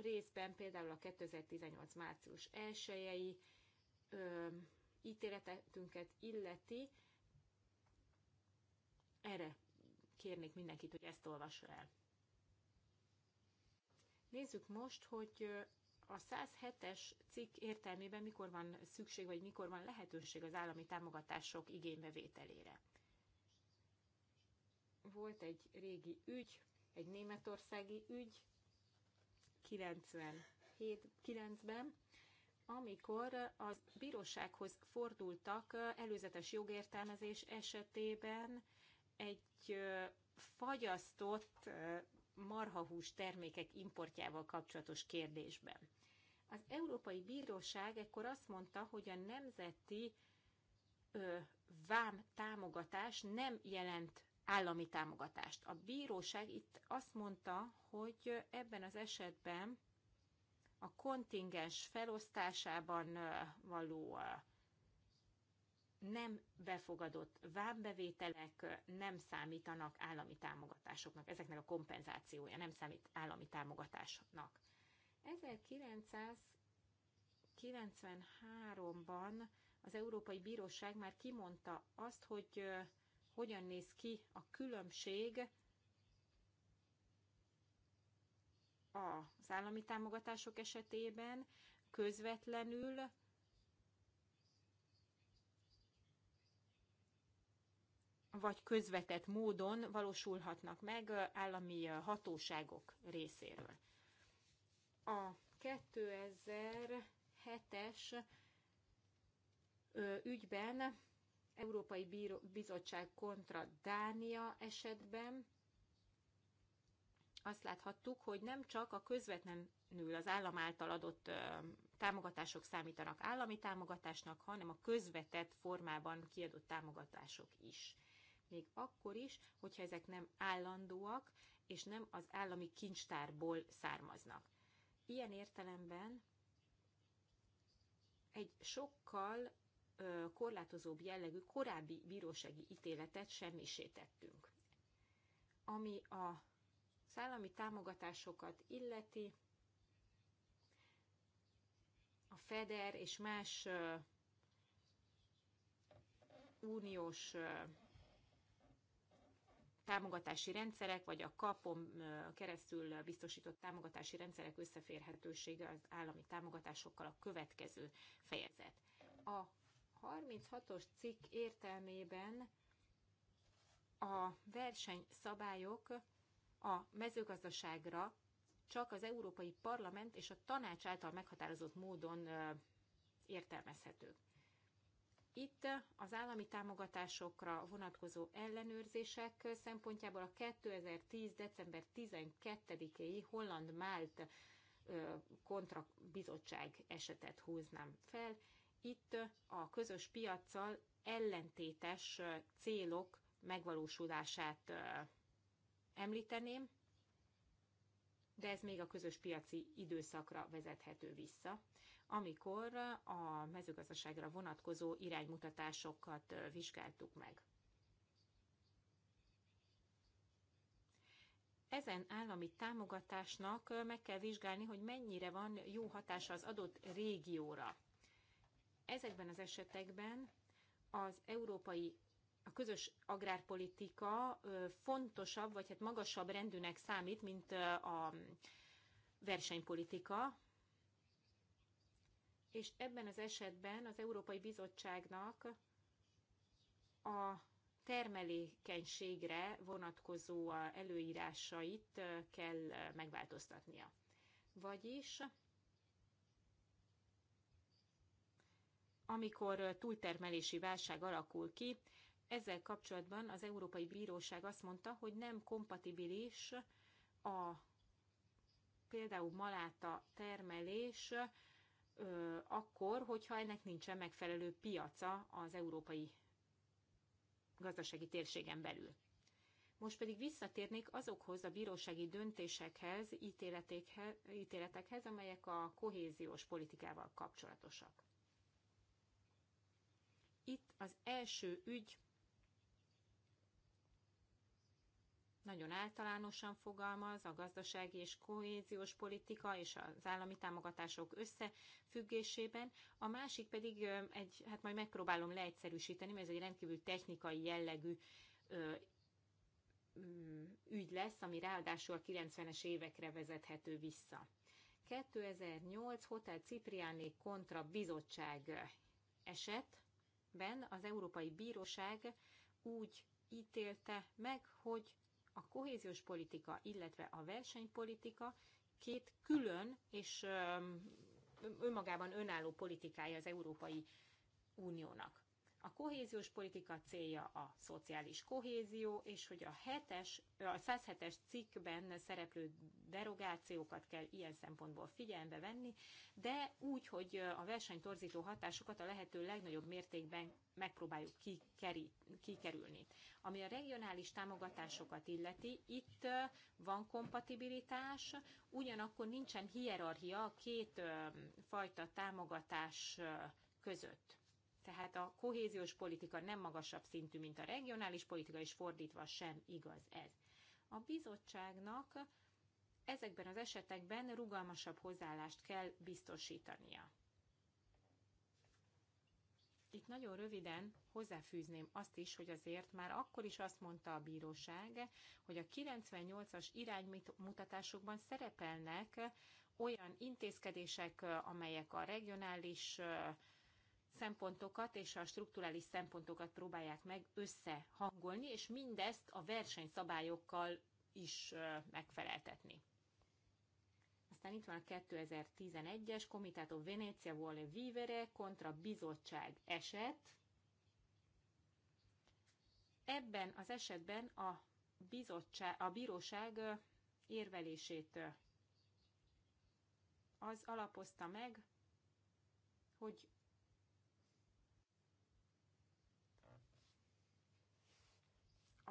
részben például a 2018 március 1-i illeti. Erre kérnék mindenkit, hogy ezt olvassa el. Nézzük most, hogy a 107-es cikk értelmében mikor van szükség, vagy mikor van lehetőség az állami támogatások igénybevételére. Volt egy régi ügy, egy németországi ügy 97-9-ben, amikor az bírósághoz fordultak előzetes jogértelmezés esetében egy fagyasztott marhahús termékek importjával kapcsolatos kérdésben. Az Európai Bíróság ekkor azt mondta, hogy a nemzeti ö, vám támogatás nem jelent állami támogatást. A bíróság itt azt mondta, hogy ebben az esetben a kontingens felosztásában való nem befogadott vámbevételek nem számítanak állami támogatásoknak, ezeknek a kompenzációja nem számít állami támogatásnak. 1993-ban az Európai Bíróság már kimondta azt, hogy hogyan néz ki a különbség az állami támogatások esetében közvetlenül vagy közvetett módon valósulhatnak meg állami hatóságok részéről. A 2007-es ügyben Európai Bíró Bizottság kontra Dánia esetben azt láthattuk, hogy nem csak a közvetlenül az állam által adott támogatások számítanak állami támogatásnak, hanem a közvetett formában kiadott támogatások is még akkor is, hogyha ezek nem állandóak, és nem az állami kincstárból származnak. Ilyen értelemben egy sokkal korlátozóbb jellegű korábbi bírósági ítéletet semmisé tettünk. Ami a szállami támogatásokat illeti, a FEDER és más uniós támogatási rendszerek, vagy a kapom keresztül biztosított támogatási rendszerek összeférhetősége az állami támogatásokkal a következő fejezet. A 36-os cikk értelmében a versenyszabályok a mezőgazdaságra csak az Európai Parlament és a tanács által meghatározott módon értelmezhetők. Itt az állami támogatásokra vonatkozó ellenőrzések szempontjából a 2010. december 12-i Holland-Mált kontrabizottság esetet húznám fel. Itt a közös piaccal ellentétes célok megvalósulását említeném, de ez még a közös piaci időszakra vezethető vissza amikor a mezőgazdaságra vonatkozó iránymutatásokat vizsgáltuk meg. Ezen állami támogatásnak meg kell vizsgálni, hogy mennyire van jó hatása az adott régióra. Ezekben az esetekben az európai a közös agrárpolitika fontosabb, vagy hát magasabb rendűnek számít, mint a mm, versenypolitika, és ebben az esetben az Európai Bizottságnak a termelékenységre vonatkozó előírásait kell megváltoztatnia. Vagyis amikor túltermelési válság alakul ki, ezzel kapcsolatban az Európai Bíróság azt mondta, hogy nem kompatibilis a például maláta termelés akkor, hogyha ennek nincsen megfelelő piaca az európai gazdasági térségen belül. Most pedig visszatérnék azokhoz a bírósági döntésekhez, ítéletekhez, amelyek a kohéziós politikával kapcsolatosak. Itt az első ügy nagyon általánosan fogalmaz, a gazdasági és kohéziós politika és az állami támogatások összefüggésében, a másik pedig egy, hát majd megpróbálom leegyszerűsíteni, mert ez egy rendkívül technikai jellegű mm, ügy lesz, ami ráadásul a 90-es évekre vezethető vissza. 2008 Hotel Cipriani kontra bizottság esetben az Európai Bíróság úgy ítélte meg, hogy a kohéziós politika, illetve a versenypolitika két külön és önmagában önálló politikája az Európai Uniónak. A kohéziós politika célja a szociális kohézió, és hogy a, hetes, a 107-es cikkben szereplő derogációkat kell ilyen szempontból figyelembe venni, de úgy, hogy a versenytorzító hatásokat a lehető legnagyobb mértékben megpróbáljuk kikerülni. Ami a regionális támogatásokat illeti, itt van kompatibilitás, ugyanakkor nincsen hierarchia a két fajta támogatás között tehát a kohéziós politika nem magasabb szintű, mint a regionális politika, és fordítva sem igaz ez. A bizottságnak ezekben az esetekben rugalmasabb hozzáállást kell biztosítania. Itt nagyon röviden hozzáfűzném azt is, hogy azért már akkor is azt mondta a bíróság, hogy a 98-as iránymutatásokban szerepelnek olyan intézkedések, amelyek a regionális szempontokat és a strukturális szempontokat próbálják meg összehangolni, és mindezt a versenyszabályokkal is megfeleltetni. Aztán itt van a 2011-es Comitato Venezia Vole Vivere kontra bizottság eset. Ebben az esetben a, bizottság, a bíróság érvelését az alapozta meg, hogy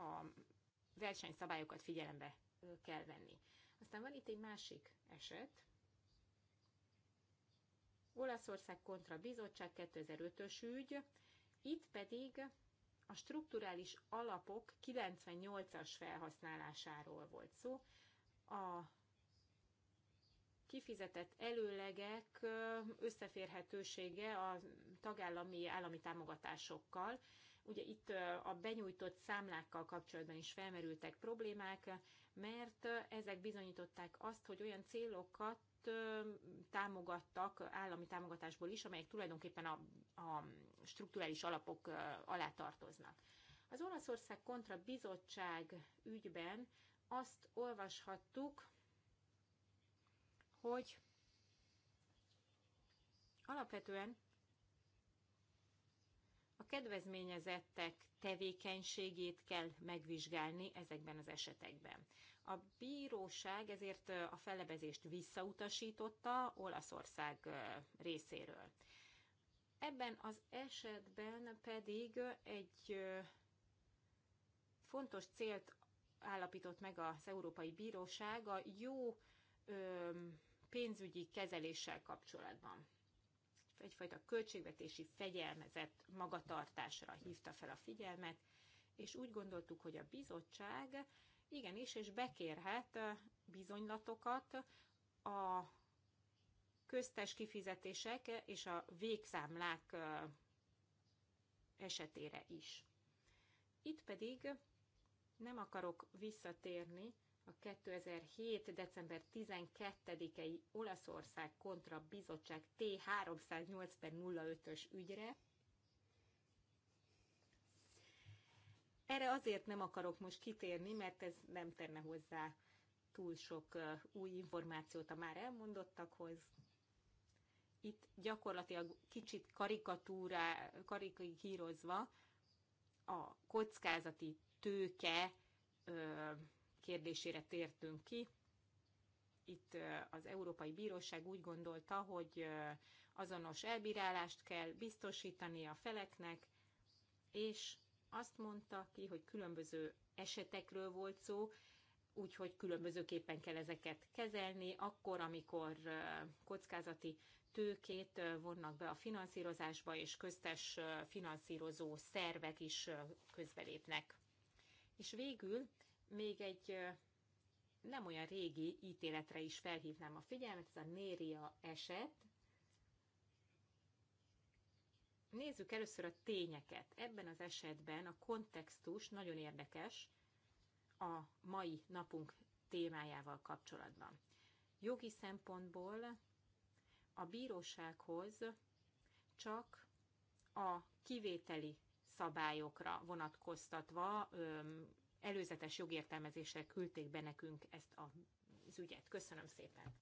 a versenyszabályokat figyelembe kell venni. Aztán van itt egy másik eset, Olaszország kontra bizottság 2005-ös ügy, itt pedig a strukturális alapok 98-as felhasználásáról volt szó. A kifizetett előlegek összeférhetősége a tagállami állami támogatásokkal. Ugye itt a benyújtott számlákkal kapcsolatban is felmerültek problémák, mert ezek bizonyították azt, hogy olyan célokat támogattak állami támogatásból is, amelyek tulajdonképpen a, a strukturális alapok alá tartoznak. Az Olaszország kontra bizottság ügyben azt olvashattuk, hogy alapvetően kedvezményezettek tevékenységét kell megvizsgálni ezekben az esetekben. A bíróság ezért a fellebezést visszautasította Olaszország részéről. Ebben az esetben pedig egy fontos célt állapított meg az Európai Bíróság a jó pénzügyi kezeléssel kapcsolatban egyfajta költségvetési fegyelmezett magatartásra hívta fel a figyelmet, és úgy gondoltuk, hogy a bizottság igenis, és bekérhet bizonylatokat a köztes kifizetések és a végszámlák esetére is. Itt pedig nem akarok visszatérni a 2007. december 12-i Olaszország kontra bizottság T308 per 05-ös ügyre. Erre azért nem akarok most kitérni, mert ez nem tenne hozzá túl sok új információt a már elmondottakhoz. Itt gyakorlatilag kicsit karikatúrá, karikírozva a kockázati tőke kérdésére tértünk ki. Itt az Európai Bíróság úgy gondolta, hogy azonos elbírálást kell biztosítani a feleknek, és azt mondta ki, hogy különböző esetekről volt szó, úgyhogy különbözőképpen kell ezeket kezelni, akkor, amikor kockázati tőkét vonnak be a finanszírozásba, és köztes finanszírozó szervek is közbelépnek. És végül még egy nem olyan régi ítéletre is felhívnám a figyelmet, ez a Néria eset. Nézzük először a tényeket. Ebben az esetben a kontextus nagyon érdekes a mai napunk témájával kapcsolatban. Jogi szempontból a bírósághoz csak a kivételi szabályokra vonatkoztatva előzetes jogértelmezéssel küldték be nekünk ezt az ügyet. Köszönöm szépen.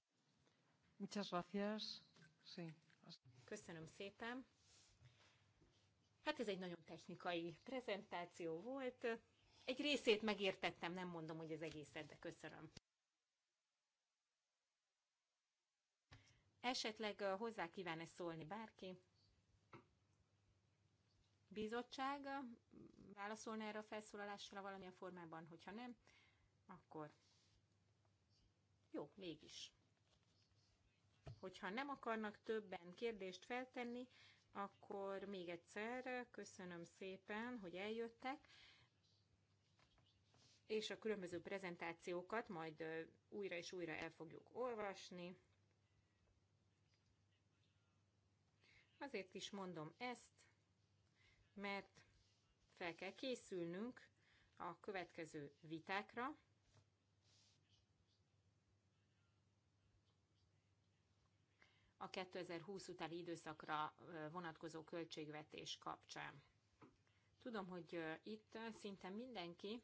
Muchas gracias. Sí. Köszönöm szépen. Hát ez egy nagyon technikai prezentáció volt. Egy részét megértettem, nem mondom, hogy az egészet, de köszönöm. Esetleg hozzá kíván-e szólni bárki? Bizottság válaszolna erre a felszólalásra valamilyen formában, hogyha nem, akkor jó, mégis. Hogyha nem akarnak többen kérdést feltenni, akkor még egyszer köszönöm szépen, hogy eljöttek, és a különböző prezentációkat majd újra és újra el fogjuk olvasni. Azért is mondom ezt, mert fel kell készülnünk a következő vitákra, a 2020 utáni időszakra vonatkozó költségvetés kapcsán. Tudom, hogy itt szinte mindenki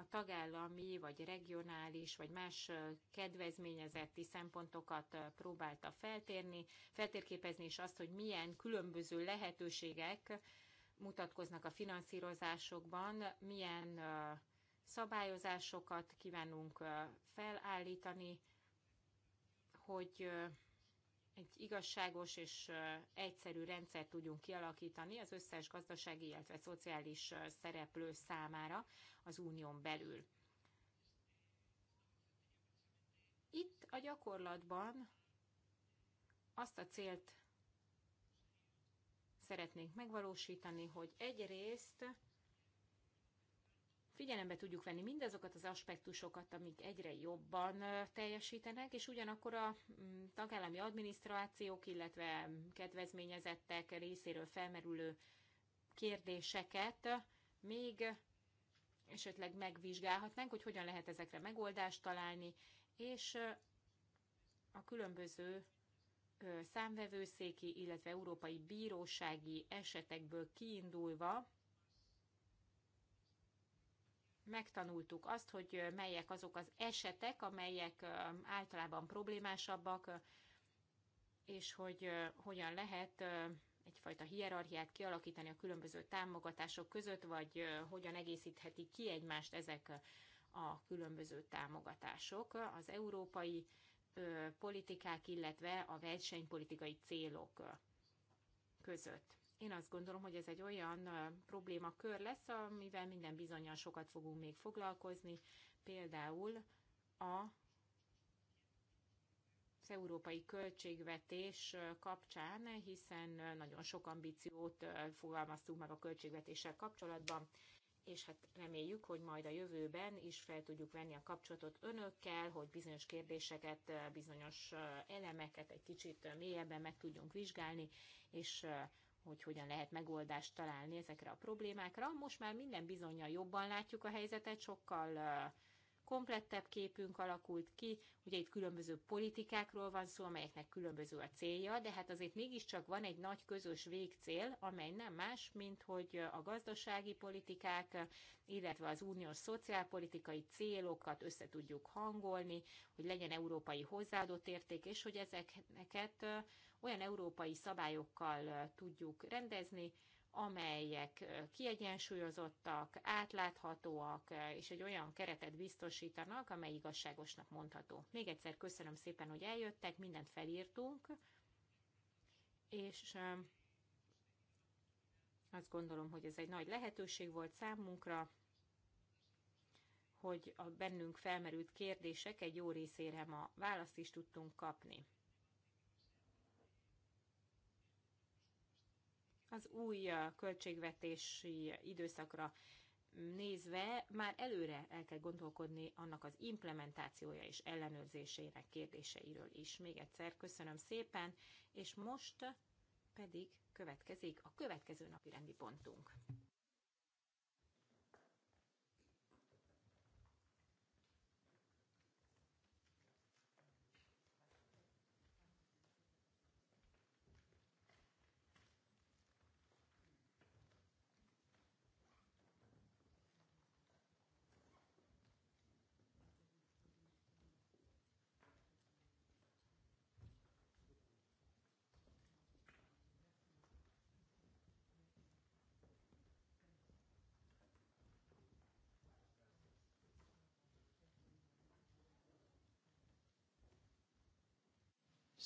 a tagállami, vagy regionális, vagy más kedvezményezetti szempontokat próbálta feltérni, feltérképezni, és azt, hogy milyen különböző lehetőségek mutatkoznak a finanszírozásokban, milyen szabályozásokat kívánunk felállítani, hogy egy igazságos és egyszerű rendszer tudjunk kialakítani az összes gazdasági, illetve szociális szereplő számára az unión belül. Itt a gyakorlatban azt a célt szeretnénk megvalósítani, hogy egyrészt figyelembe tudjuk venni mindazokat az aspektusokat, amik egyre jobban teljesítenek, és ugyanakkor a mm, tagállami adminisztrációk, illetve kedvezményezettek részéről felmerülő kérdéseket még esetleg megvizsgálhatnánk, hogy hogyan lehet ezekre megoldást találni, és a különböző számvevőszéki, illetve európai bírósági esetekből kiindulva megtanultuk azt, hogy melyek azok az esetek, amelyek általában problémásabbak, és hogy hogyan lehet egyfajta hierarchiát kialakítani a különböző támogatások között, vagy hogyan egészíthetik ki egymást ezek a különböző támogatások, az európai politikák, illetve a versenypolitikai célok között. Én azt gondolom, hogy ez egy olyan problémakör lesz, amivel minden bizonyan sokat fogunk még foglalkozni, például a az európai költségvetés kapcsán, hiszen nagyon sok ambíciót fogalmaztunk meg a költségvetéssel kapcsolatban, és hát reméljük, hogy majd a jövőben is fel tudjuk venni a kapcsolatot önökkel, hogy bizonyos kérdéseket, bizonyos elemeket egy kicsit mélyebben meg tudjunk vizsgálni, és hogy hogyan lehet megoldást találni ezekre a problémákra. Most már minden bizonyal jobban látjuk a helyzetet, sokkal komplettebb képünk alakult ki. Ugye itt különböző politikákról van szó, amelyeknek különböző a célja, de hát azért mégiscsak van egy nagy közös végcél, amely nem más, mint hogy a gazdasági politikák, illetve az uniós szociálpolitikai célokat össze tudjuk hangolni, hogy legyen európai hozzáadott érték, és hogy ezeket olyan európai szabályokkal tudjuk rendezni, amelyek kiegyensúlyozottak, átláthatóak, és egy olyan keretet biztosítanak, amely igazságosnak mondható. Még egyszer köszönöm szépen, hogy eljöttek, mindent felírtunk, és azt gondolom, hogy ez egy nagy lehetőség volt számunkra, hogy a bennünk felmerült kérdések egy jó részére ma választ is tudtunk kapni. az új uh, költségvetési időszakra nézve már előre el kell gondolkodni annak az implementációja és ellenőrzésének kérdéseiről is. Még egyszer köszönöm szépen, és most pedig következik a következő napi rendi pontunk.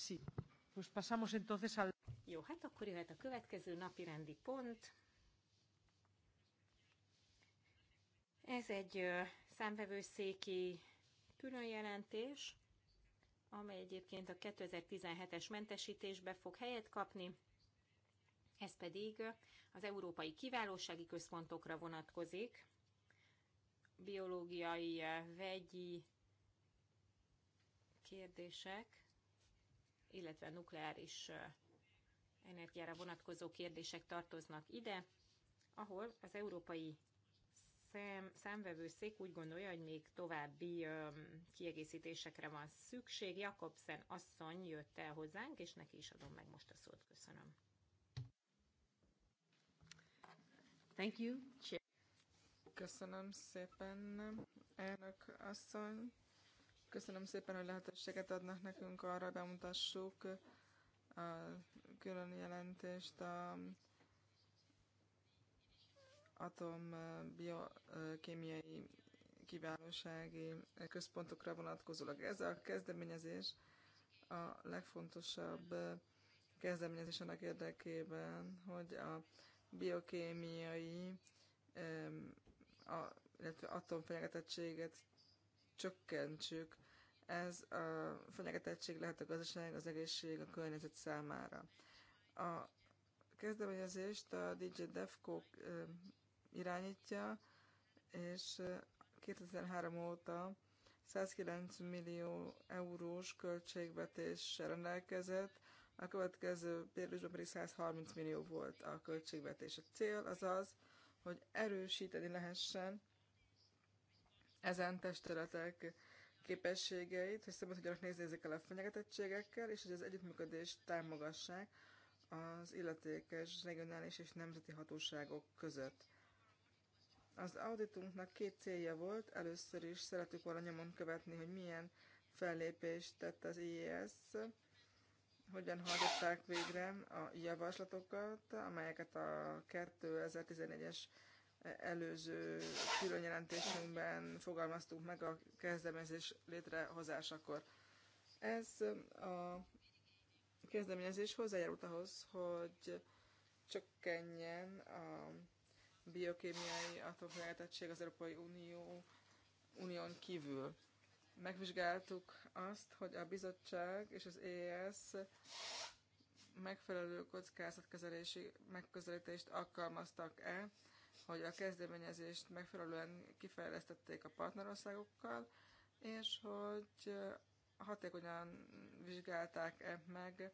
Sí. Pues pasamos entonces al... Jó, hát akkor jöhet a következő napi rendi pont. Ez egy számvevőszéki különjelentés, amely egyébként a 2017-es mentesítésbe fog helyet kapni, ez pedig az Európai Kiválósági Központokra vonatkozik, biológiai, vegyi kérdések, illetve nukleáris energiára vonatkozó kérdések tartoznak ide, ahol az európai szem, számvevőszék úgy gondolja, hogy még további kiegészítésekre van szükség. Jakobsen asszony jött el hozzánk, és neki is adom meg most a szót. Köszönöm. Thank you. Köszönöm szépen, elnök asszony. Köszönöm szépen, hogy lehetőséget adnak nekünk arra, bemutassuk a külön jelentést a atom biokémiai kiválósági központokra vonatkozólag. Ez a kezdeményezés a legfontosabb kezdeményezés annak érdekében, hogy a biokémiai, a, illetve atomfenyegetettséget csökkentsük ez a fenyegetettség lehet a gazdaság, az egészség, a környezet számára. A kezdeményezést a DJ Defco irányítja, és 2003 óta 109 millió eurós költségvetéssel rendelkezett, a következő periódusban pedig 130 millió volt a költségvetés. A cél az az, hogy erősíteni lehessen ezen testületek képességeit, hogy szabad tudjanak nézni ezekkel a fenyegetettségekkel, és hogy az együttműködést támogassák az illetékes regionális és nemzeti hatóságok között. Az auditunknak két célja volt, először is szeretük volna nyomon követni, hogy milyen fellépést tett az IES, hogyan hallgatták végre a javaslatokat, amelyeket a 2014-es előző különjelentésünkben fogalmaztunk meg a kezdeményezés létrehozásakor. Ez a kezdeményezés hozzájárult ahhoz, hogy csökkenjen a biokémiai atomfenyegetettség az Európai Unió, Unión kívül. Megvizsgáltuk azt, hogy a bizottság és az ES megfelelő kockázatkezelési megközelítést alkalmaztak-e hogy a kezdeményezést megfelelően kifejlesztették a partnerországokkal, és hogy eh, hatékonyan vizsgálták-e meg,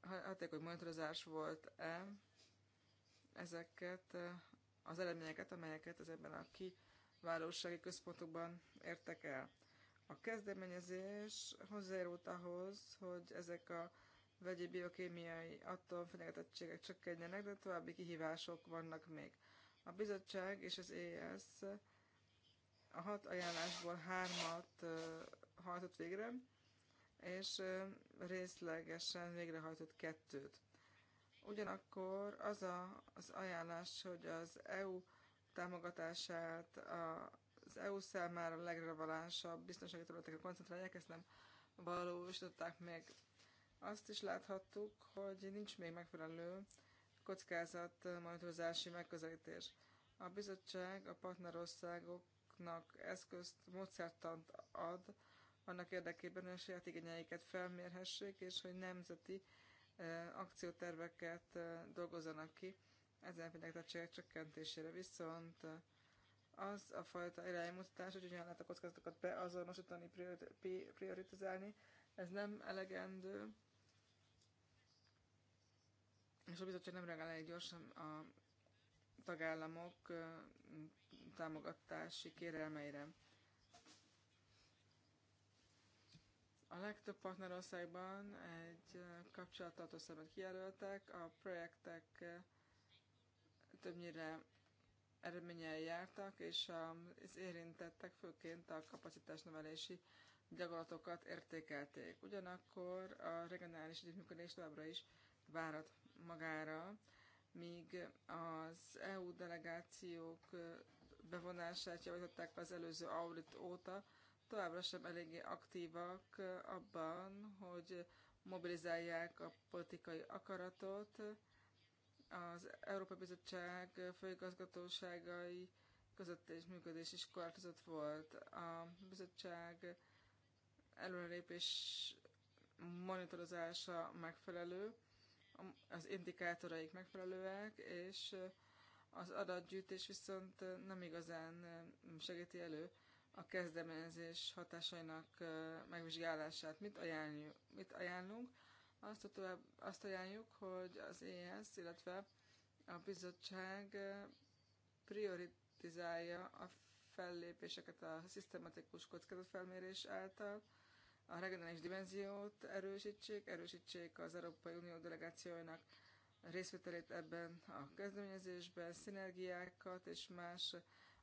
hatékony monitorozás volt-e ezeket eh, az eredményeket, amelyeket ezekben a kiválósági központokban értek el. A kezdeményezés hozzájárult ahhoz, hogy ezek a vegyi biokémiai attól fenyegetettségek csökkenjenek, de további kihívások vannak még. A bizottság és az ES a hat ajánlásból hármat hajtott végre, és részlegesen végrehajtott kettőt. Ugyanakkor az a, az ajánlás, hogy az EU támogatását a, az EU számára legrevalánsabb biztonsági területekre koncentrálják, ezt nem valósították meg azt is láthattuk, hogy nincs még megfelelő kockázat monitorozási megközelítés. A bizottság a partnerországoknak eszközt, módszertant ad annak érdekében, hogy a saját igényeiket felmérhessék, és hogy nemzeti eh, akcióterveket eh, dolgozzanak ki ezen fenyegetettségek csökkentésére. Viszont eh, az a fajta iránymutatás, hogy hogyan lehet a kockázatokat beazonosítani, prioritizálni, ez nem elegendő és a bizottság nem reagál elég gyorsan a tagállamok támogatási kérelmeire. A legtöbb partnerországban egy kapcsolattartó szemet kijelöltek, a projektek többnyire eredménnyel jártak, és az érintettek főként a kapacitásnövelési gyakorlatokat értékelték. Ugyanakkor a regionális együttműködés továbbra is várat magára, míg az EU delegációk bevonását javították az előző audit óta, továbbra sem eléggé aktívak abban, hogy mobilizálják a politikai akaratot. Az Európai Bizottság főigazgatóságai között és működés is korlátozott volt. A bizottság előrelépés monitorozása megfelelő, az indikátoraik megfelelőek, és az adatgyűjtés viszont nem igazán segíti elő a kezdeményezés hatásainak megvizsgálását. Mit, ajánljuk? Mit ajánlunk? Azt, tovább, azt ajánljuk, hogy az ES, illetve a bizottság prioritizálja a fellépéseket a szisztematikus kockázatfelmérés által, a regionális dimenziót erősítsék, erősítsék az Európai Unió delegációinak részvételét ebben a kezdeményezésben, szinergiákat és más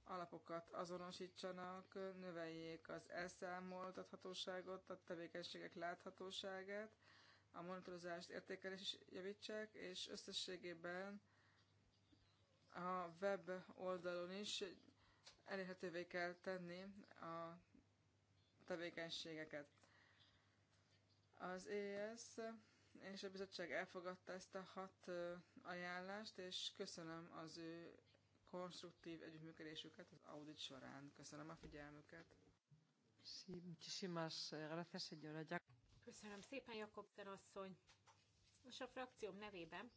alapokat azonosítsanak, növeljék az elszámoltathatóságot, a tevékenységek láthatóságát, a monitorozást értékelés is javítsák, és összességében a web oldalon is elérhetővé kell tenni a tevékenységeket. Az ES és a bizottság elfogadta ezt a hat ajánlást, és köszönöm az ő konstruktív együttműködésüket az audit során. Köszönöm a figyelmüket. muchísimas eh, gracias, Köszönöm szépen, Jakob asszony. Most a frakcióm nevében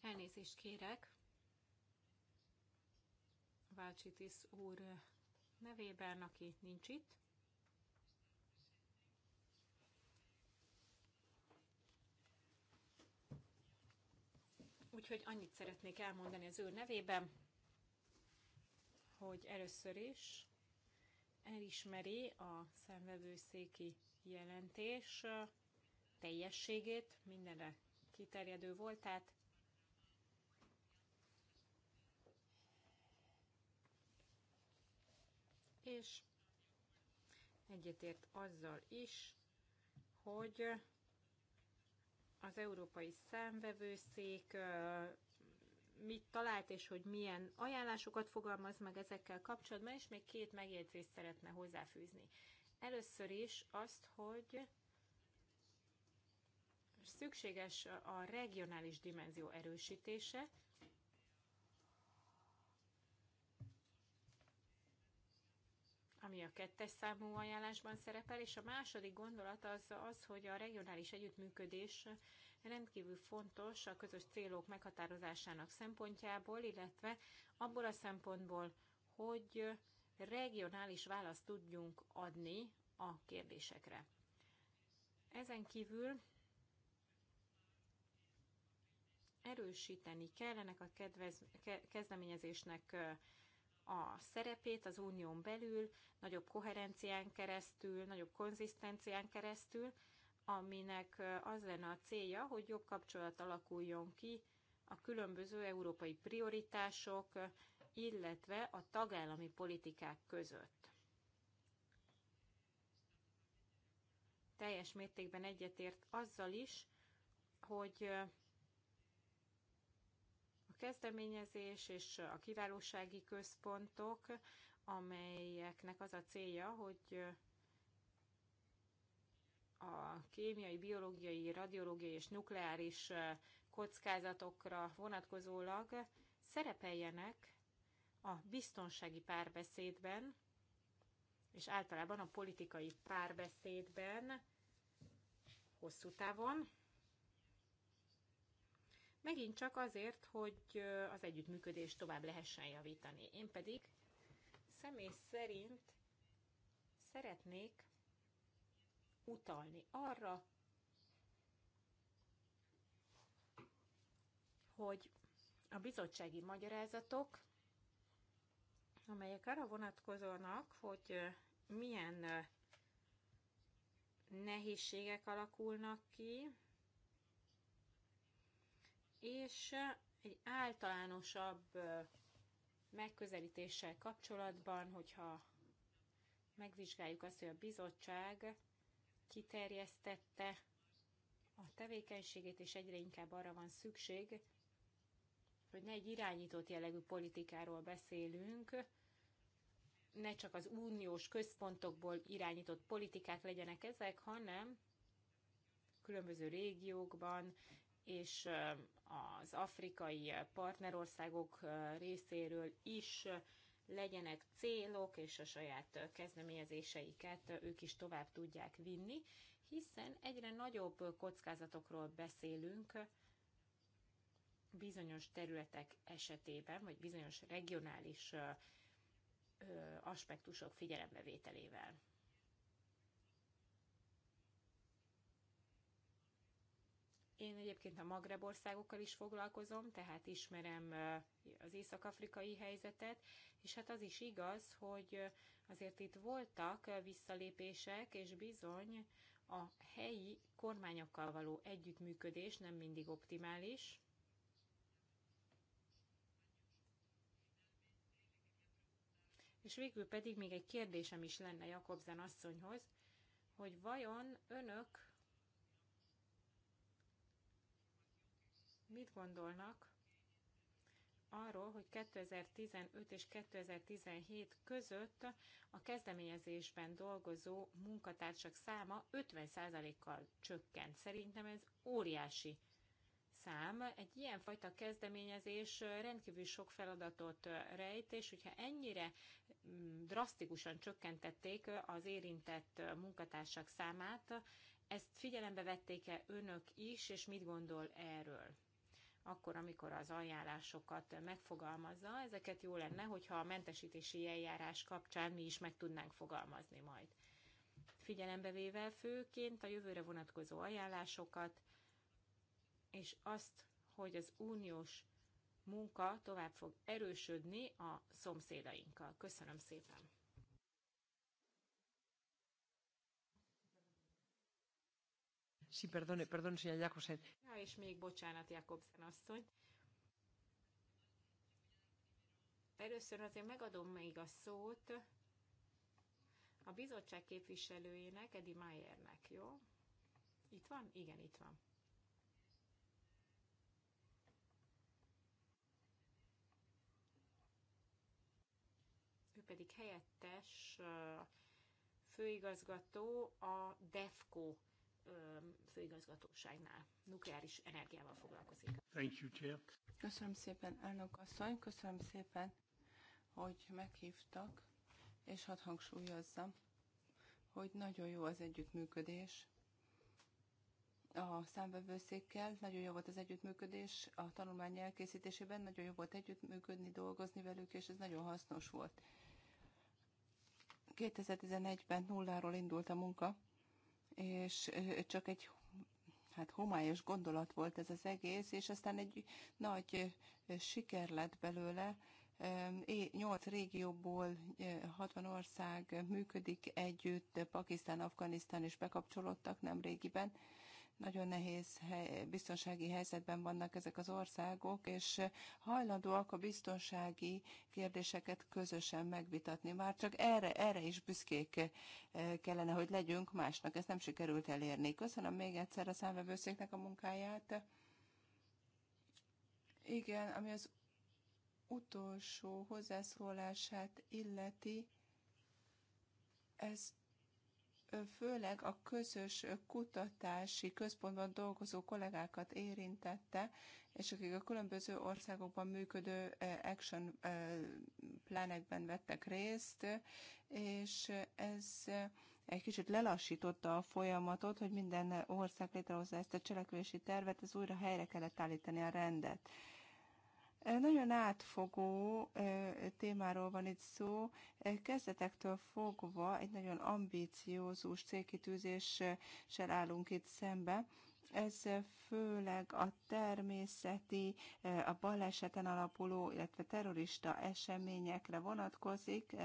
elnézést kérek Válcsitis úr nevében, aki nincs itt. Úgyhogy annyit szeretnék elmondani az ő nevében, hogy először is elismeri a szemvevőszéki jelentés teljességét, mindenre kiterjedő voltát, és egyetért azzal is, hogy az Európai Számvevőszék mit talált, és hogy milyen ajánlásokat fogalmaz meg ezekkel kapcsolatban, és még két megjegyzést szeretne hozzáfűzni. Először is azt, hogy szükséges a regionális dimenzió erősítése, ami a kettes számú ajánlásban szerepel, és a második gondolat az az, hogy a regionális együttműködés rendkívül fontos a közös célok meghatározásának szempontjából, illetve abból a szempontból, hogy regionális választ tudjunk adni a kérdésekre. Ezen kívül erősíteni kell ennek a kedvez, ke, kezdeményezésnek a szerepét az unión belül, nagyobb koherencián keresztül, nagyobb konzisztencián keresztül, aminek az lenne a célja, hogy jobb kapcsolat alakuljon ki a különböző európai prioritások, illetve a tagállami politikák között. Teljes mértékben egyetért azzal is, hogy kezdeményezés és a kiválósági központok, amelyeknek az a célja, hogy a kémiai, biológiai, radiológiai és nukleáris kockázatokra vonatkozólag szerepeljenek a biztonsági párbeszédben, és általában a politikai párbeszédben hosszú távon, megint csak azért, hogy az együttműködést tovább lehessen javítani. Én pedig személy szerint szeretnék utalni arra, hogy a bizottsági magyarázatok, amelyek arra vonatkozónak, hogy milyen nehézségek alakulnak ki és egy általánosabb megközelítéssel kapcsolatban, hogyha megvizsgáljuk azt, hogy a bizottság kiterjesztette a tevékenységét, és egyre inkább arra van szükség, hogy ne egy irányított jellegű politikáról beszélünk, ne csak az uniós központokból irányított politikák legyenek ezek, hanem különböző régiókban és az afrikai partnerországok részéről is legyenek célok, és a saját kezdeményezéseiket ők is tovább tudják vinni, hiszen egyre nagyobb kockázatokról beszélünk bizonyos területek esetében, vagy bizonyos regionális aspektusok figyelembevételével. Én egyébként a Magreb országokkal is foglalkozom, tehát ismerem az észak-afrikai helyzetet, és hát az is igaz, hogy azért itt voltak visszalépések, és bizony a helyi kormányokkal való együttműködés nem mindig optimális. És végül pedig még egy kérdésem is lenne Jakobzen asszonyhoz, hogy vajon önök mit gondolnak arról, hogy 2015 és 2017 között a kezdeményezésben dolgozó munkatársak száma 50%-kal csökkent. Szerintem ez óriási szám. Egy ilyenfajta kezdeményezés rendkívül sok feladatot rejt, és hogyha ennyire mm, drasztikusan csökkentették az érintett munkatársak számát, ezt figyelembe vették-e önök is, és mit gondol erről? akkor, amikor az ajánlásokat megfogalmazza. Ezeket jó lenne, hogyha a mentesítési eljárás kapcsán mi is meg tudnánk fogalmazni majd. Figyelembe véve főként a jövőre vonatkozó ajánlásokat, és azt, hogy az uniós munka tovább fog erősödni a szomszédainkkal. Köszönöm szépen! Sí, perdone, perdone, señora Jakobsen. Ja, ah, és még bocsánat, Jakobsen asszony. Először azért megadom még a szót a bizottság képviselőjének, Edi Mayernek, jó? Itt van? Igen, itt van. Ő pedig helyettes főigazgató a DEFCO főigazgatóságnál nukleáris energiával foglalkozik. Thank you, Chair. Köszönöm szépen, elnök asszony, köszönöm szépen, hogy meghívtak, és hadd hangsúlyozzam, hogy nagyon jó az együttműködés a számvevőszékkel, nagyon jó volt az együttműködés a tanulmány elkészítésében, nagyon jó volt együttműködni, dolgozni velük, és ez nagyon hasznos volt. 2011-ben nulláról indult a munka, és csak egy hát homályos gondolat volt ez az egész, és aztán egy nagy siker lett belőle. Nyolc régióból 60 ország működik együtt, Pakisztán, Afganisztán is bekapcsolódtak nem régiben, nagyon nehéz hely, biztonsági helyzetben vannak ezek az országok, és hajlandóak a biztonsági kérdéseket közösen megvitatni. Már csak erre, erre is büszkék eh, kellene, hogy legyünk másnak. Ezt nem sikerült elérni. Köszönöm még egyszer a számvevőszéknek a munkáját. Igen, ami az utolsó hozzászólását illeti, ez főleg a közös kutatási központban dolgozó kollégákat érintette, és akik a különböző országokban működő eh, action eh, planekben vettek részt, és ez eh, egy kicsit lelassította a folyamatot, hogy minden ország létrehozza ezt a cselekvési tervet, ez újra helyre kellett állítani a rendet. Nagyon átfogó témáról van itt szó. Kezdetektől fogva egy nagyon ambíciózus célkitűzéssel állunk itt szembe. Ez főleg a természeti, a baleseten alapuló, illetve terrorista eseményekre vonatkozik,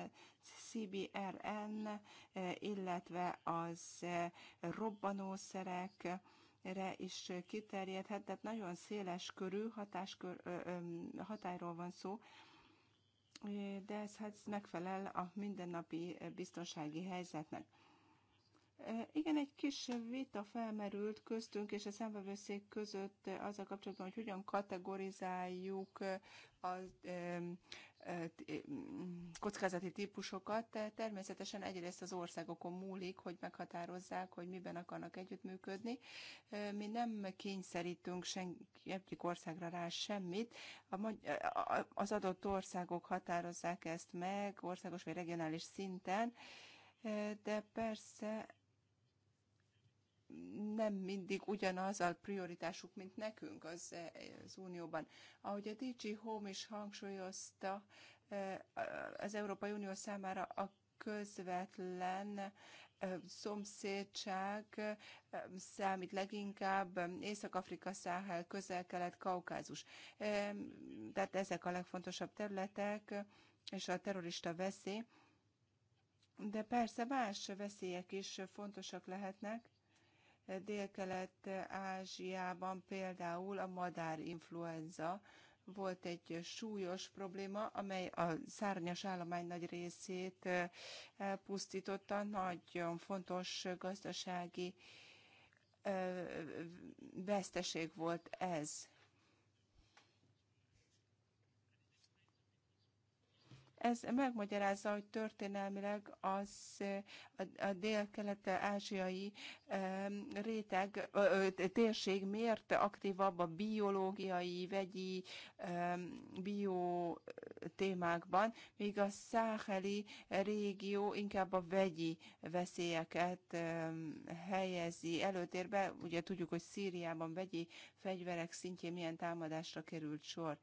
CBRN, illetve az robbanószerek, re is kiterjedhet, tehát nagyon széles körű hatáskör, ö, ö, hatályról van szó, de ez hát megfelel a mindennapi biztonsági helyzetnek. Igen, egy kis vita felmerült köztünk és a szembevőszék között az a kapcsolatban, hogy hogyan kategorizáljuk az kockázati típusokat. Természetesen egyrészt az országokon múlik, hogy meghatározzák, hogy miben akarnak együttműködni. Mi nem kényszerítünk senki egyik országra rá semmit. Az adott országok határozzák ezt meg országos vagy regionális szinten, de persze nem mindig ugyanaz a prioritásuk, mint nekünk az, az Unióban. Ahogy a DG Home is hangsúlyozta, eh, az Európai Unió számára a közvetlen eh, szomszédság eh, számít leginkább Észak-Afrika, Száhel, Közel-Kelet, Kaukázus. Tehát ezek a legfontosabb területek, és a terrorista veszély. De persze más veszélyek is fontosak lehetnek. Dél-Kelet-Ázsiában például a madárinfluenza volt egy súlyos probléma, amely a szárnyas állomány nagy részét elpusztította, nagyon fontos gazdasági veszteség volt ez. Ez megmagyarázza, hogy történelmileg az a, a dél-kelet-ázsiai réteg, térség miért aktívabb a biológiai, vegyi, bió témákban, míg a száheli régió inkább a vegyi veszélyeket helyezi előtérbe. Ugye tudjuk, hogy Szíriában vegyi fegyverek szintjén milyen támadásra került sor.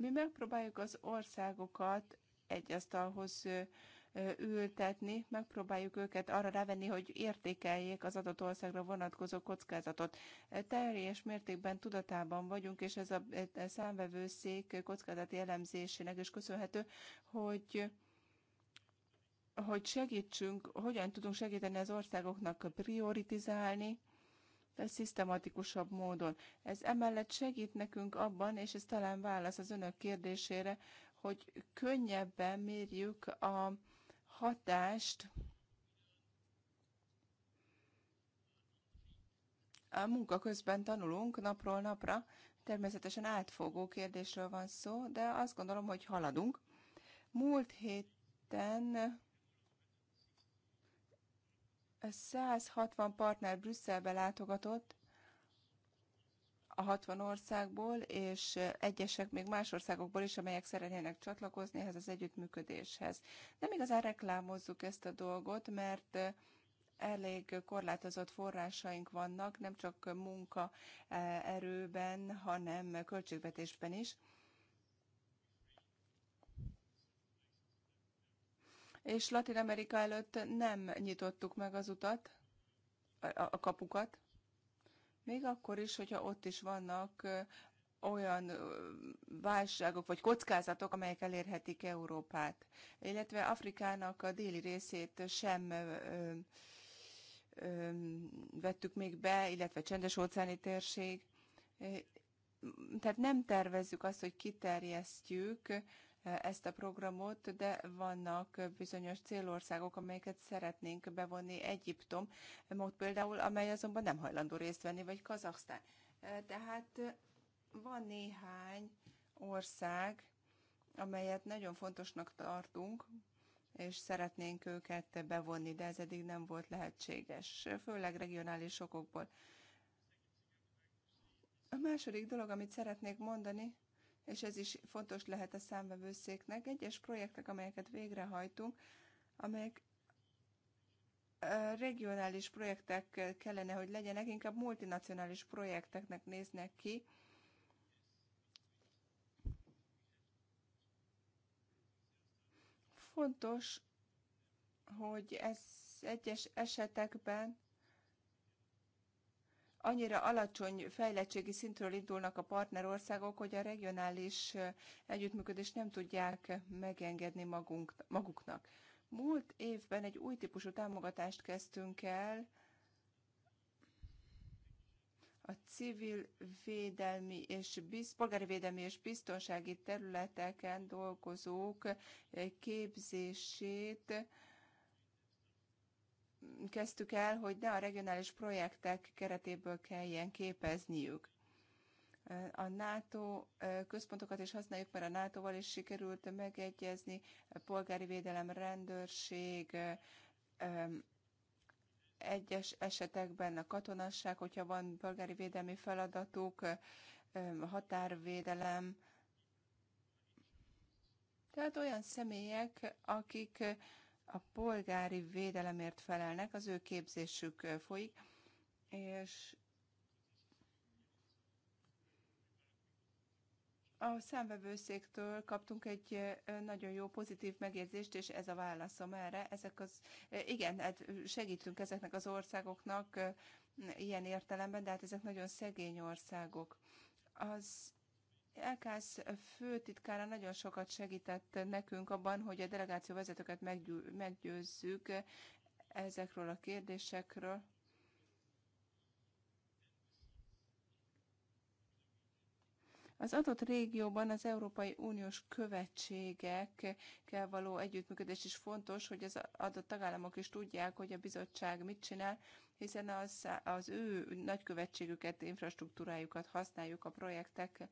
Mi megpróbáljuk az országokat egy asztalhoz ültetni, megpróbáljuk őket arra rávenni, hogy értékeljék az adott országra vonatkozó kockázatot. Teljes mértékben tudatában vagyunk, és ez a e, számvevőszék kockázati elemzésének is köszönhető, hogy hogy segítsünk, hogyan tudunk segíteni az országoknak prioritizálni, de szisztematikusabb módon. Ez emellett segít nekünk abban, és ez talán válasz az önök kérdésére, hogy könnyebben mérjük a hatást a munka közben tanulunk napról napra, természetesen átfogó kérdésről van szó, de azt gondolom, hogy haladunk. Múlt héten 160 partner Brüsszelbe látogatott a 60 országból, és egyesek még más országokból is, amelyek szeretnének csatlakozni ehhez az együttműködéshez. Nem igazán reklámozzuk ezt a dolgot, mert elég korlátozott forrásaink vannak, nem csak munkaerőben, hanem költségvetésben is. és Latin Amerika előtt nem nyitottuk meg az utat, a kapukat, még akkor is, hogyha ott is vannak olyan válságok vagy kockázatok, amelyek elérhetik Európát, illetve Afrikának a déli részét sem ö, ö, vettük még be, illetve csendes óceáni térség. Tehát nem tervezzük azt, hogy kiterjesztjük ezt a programot, de vannak bizonyos célországok, amelyeket szeretnénk bevonni, Egyiptom, most például, amely azonban nem hajlandó részt venni, vagy Kazaksztán. Tehát van néhány ország, amelyet nagyon fontosnak tartunk, és szeretnénk őket bevonni, de ez eddig nem volt lehetséges, főleg regionális okokból. A második dolog, amit szeretnék mondani, és ez is fontos lehet a számvevőszéknek. Egyes projektek, amelyeket végrehajtunk, amelyek regionális projektek kellene, hogy legyenek, inkább multinacionális projekteknek néznek ki. Fontos, hogy ez egyes esetekben annyira alacsony fejlettségi szintről indulnak a partnerországok, hogy a regionális együttműködést nem tudják megengedni magunk, maguknak. Múlt évben egy új típusú támogatást kezdtünk el, a civil védelmi és biz, polgári védelmi és biztonsági területeken dolgozók képzését kezdtük el, hogy ne a regionális projektek keretéből kelljen képezniük. A NATO központokat is használjuk, mert a NATO-val is sikerült megegyezni, polgári védelem, rendőrség, egyes esetekben a katonasság, hogyha van polgári védelmi feladatuk, határvédelem, tehát olyan személyek, akik a polgári védelemért felelnek, az ő képzésük folyik, és a számvevőszéktől kaptunk egy nagyon jó pozitív megérzést, és ez a válaszom erre. Ezek az, igen, hát segítünk ezeknek az országoknak ilyen értelemben, de hát ezek nagyon szegény országok. Az Elkász főtitkára nagyon sokat segített nekünk abban, hogy a delegáció vezetőket meggyő, meggyőzzük ezekről a kérdésekről. Az adott régióban az Európai Uniós követségekkel való együttműködés is fontos, hogy az adott tagállamok is tudják, hogy a bizottság mit csinál, hiszen az, az ő nagykövetségüket, infrastruktúrájukat használjuk a projektek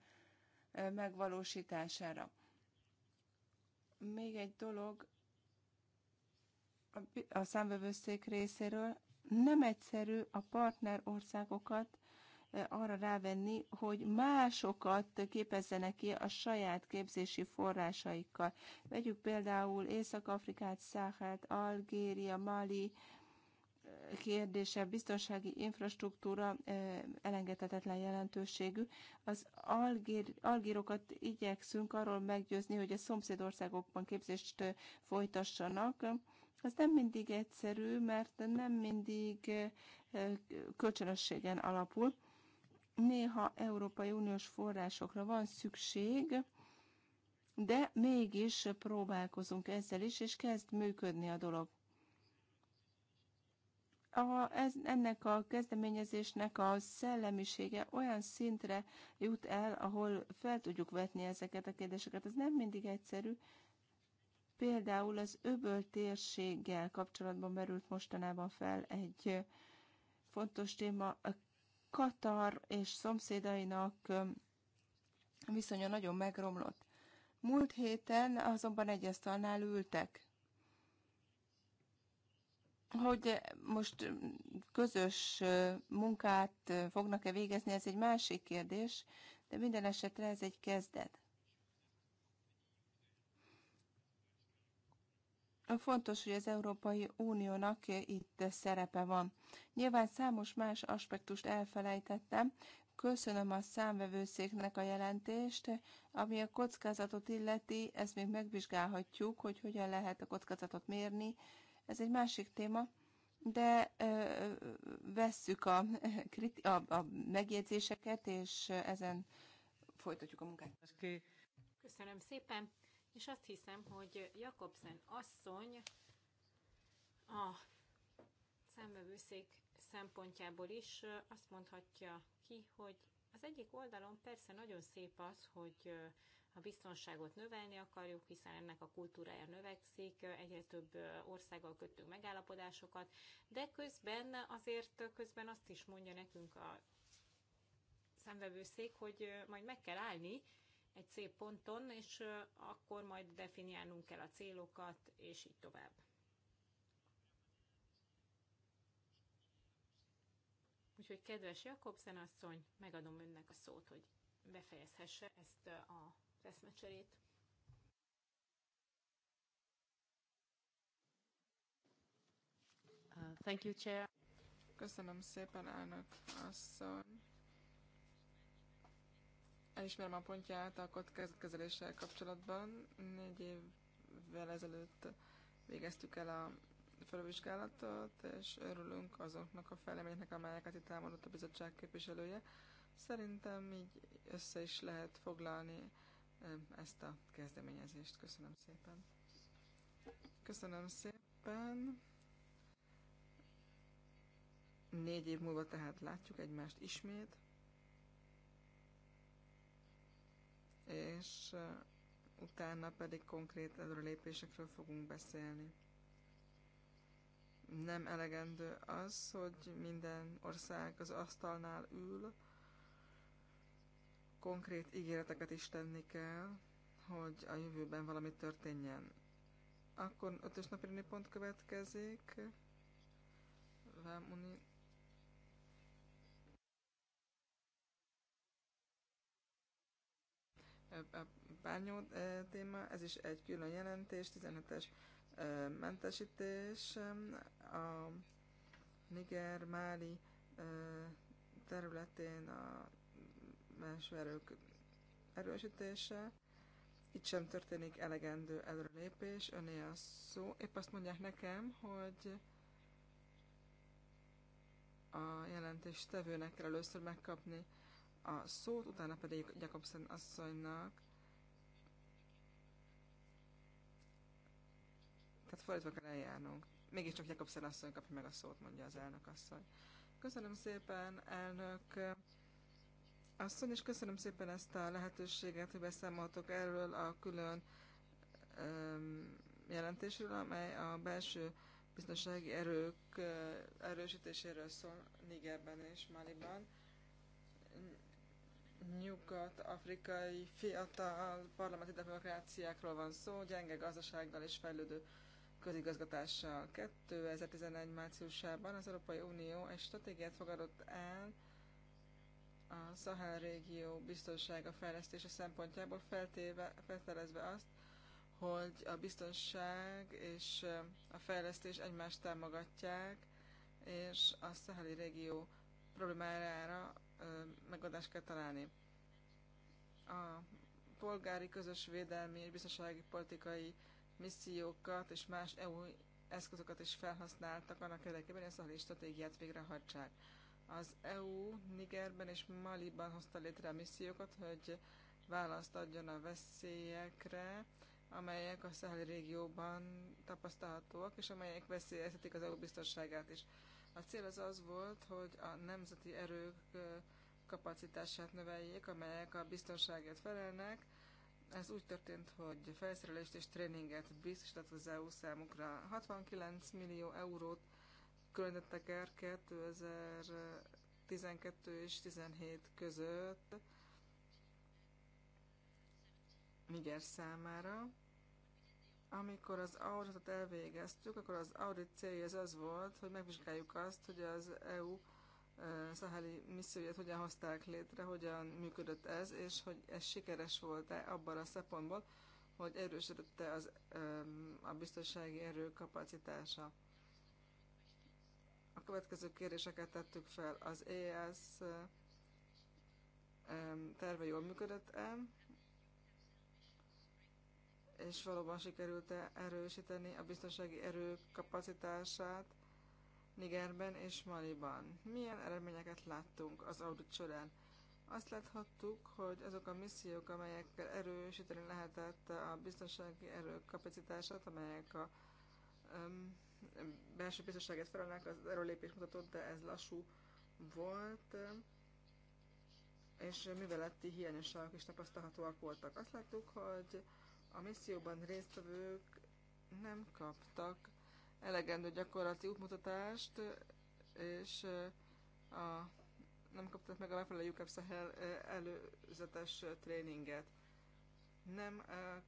megvalósítására. Még egy dolog a számvevőszék részéről, nem egyszerű a partner országokat arra rávenni, hogy másokat képezzenek ki a saját képzési forrásaikkal. Vegyük például Észak-Afrikát, Száhát, Algéria, Mali, kérdése, biztonsági infrastruktúra elengedhetetlen jelentőségű. Az algír, algírokat igyekszünk arról meggyőzni, hogy a szomszédországokban képzést folytassanak. Ez nem mindig egyszerű, mert nem mindig kölcsönösségen alapul. Néha Európai Uniós forrásokra van szükség, de mégis próbálkozunk ezzel is, és kezd működni a dolog a, ez, ennek a kezdeményezésnek a szellemisége olyan szintre jut el, ahol fel tudjuk vetni ezeket a kérdéseket. Ez nem mindig egyszerű. Például az öböl térséggel kapcsolatban merült mostanában fel egy fontos téma. Katar és szomszédainak viszonya nagyon megromlott. Múlt héten azonban egy asztalnál ültek hogy most közös munkát fognak-e végezni, ez egy másik kérdés, de minden esetre ez egy kezdet. Fontos, hogy az Európai Uniónak itt szerepe van. Nyilván számos más aspektust elfelejtettem. Köszönöm a számvevőszéknek a jelentést. Ami a kockázatot illeti, ezt még megvizsgálhatjuk, hogy hogyan lehet a kockázatot mérni, ez egy másik téma, de ö, vesszük a, a, a megjegyzéseket, és ezen folytatjuk a munkát. Köszönöm szépen, és azt hiszem, hogy Jakobsen asszony a számövőszék szempontjából is azt mondhatja ki, hogy az egyik oldalon persze nagyon szép az, hogy a biztonságot növelni akarjuk, hiszen ennek a kultúrája növekszik, egyre több országgal kötünk megállapodásokat, de közben azért közben azt is mondja nekünk a szemvevőszék, hogy majd meg kell állni egy szép ponton, és akkor majd definiálnunk kell a célokat, és így tovább. Úgyhogy kedves Jakobsen asszony, megadom önnek a szót, hogy befejezhesse ezt a eszmecserét. Uh, thank you, Chair. Köszönöm szépen, elnök asszony. Elismerem a pontját a kockázatkezeléssel kapcsolatban. Négy évvel ezelőtt végeztük el a felvizsgálatot, és örülünk azoknak a fejleményeknek, amelyeket itt elmondott a bizottság képviselője. Szerintem így össze is lehet foglalni ezt a kezdeményezést. Köszönöm szépen. Köszönöm szépen. Négy év múlva tehát látjuk egymást ismét. És utána pedig konkrét előrelépésekről fogunk beszélni. Nem elegendő az, hogy minden ország az asztalnál ül, konkrét ígéreteket is tenni kell, hogy a jövőben valami történjen. Akkor ötös napi pont következik. A bányó e, téma, ez is egy külön jelentés, 17-es e, mentesítés, a Niger-Máli e, területén a más erők erősítése. Itt sem történik elegendő előrelépés, öné a szó. Épp azt mondják nekem, hogy a jelentés tevőnek kell először megkapni a szót, utána pedig Jakobsen asszonynak. Tehát fordítva kell eljárnunk. Mégiscsak Jakobsen asszony kapja meg a szót, mondja az elnök asszony. Köszönöm szépen, elnök asszony, és köszönöm szépen ezt a lehetőséget, hogy beszámoltok erről a külön jelentésről, amely a belső biztonsági erők erősítéséről szól Nigerben és Maliban. Nyugat-afrikai fiatal parlamenti demokráciákról van szó, gyenge gazdasággal és fejlődő közigazgatással. 2011 márciusában az Európai Unió egy stratégiát fogadott el, a Szahel régió biztonsága fejlesztése szempontjából feltéve, feltelezve azt, hogy a biztonság és a fejlesztés egymást támogatják, és a szaheli régió problémájára megoldást kell találni. A polgári, közös védelmi és biztonsági politikai missziókat és más EU eszközöket is felhasználtak annak érdekében, hogy a szaheli stratégiát végrehajtsák. Az EU Nigerben és Maliban hozta létre a missziókat, hogy választ adjon a veszélyekre, amelyek a száheli régióban tapasztalhatóak, és amelyek veszélyeztetik az EU biztonságát is. A cél az az volt, hogy a nemzeti erők kapacitását növeljék, amelyek a biztonságért felelnek. Ez úgy történt, hogy felszerelést és tréninget biztosított az EU számukra. 69 millió eurót külön 2012 és 17 között Niger számára. Amikor az auditot elvégeztük, akkor az audit célja az, az volt, hogy megvizsgáljuk azt, hogy az EU eh, szaheli misszióját hogyan hozták létre, hogyan működött ez, és hogy ez sikeres volt-e abban a szempontból, hogy erősödött-e az, a biztonsági erő kapacitása. A következő kérdéseket tettük fel. Az ES terve jól működött-e? És valóban sikerült-e erősíteni a biztonsági erők kapacitását Nigerben és Maliban? Milyen eredményeket láttunk az audit során? Azt láthattuk, hogy azok a missziók, amelyekkel erősíteni lehetett a biztonsági erők kapacitását, amelyek a um, belső biztonságért felelnek, az lépés mutatott, de ez lassú volt, és műveleti hiányosságok is tapasztalhatóak voltak. Azt láttuk, hogy a misszióban résztvevők nem kaptak elegendő gyakorlati útmutatást, és eh, a, nem kaptak meg a megfelelő UCAP Sahel eh, előzetes tréninget. Nem eh,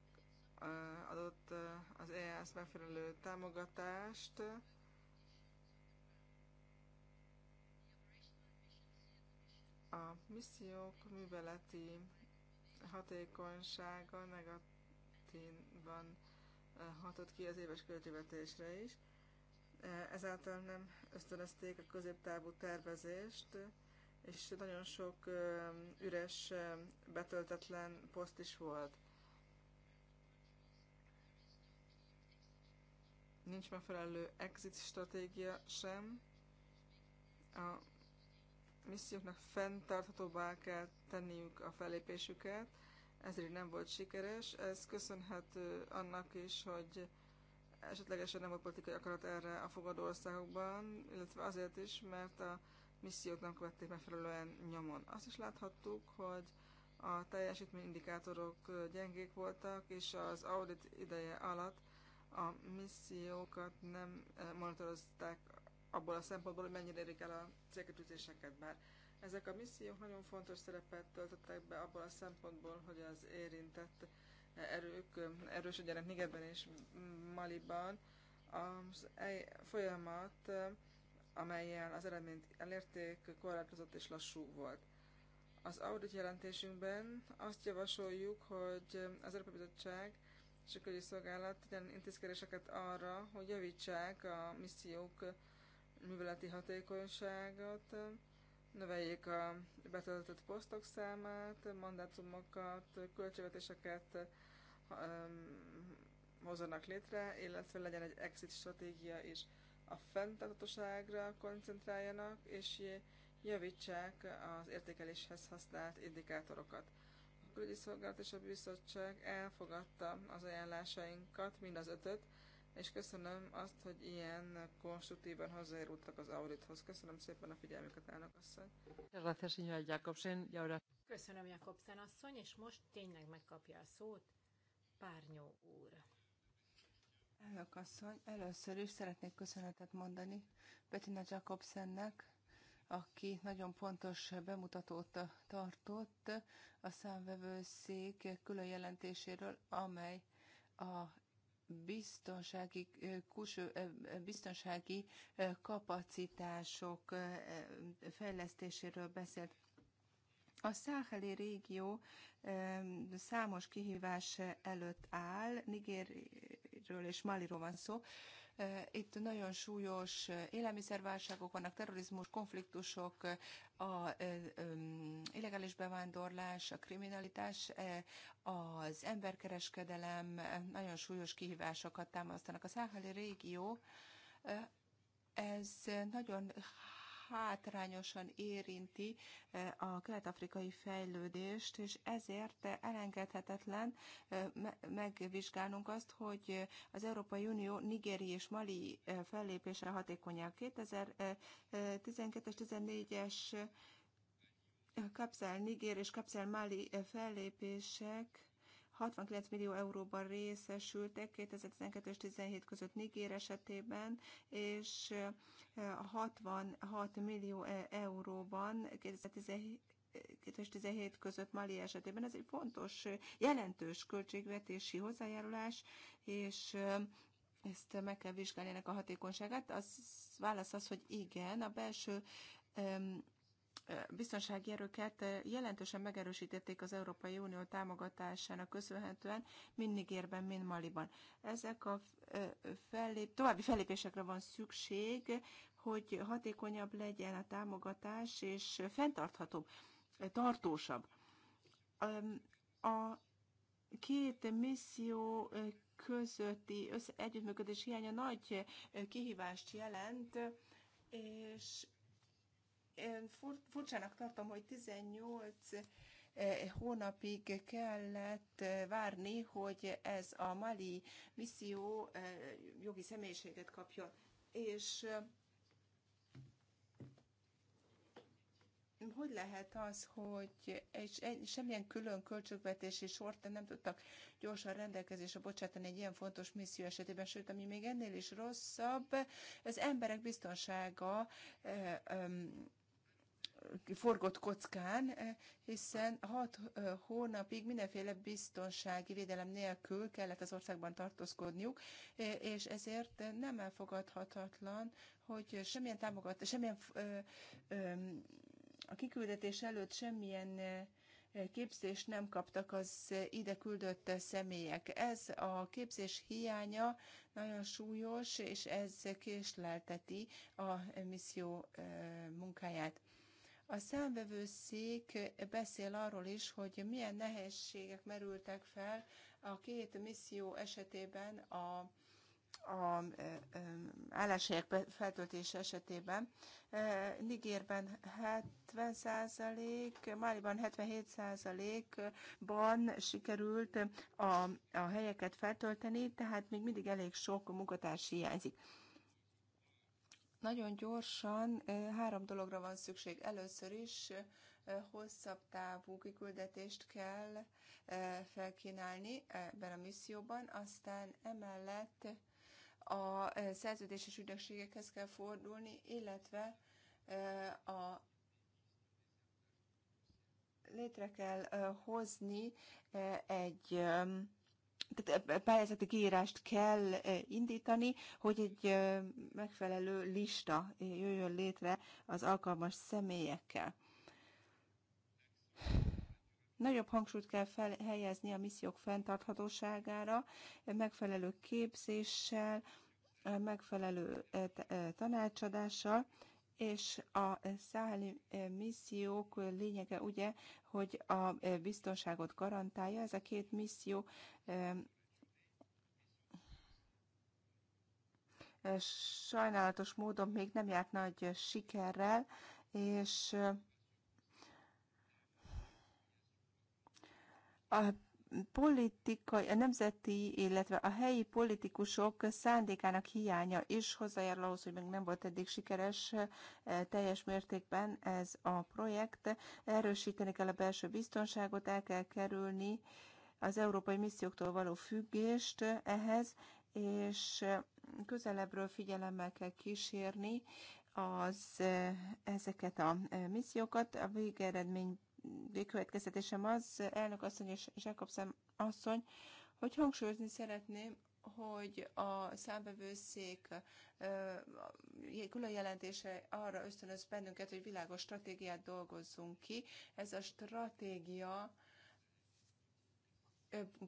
adott az EAS megfelelő támogatást, a missziók műveleti hatékonysága negatívan hatott ki az éves költségvetésre is. Ezáltal nem ösztönözték a középtávú tervezést, és nagyon sok üres, betöltetlen poszt is volt. nincs megfelelő exit stratégia sem. A misszióknak fenntarthatóbbá kell tenniük a fellépésüket, ezért nem volt sikeres. Ez köszönhető annak is, hogy esetlegesen nem volt politikai akarat erre a fogadó országokban, illetve azért is, mert a missziót nem követték megfelelően nyomon. Azt is láthattuk, hogy a teljesítményindikátorok gyengék voltak, és az audit ideje alatt a missziókat nem eh, monitorozták abból a szempontból, hogy mennyire érik el a célkötőzéseket, bár ezek a missziók nagyon fontos szerepet töltöttek be abból a szempontból, hogy az érintett eh, erők eh, erősödjenek Nigerben és Maliban. Az e-, folyamat, amelyen az eredményt elérték, korlátozott és lassú volt. Az audit jelentésünkben azt javasoljuk, hogy az Európai Bizottság és a külügyszolgálat tegyen intézkedéseket arra, hogy javítsák a missziók műveleti hatékonyságot, növeljék a betöltött posztok számát, mandátumokat, költségvetéseket um, hozzanak létre, illetve legyen egy exit stratégia is. A fenntartatóságra koncentráljanak, és javítsák az értékeléshez használt indikátorokat külügyi szolgálat és a bizottság elfogadta az ajánlásainkat, mind az ötöt, és köszönöm azt, hogy ilyen konstruktívan hozzájárultak az audithoz. Köszönöm szépen a figyelmüket, elnök asszony. Köszönöm, Jakobsen asszony, és most tényleg megkapja a szót Párnyó úr. Elnök asszony, először is szeretnék köszönetet mondani Bettina Jakobsennek, aki nagyon pontos bemutatót tartott a számvevőszék külön jelentéséről, amely a biztonsági, biztonsági kapacitások fejlesztéséről beszélt. A száheli régió számos kihívás előtt áll, Nigérről és Maliról van szó, itt nagyon súlyos élelmiszerválságok vannak, terrorizmus, konfliktusok, a illegális bevándorlás, a kriminalitás, az emberkereskedelem nagyon súlyos kihívásokat támasztanak. A száhali régió ez nagyon hátrányosan érinti eh, a kelet-afrikai fejlődést, és ezért elengedhetetlen eh, megvizsgálnunk azt, hogy eh, az Európai Unió nigéri és mali fellépése hatékonyabb. 2012-es, 14-es Kapszel Niger és Kapszel Mali fellépések 69 millió euróban részesültek 2012 és 2017 között Nigér esetében, és 66 millió euróban 2017 2017 között Mali esetében. Ez egy fontos, jelentős költségvetési hozzájárulás, és ezt meg kell vizsgálni ennek a hatékonyságát. Az válasz az, hogy igen, a belső biztonsági erőket eh, jelentősen megerősítették az Európai Unió támogatásának köszönhetően, mind Nigérben, mind Maliban. Ezek a eh, fellép, további fellépésekre van szükség, hogy hatékonyabb legyen a támogatás, és fenntarthatóbb, eh, tartósabb. A két misszió közötti össze, együttműködés hiánya nagy kihívást jelent, és én furcsának tartom, hogy 18 eh, hónapig kellett eh, várni, hogy ez a mali misszió eh, jogi személyiséget kapjon. És hogy lehet az, hogy egy, semmilyen külön költségvetési sort nem tudtak gyorsan rendelkezésre bocsátani egy ilyen fontos misszió esetében, sőt, ami még ennél is rosszabb, az emberek biztonsága forgott kockán, eh, hiszen hat eh, hónapig mindenféle biztonsági védelem nélkül kellett az országban tartózkodniuk, eh, és ezért nem elfogadhatatlan, hogy semmilyen támogat, semmilyen a kiküldetés előtt semmilyen képzést nem kaptak az ide küldött személyek. Ez a képzés hiánya nagyon súlyos, és ez késlelteti a misszió munkáját. A számvevőszék beszél arról is, hogy milyen nehézségek merültek fel a két misszió esetében a a e, e, álláshelyek feltöltése esetében. E, Nigérben 70 Máliban 77 ban sikerült a, a helyeket feltölteni, tehát még mindig elég sok munkatárs hiányzik. Nagyon gyorsan három dologra van szükség. Először is hosszabb távú kiküldetést kell felkínálni ebben a misszióban, aztán emellett a szerződéses ügynökségekhez kell fordulni, illetve a létre kell hozni egy tehát e, e, pályázati kiírást kell e, indítani, hogy egy megfelelő lista jöjjön létre az alkalmas személyekkel. Nagyobb hangsúlyt kell fel, helyezni a missziók fenntarthatóságára, megfelelő képzéssel, megfelelő tanácsadással, és a száli eh, missziók lényege ugye, hogy a eh, biztonságot garantálja. Ez a két misszió eh, sajnálatos módon még nem járt nagy sikerrel, és a politikai, a nemzeti, illetve a helyi politikusok szándékának hiánya is hozzájárul ahhoz, hogy még nem volt eddig sikeres eh, teljes mértékben ez a projekt. Erősíteni kell a belső biztonságot, el kell kerülni az európai misszióktól való függést ehhez, és közelebbről figyelemmel kell kísérni az, eh, ezeket a eh, missziókat. A végeredmény végkövetkeztetésem az, elnök asszony és Jakobsen asszony, hogy hangsúlyozni szeretném, hogy a számbevőszék külön jelentése arra ösztönöz bennünket, hogy világos stratégiát dolgozzunk ki. Ez a stratégia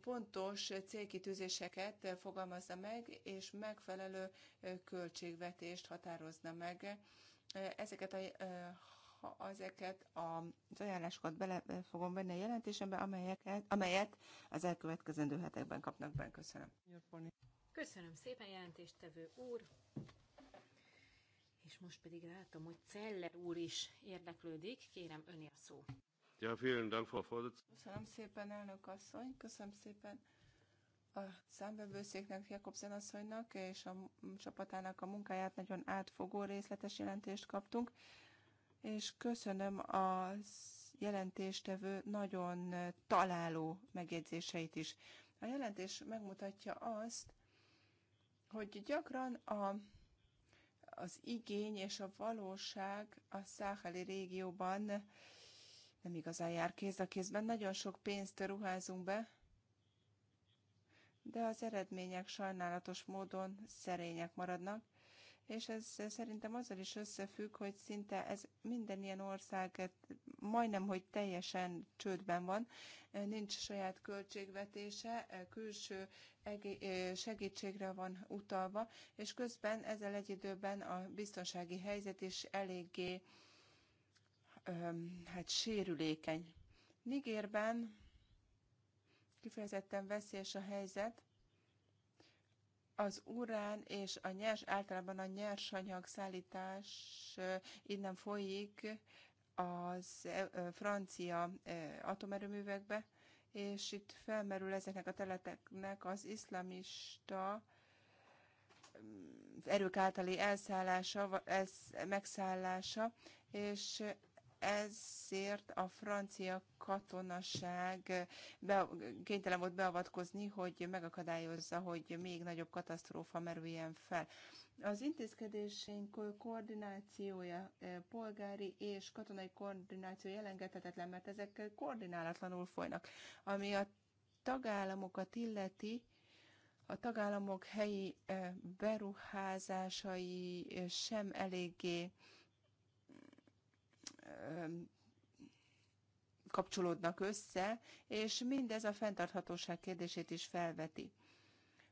pontos célkitűzéseket fogalmazza meg, és megfelelő költségvetést határozna meg. Ezeket a ha ezeket az ajánlásokat bele fogom venni a jelentésembe, amelyeket, amelyet az elkövetkezendő hetekben kapnak be. Köszönöm. Köszönöm szépen, jelentéstevő úr. És most pedig látom, hogy Celler úr is érdeklődik. Kérem, öné a szó. Ja, vielen Dank, Frau Vorsitz. Köszönöm szépen, elnök asszony. Köszönöm szépen a számbevőszéknek, Jakobsen asszonynak és a csapatának a munkáját. Nagyon átfogó részletes jelentést kaptunk és köszönöm az jelentéstevő nagyon találó megjegyzéseit is. A jelentés megmutatja azt, hogy gyakran a, az igény és a valóság a száhali régióban nem igazán jár kéz a kézben. Nagyon sok pénzt ruházunk be, de az eredmények sajnálatos módon szerények maradnak, és ez szerintem azzal is összefügg, hogy szinte ez minden ilyen ország hát majdnem, hogy teljesen csődben van, nincs saját költségvetése, külső segítségre van utalva, és közben ezzel egy időben a biztonsági helyzet is eléggé hát sérülékeny. Nigérben kifejezetten veszélyes a helyzet, az urán és a nyers, általában a nyersanyag szállítás innen folyik az francia atomerőművekbe, és itt felmerül ezeknek a teleteknek az iszlamista mm, erők általi elszállása, ez megszállása, és ezért a francia katonaság be, kénytelen volt beavatkozni, hogy megakadályozza, hogy még nagyobb katasztrófa merüljen fel. Az intézkedésünk koordinációja, eh, polgári és katonai koordináció elengedhetetlen, mert ezek koordinálatlanul folynak. Ami a tagállamokat illeti, a tagállamok helyi eh, beruházásai sem eléggé kapcsolódnak össze, és mindez a fenntarthatóság kérdését is felveti.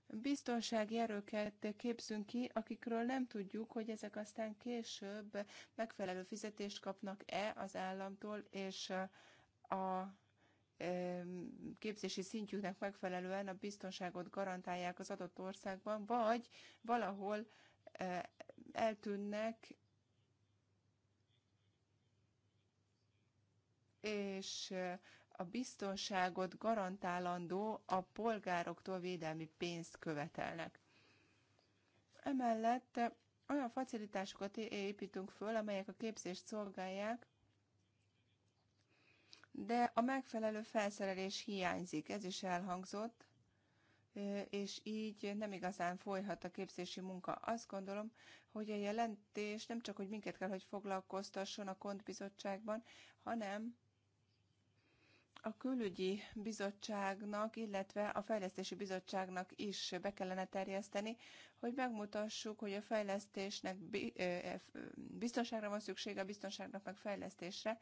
Biztonsági erőket képzünk ki, akikről nem tudjuk, hogy ezek aztán később megfelelő fizetést kapnak-e az államtól, és a képzési szintjüknek megfelelően a biztonságot garantálják az adott országban, vagy valahol eltűnnek, és a biztonságot garantálandó a polgároktól védelmi pénzt követelnek. Emellett olyan facilitásokat építünk föl, amelyek a képzést szolgálják, de a megfelelő felszerelés hiányzik, ez is elhangzott, és így nem igazán folyhat a képzési munka. Azt gondolom, hogy a jelentés nem csak, hogy minket kell, hogy foglalkoztasson a kontbizottságban, hanem a külügyi bizottságnak, illetve a fejlesztési bizottságnak is be kellene terjeszteni, hogy megmutassuk, hogy a fejlesztésnek biztonságra van szüksége, a biztonságnak meg fejlesztésre.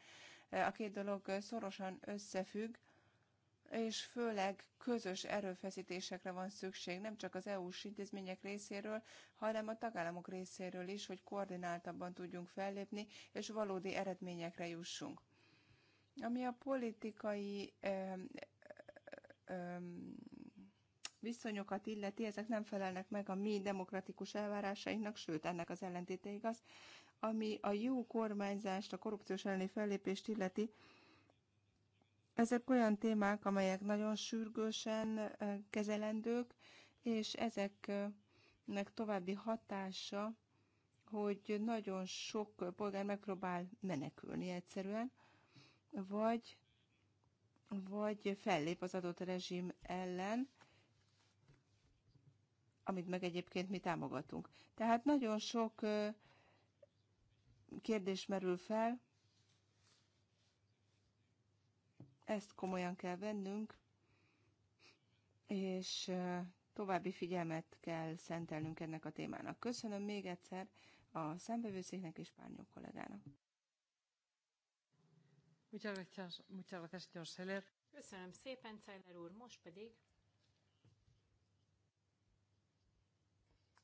A két dolog szorosan összefügg, és főleg közös erőfeszítésekre van szükség, nem csak az EU-s intézmények részéről, hanem a tagállamok részéről is, hogy koordináltabban tudjunk fellépni, és valódi eredményekre jussunk. Ami a politikai ö, ö, viszonyokat illeti, ezek nem felelnek meg a mi demokratikus elvárásainknak, sőt, ennek az ellentéte igaz. Ami a jó kormányzást, a korrupciós elleni fellépést illeti, ezek olyan témák, amelyek nagyon sürgősen eh, kezelendők, és ezeknek további hatása, hogy nagyon sok polgár megpróbál menekülni egyszerűen vagy, vagy fellép az adott rezsim ellen, amit meg egyébként mi támogatunk. Tehát nagyon sok kérdés merül fel, ezt komolyan kell vennünk, és további figyelmet kell szentelnünk ennek a témának. Köszönöm még egyszer a szembevőszéknek és párnyó kollégának. Köszönöm szépen, Celler úr. Most pedig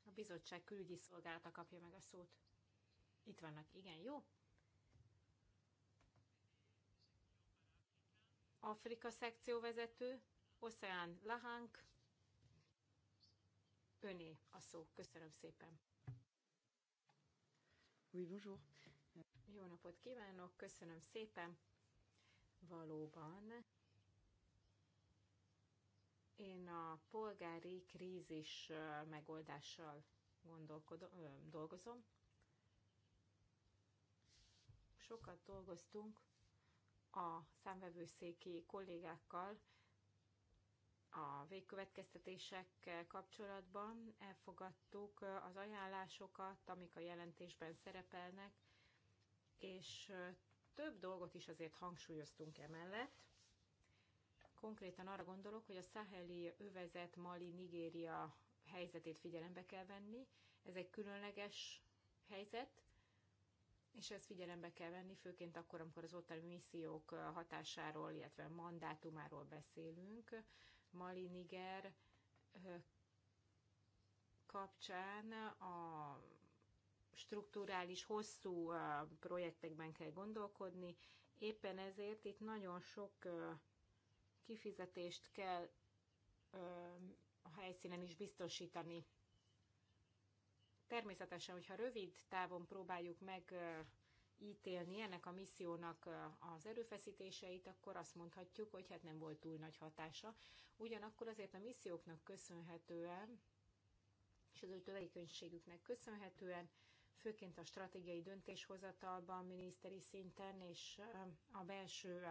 a bizottság külügyi szolgálata kapja meg a szót. Itt vannak, igen, jó? Afrika vezető, Oceán Lahánk, öné a szó. Köszönöm szépen. Oui, bonjour. Jó napot kívánok, köszönöm szépen valóban én a polgári krízis megoldással gondolkodom, dolgozom. Sokat dolgoztunk a számvevőszéki kollégákkal a végkövetkeztetésekkel kapcsolatban. Elfogadtuk az ajánlásokat, amik a jelentésben szerepelnek, és több dolgot is azért hangsúlyoztunk emellett. Konkrétan arra gondolok, hogy a szaheli övezet Mali, Nigéria helyzetét figyelembe kell venni. Ez egy különleges helyzet, és ezt figyelembe kell venni, főként akkor, amikor az ottani missziók hatásáról, illetve mandátumáról beszélünk. Mali, Niger kapcsán a strukturális, hosszú projektekben kell gondolkodni. Éppen ezért itt nagyon sok kifizetést kell a helyszínen is biztosítani. Természetesen, hogyha rövid távon próbáljuk meg ítélni ennek a missziónak az erőfeszítéseit, akkor azt mondhatjuk, hogy hát nem volt túl nagy hatása. Ugyanakkor azért a misszióknak köszönhetően, és az ő tevékenységüknek köszönhetően főként a stratégiai döntéshozatalban, miniszteri szinten és a belső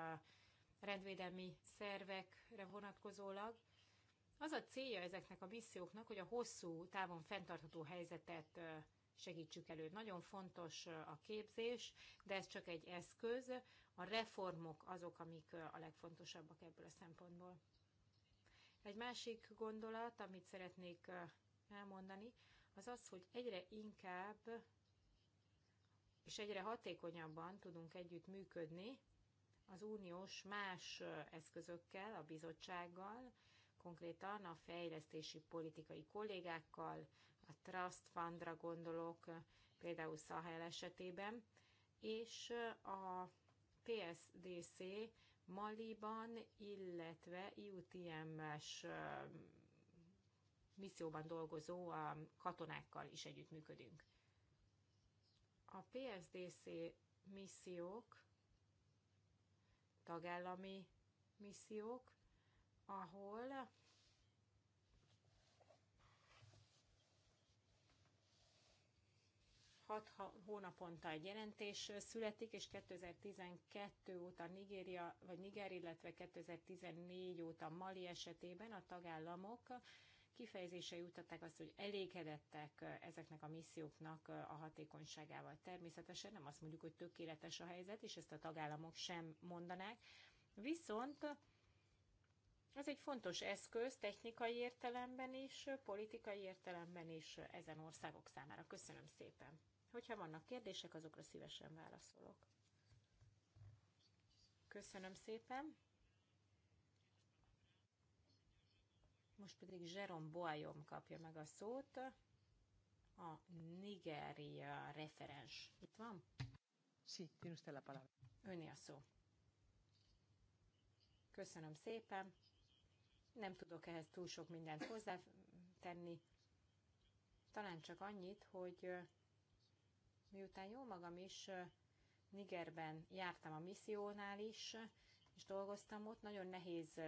rendvédelmi szervekre vonatkozólag. Az a célja ezeknek a misszióknak, hogy a hosszú távon fenntartható helyzetet segítsük elő. Nagyon fontos a képzés, de ez csak egy eszköz. A reformok azok, amik a legfontosabbak ebből a szempontból. Egy másik gondolat, amit szeretnék elmondani, az az, hogy egyre inkább és egyre hatékonyabban tudunk együtt működni az uniós más eszközökkel, a bizottsággal, konkrétan a fejlesztési politikai kollégákkal, a Trust Fundra gondolok, például Szahel esetében, és a PSDC Maliban, illetve IUTM-es misszióban dolgozó a katonákkal is együttműködünk. A PSDC missziók, tagállami missziók, ahol hat hónaponta egy jelentés születik, és 2012 óta Nigéria, vagy Niger, illetve 2014 óta Mali esetében a tagállamok kifejezése juttatták azt, hogy elégedettek ezeknek a misszióknak a hatékonyságával. Természetesen nem azt mondjuk, hogy tökéletes a helyzet, és ezt a tagállamok sem mondanák, viszont ez egy fontos eszköz technikai értelemben is, politikai értelemben is ezen országok számára. Köszönöm szépen. Hogyha vannak kérdések, azokra szívesen válaszolok. Köszönöm szépen. Most pedig Jerome Boajom kapja meg a szót, a Nigeria referens. Itt van? Sí, tiene usted la palabra. Öné a szó. Köszönöm szépen. Nem tudok ehhez túl sok mindent hozzátenni. Talán csak annyit, hogy miután jó magam is Nigerben jártam a missziónál is, és dolgoztam ott, nagyon nehéz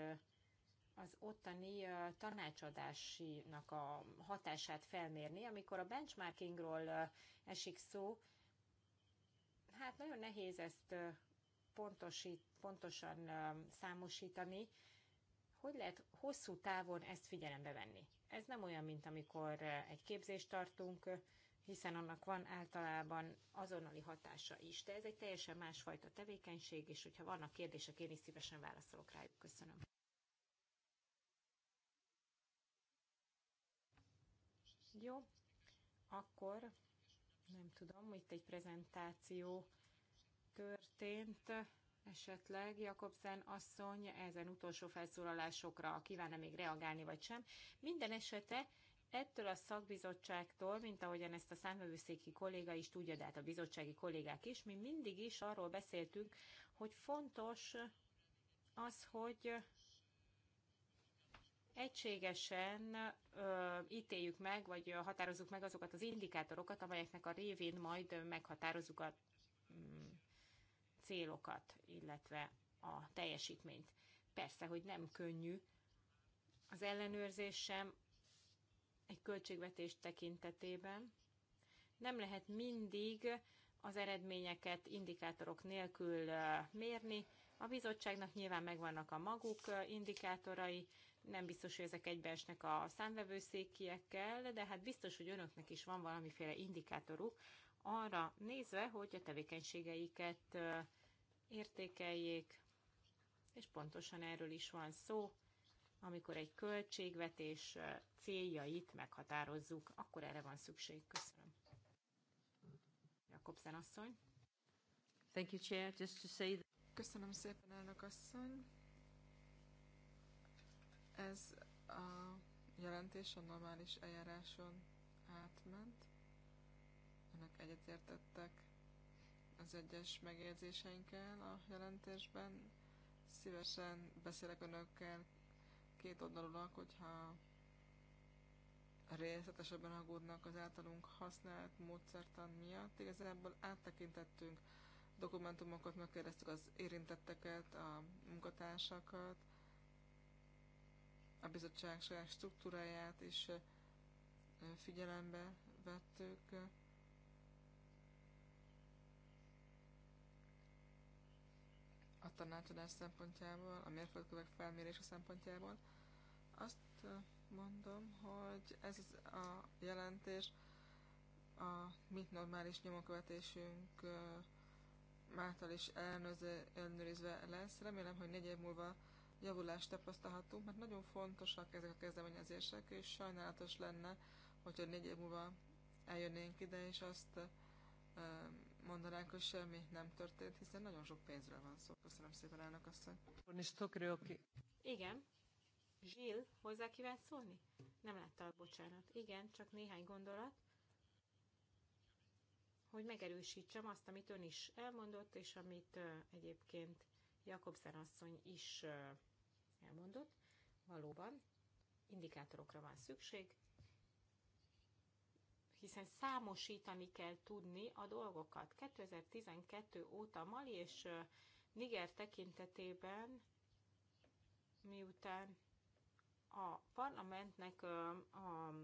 az ottani tanácsadásinak a hatását felmérni, amikor a benchmarkingról esik szó, hát nagyon nehéz ezt pontosít, pontosan számosítani, hogy lehet hosszú távon ezt figyelembe venni. Ez nem olyan, mint amikor egy képzést tartunk, hiszen annak van általában azonnali hatása is, de ez egy teljesen másfajta tevékenység, és hogyha vannak kérdések, én is szívesen válaszolok rájuk. Köszönöm. Jó, akkor nem tudom, itt egy prezentáció történt, esetleg Jakobsen asszony ezen utolsó felszólalásokra kívánna még reagálni, vagy sem. Minden esete ettől a szakbizottságtól, mint ahogyan ezt a számvevőszéki kolléga is tudja, de hát a bizottsági kollégák is, mi mindig is arról beszéltünk, hogy fontos az, hogy egységesen ö, ítéljük meg, vagy határozzuk meg azokat az indikátorokat, amelyeknek a révén majd meghatározzuk a mm, célokat, illetve a teljesítményt. Persze, hogy nem könnyű. Az ellenőrzés sem egy költségvetés tekintetében. Nem lehet mindig az eredményeket indikátorok nélkül mérni. A bizottságnak nyilván megvannak a maguk indikátorai, nem biztos, hogy ezek egybeesnek a számvevőszékiekkel, de hát biztos, hogy önöknek is van valamiféle indikátoruk arra nézve, hogy a tevékenységeiket értékeljék, és pontosan erről is van szó, amikor egy költségvetés céljait meghatározzuk, akkor erre van szükség. Köszönöm. Jakobsen asszony. Thank you, Chair. Just to say that... Köszönöm szépen, elnök asszony. Ez a jelentés a normális eljáráson átment. Ennek egyetértettek az egyes megjegyzéseinkkel a jelentésben. Szívesen beszélek önökkel két oldalulak, hogyha részletesebben aggódnak az általunk használt módszertan miatt. Igazából áttekintettünk dokumentumokat, megkérdeztük az érintetteket, a munkatársakat, a bizottság saját struktúráját is figyelembe vettük. a tanácsadás szempontjából, a mérföldkövek felmérése szempontjából. Azt mondom, hogy ez a jelentés a mit normális nyomonkövetésünk által is ellenőrizve lesz. Remélem, hogy négy év múlva javulást tapasztalhatunk, mert nagyon fontosak ezek a kezdeményezések, és sajnálatos lenne, hogyha négy év múlva eljönnénk ide, és azt mondanánk, hogy semmi nem történt, hiszen nagyon sok pénzről van szó. Köszönöm szépen, elnök asszony. Igen. Zsill, hozzá kíván szólni? Nem láttal, bocsánat. Igen, csak néhány gondolat hogy megerősítsem azt, amit ön is elmondott, és amit egyébként Jakobszen asszony is elmondott. Valóban indikátorokra van szükség, hiszen számosítani kell tudni a dolgokat. 2012 óta Mali és Niger tekintetében, miután a parlamentnek a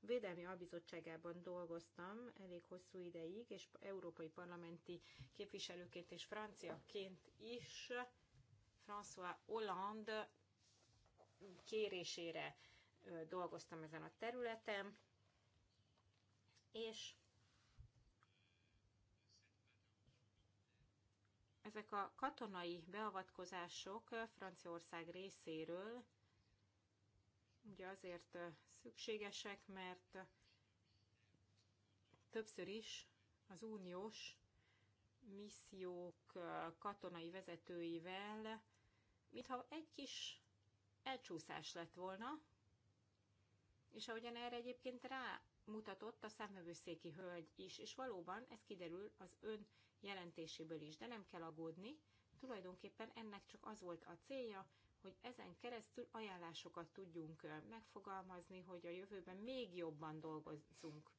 Védelmi Albizottságában dolgoztam elég hosszú ideig, és európai parlamenti képviselőként és franciaként is François Hollande kérésére dolgoztam ezen a területen, és ezek a katonai beavatkozások Franciaország részéről ugye azért szükségesek, mert többször is az uniós missziók katonai vezetőivel, mintha egy kis elcsúszás lett volna, és ahogyan erre egyébként rámutatott a számövőszéki hölgy is, és valóban ez kiderül az ön jelentéséből is, de nem kell aggódni, tulajdonképpen ennek csak az volt a célja, hogy ezen keresztül ajánlásokat tudjunk megfogalmazni, hogy a jövőben még jobban dolgozzunk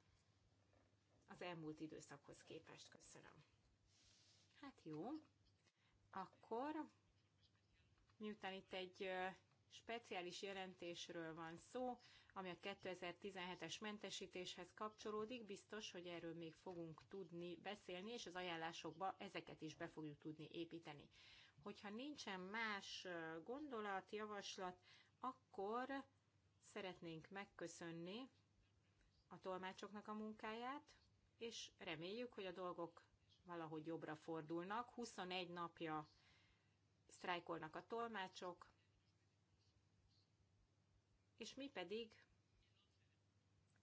az elmúlt időszakhoz képest. Köszönöm. Hát jó. Akkor miután itt egy speciális jelentésről van szó, ami a 2017-es mentesítéshez kapcsolódik. Biztos, hogy erről még fogunk tudni beszélni, és az ajánlásokba ezeket is be fogjuk tudni építeni. Hogyha nincsen más gondolat, javaslat, akkor szeretnénk megköszönni a tolmácsoknak a munkáját, és reméljük, hogy a dolgok valahogy jobbra fordulnak. 21 napja sztrájkolnak a tolmácsok, és mi pedig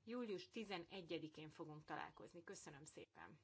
július 11-én fogunk találkozni. Köszönöm szépen!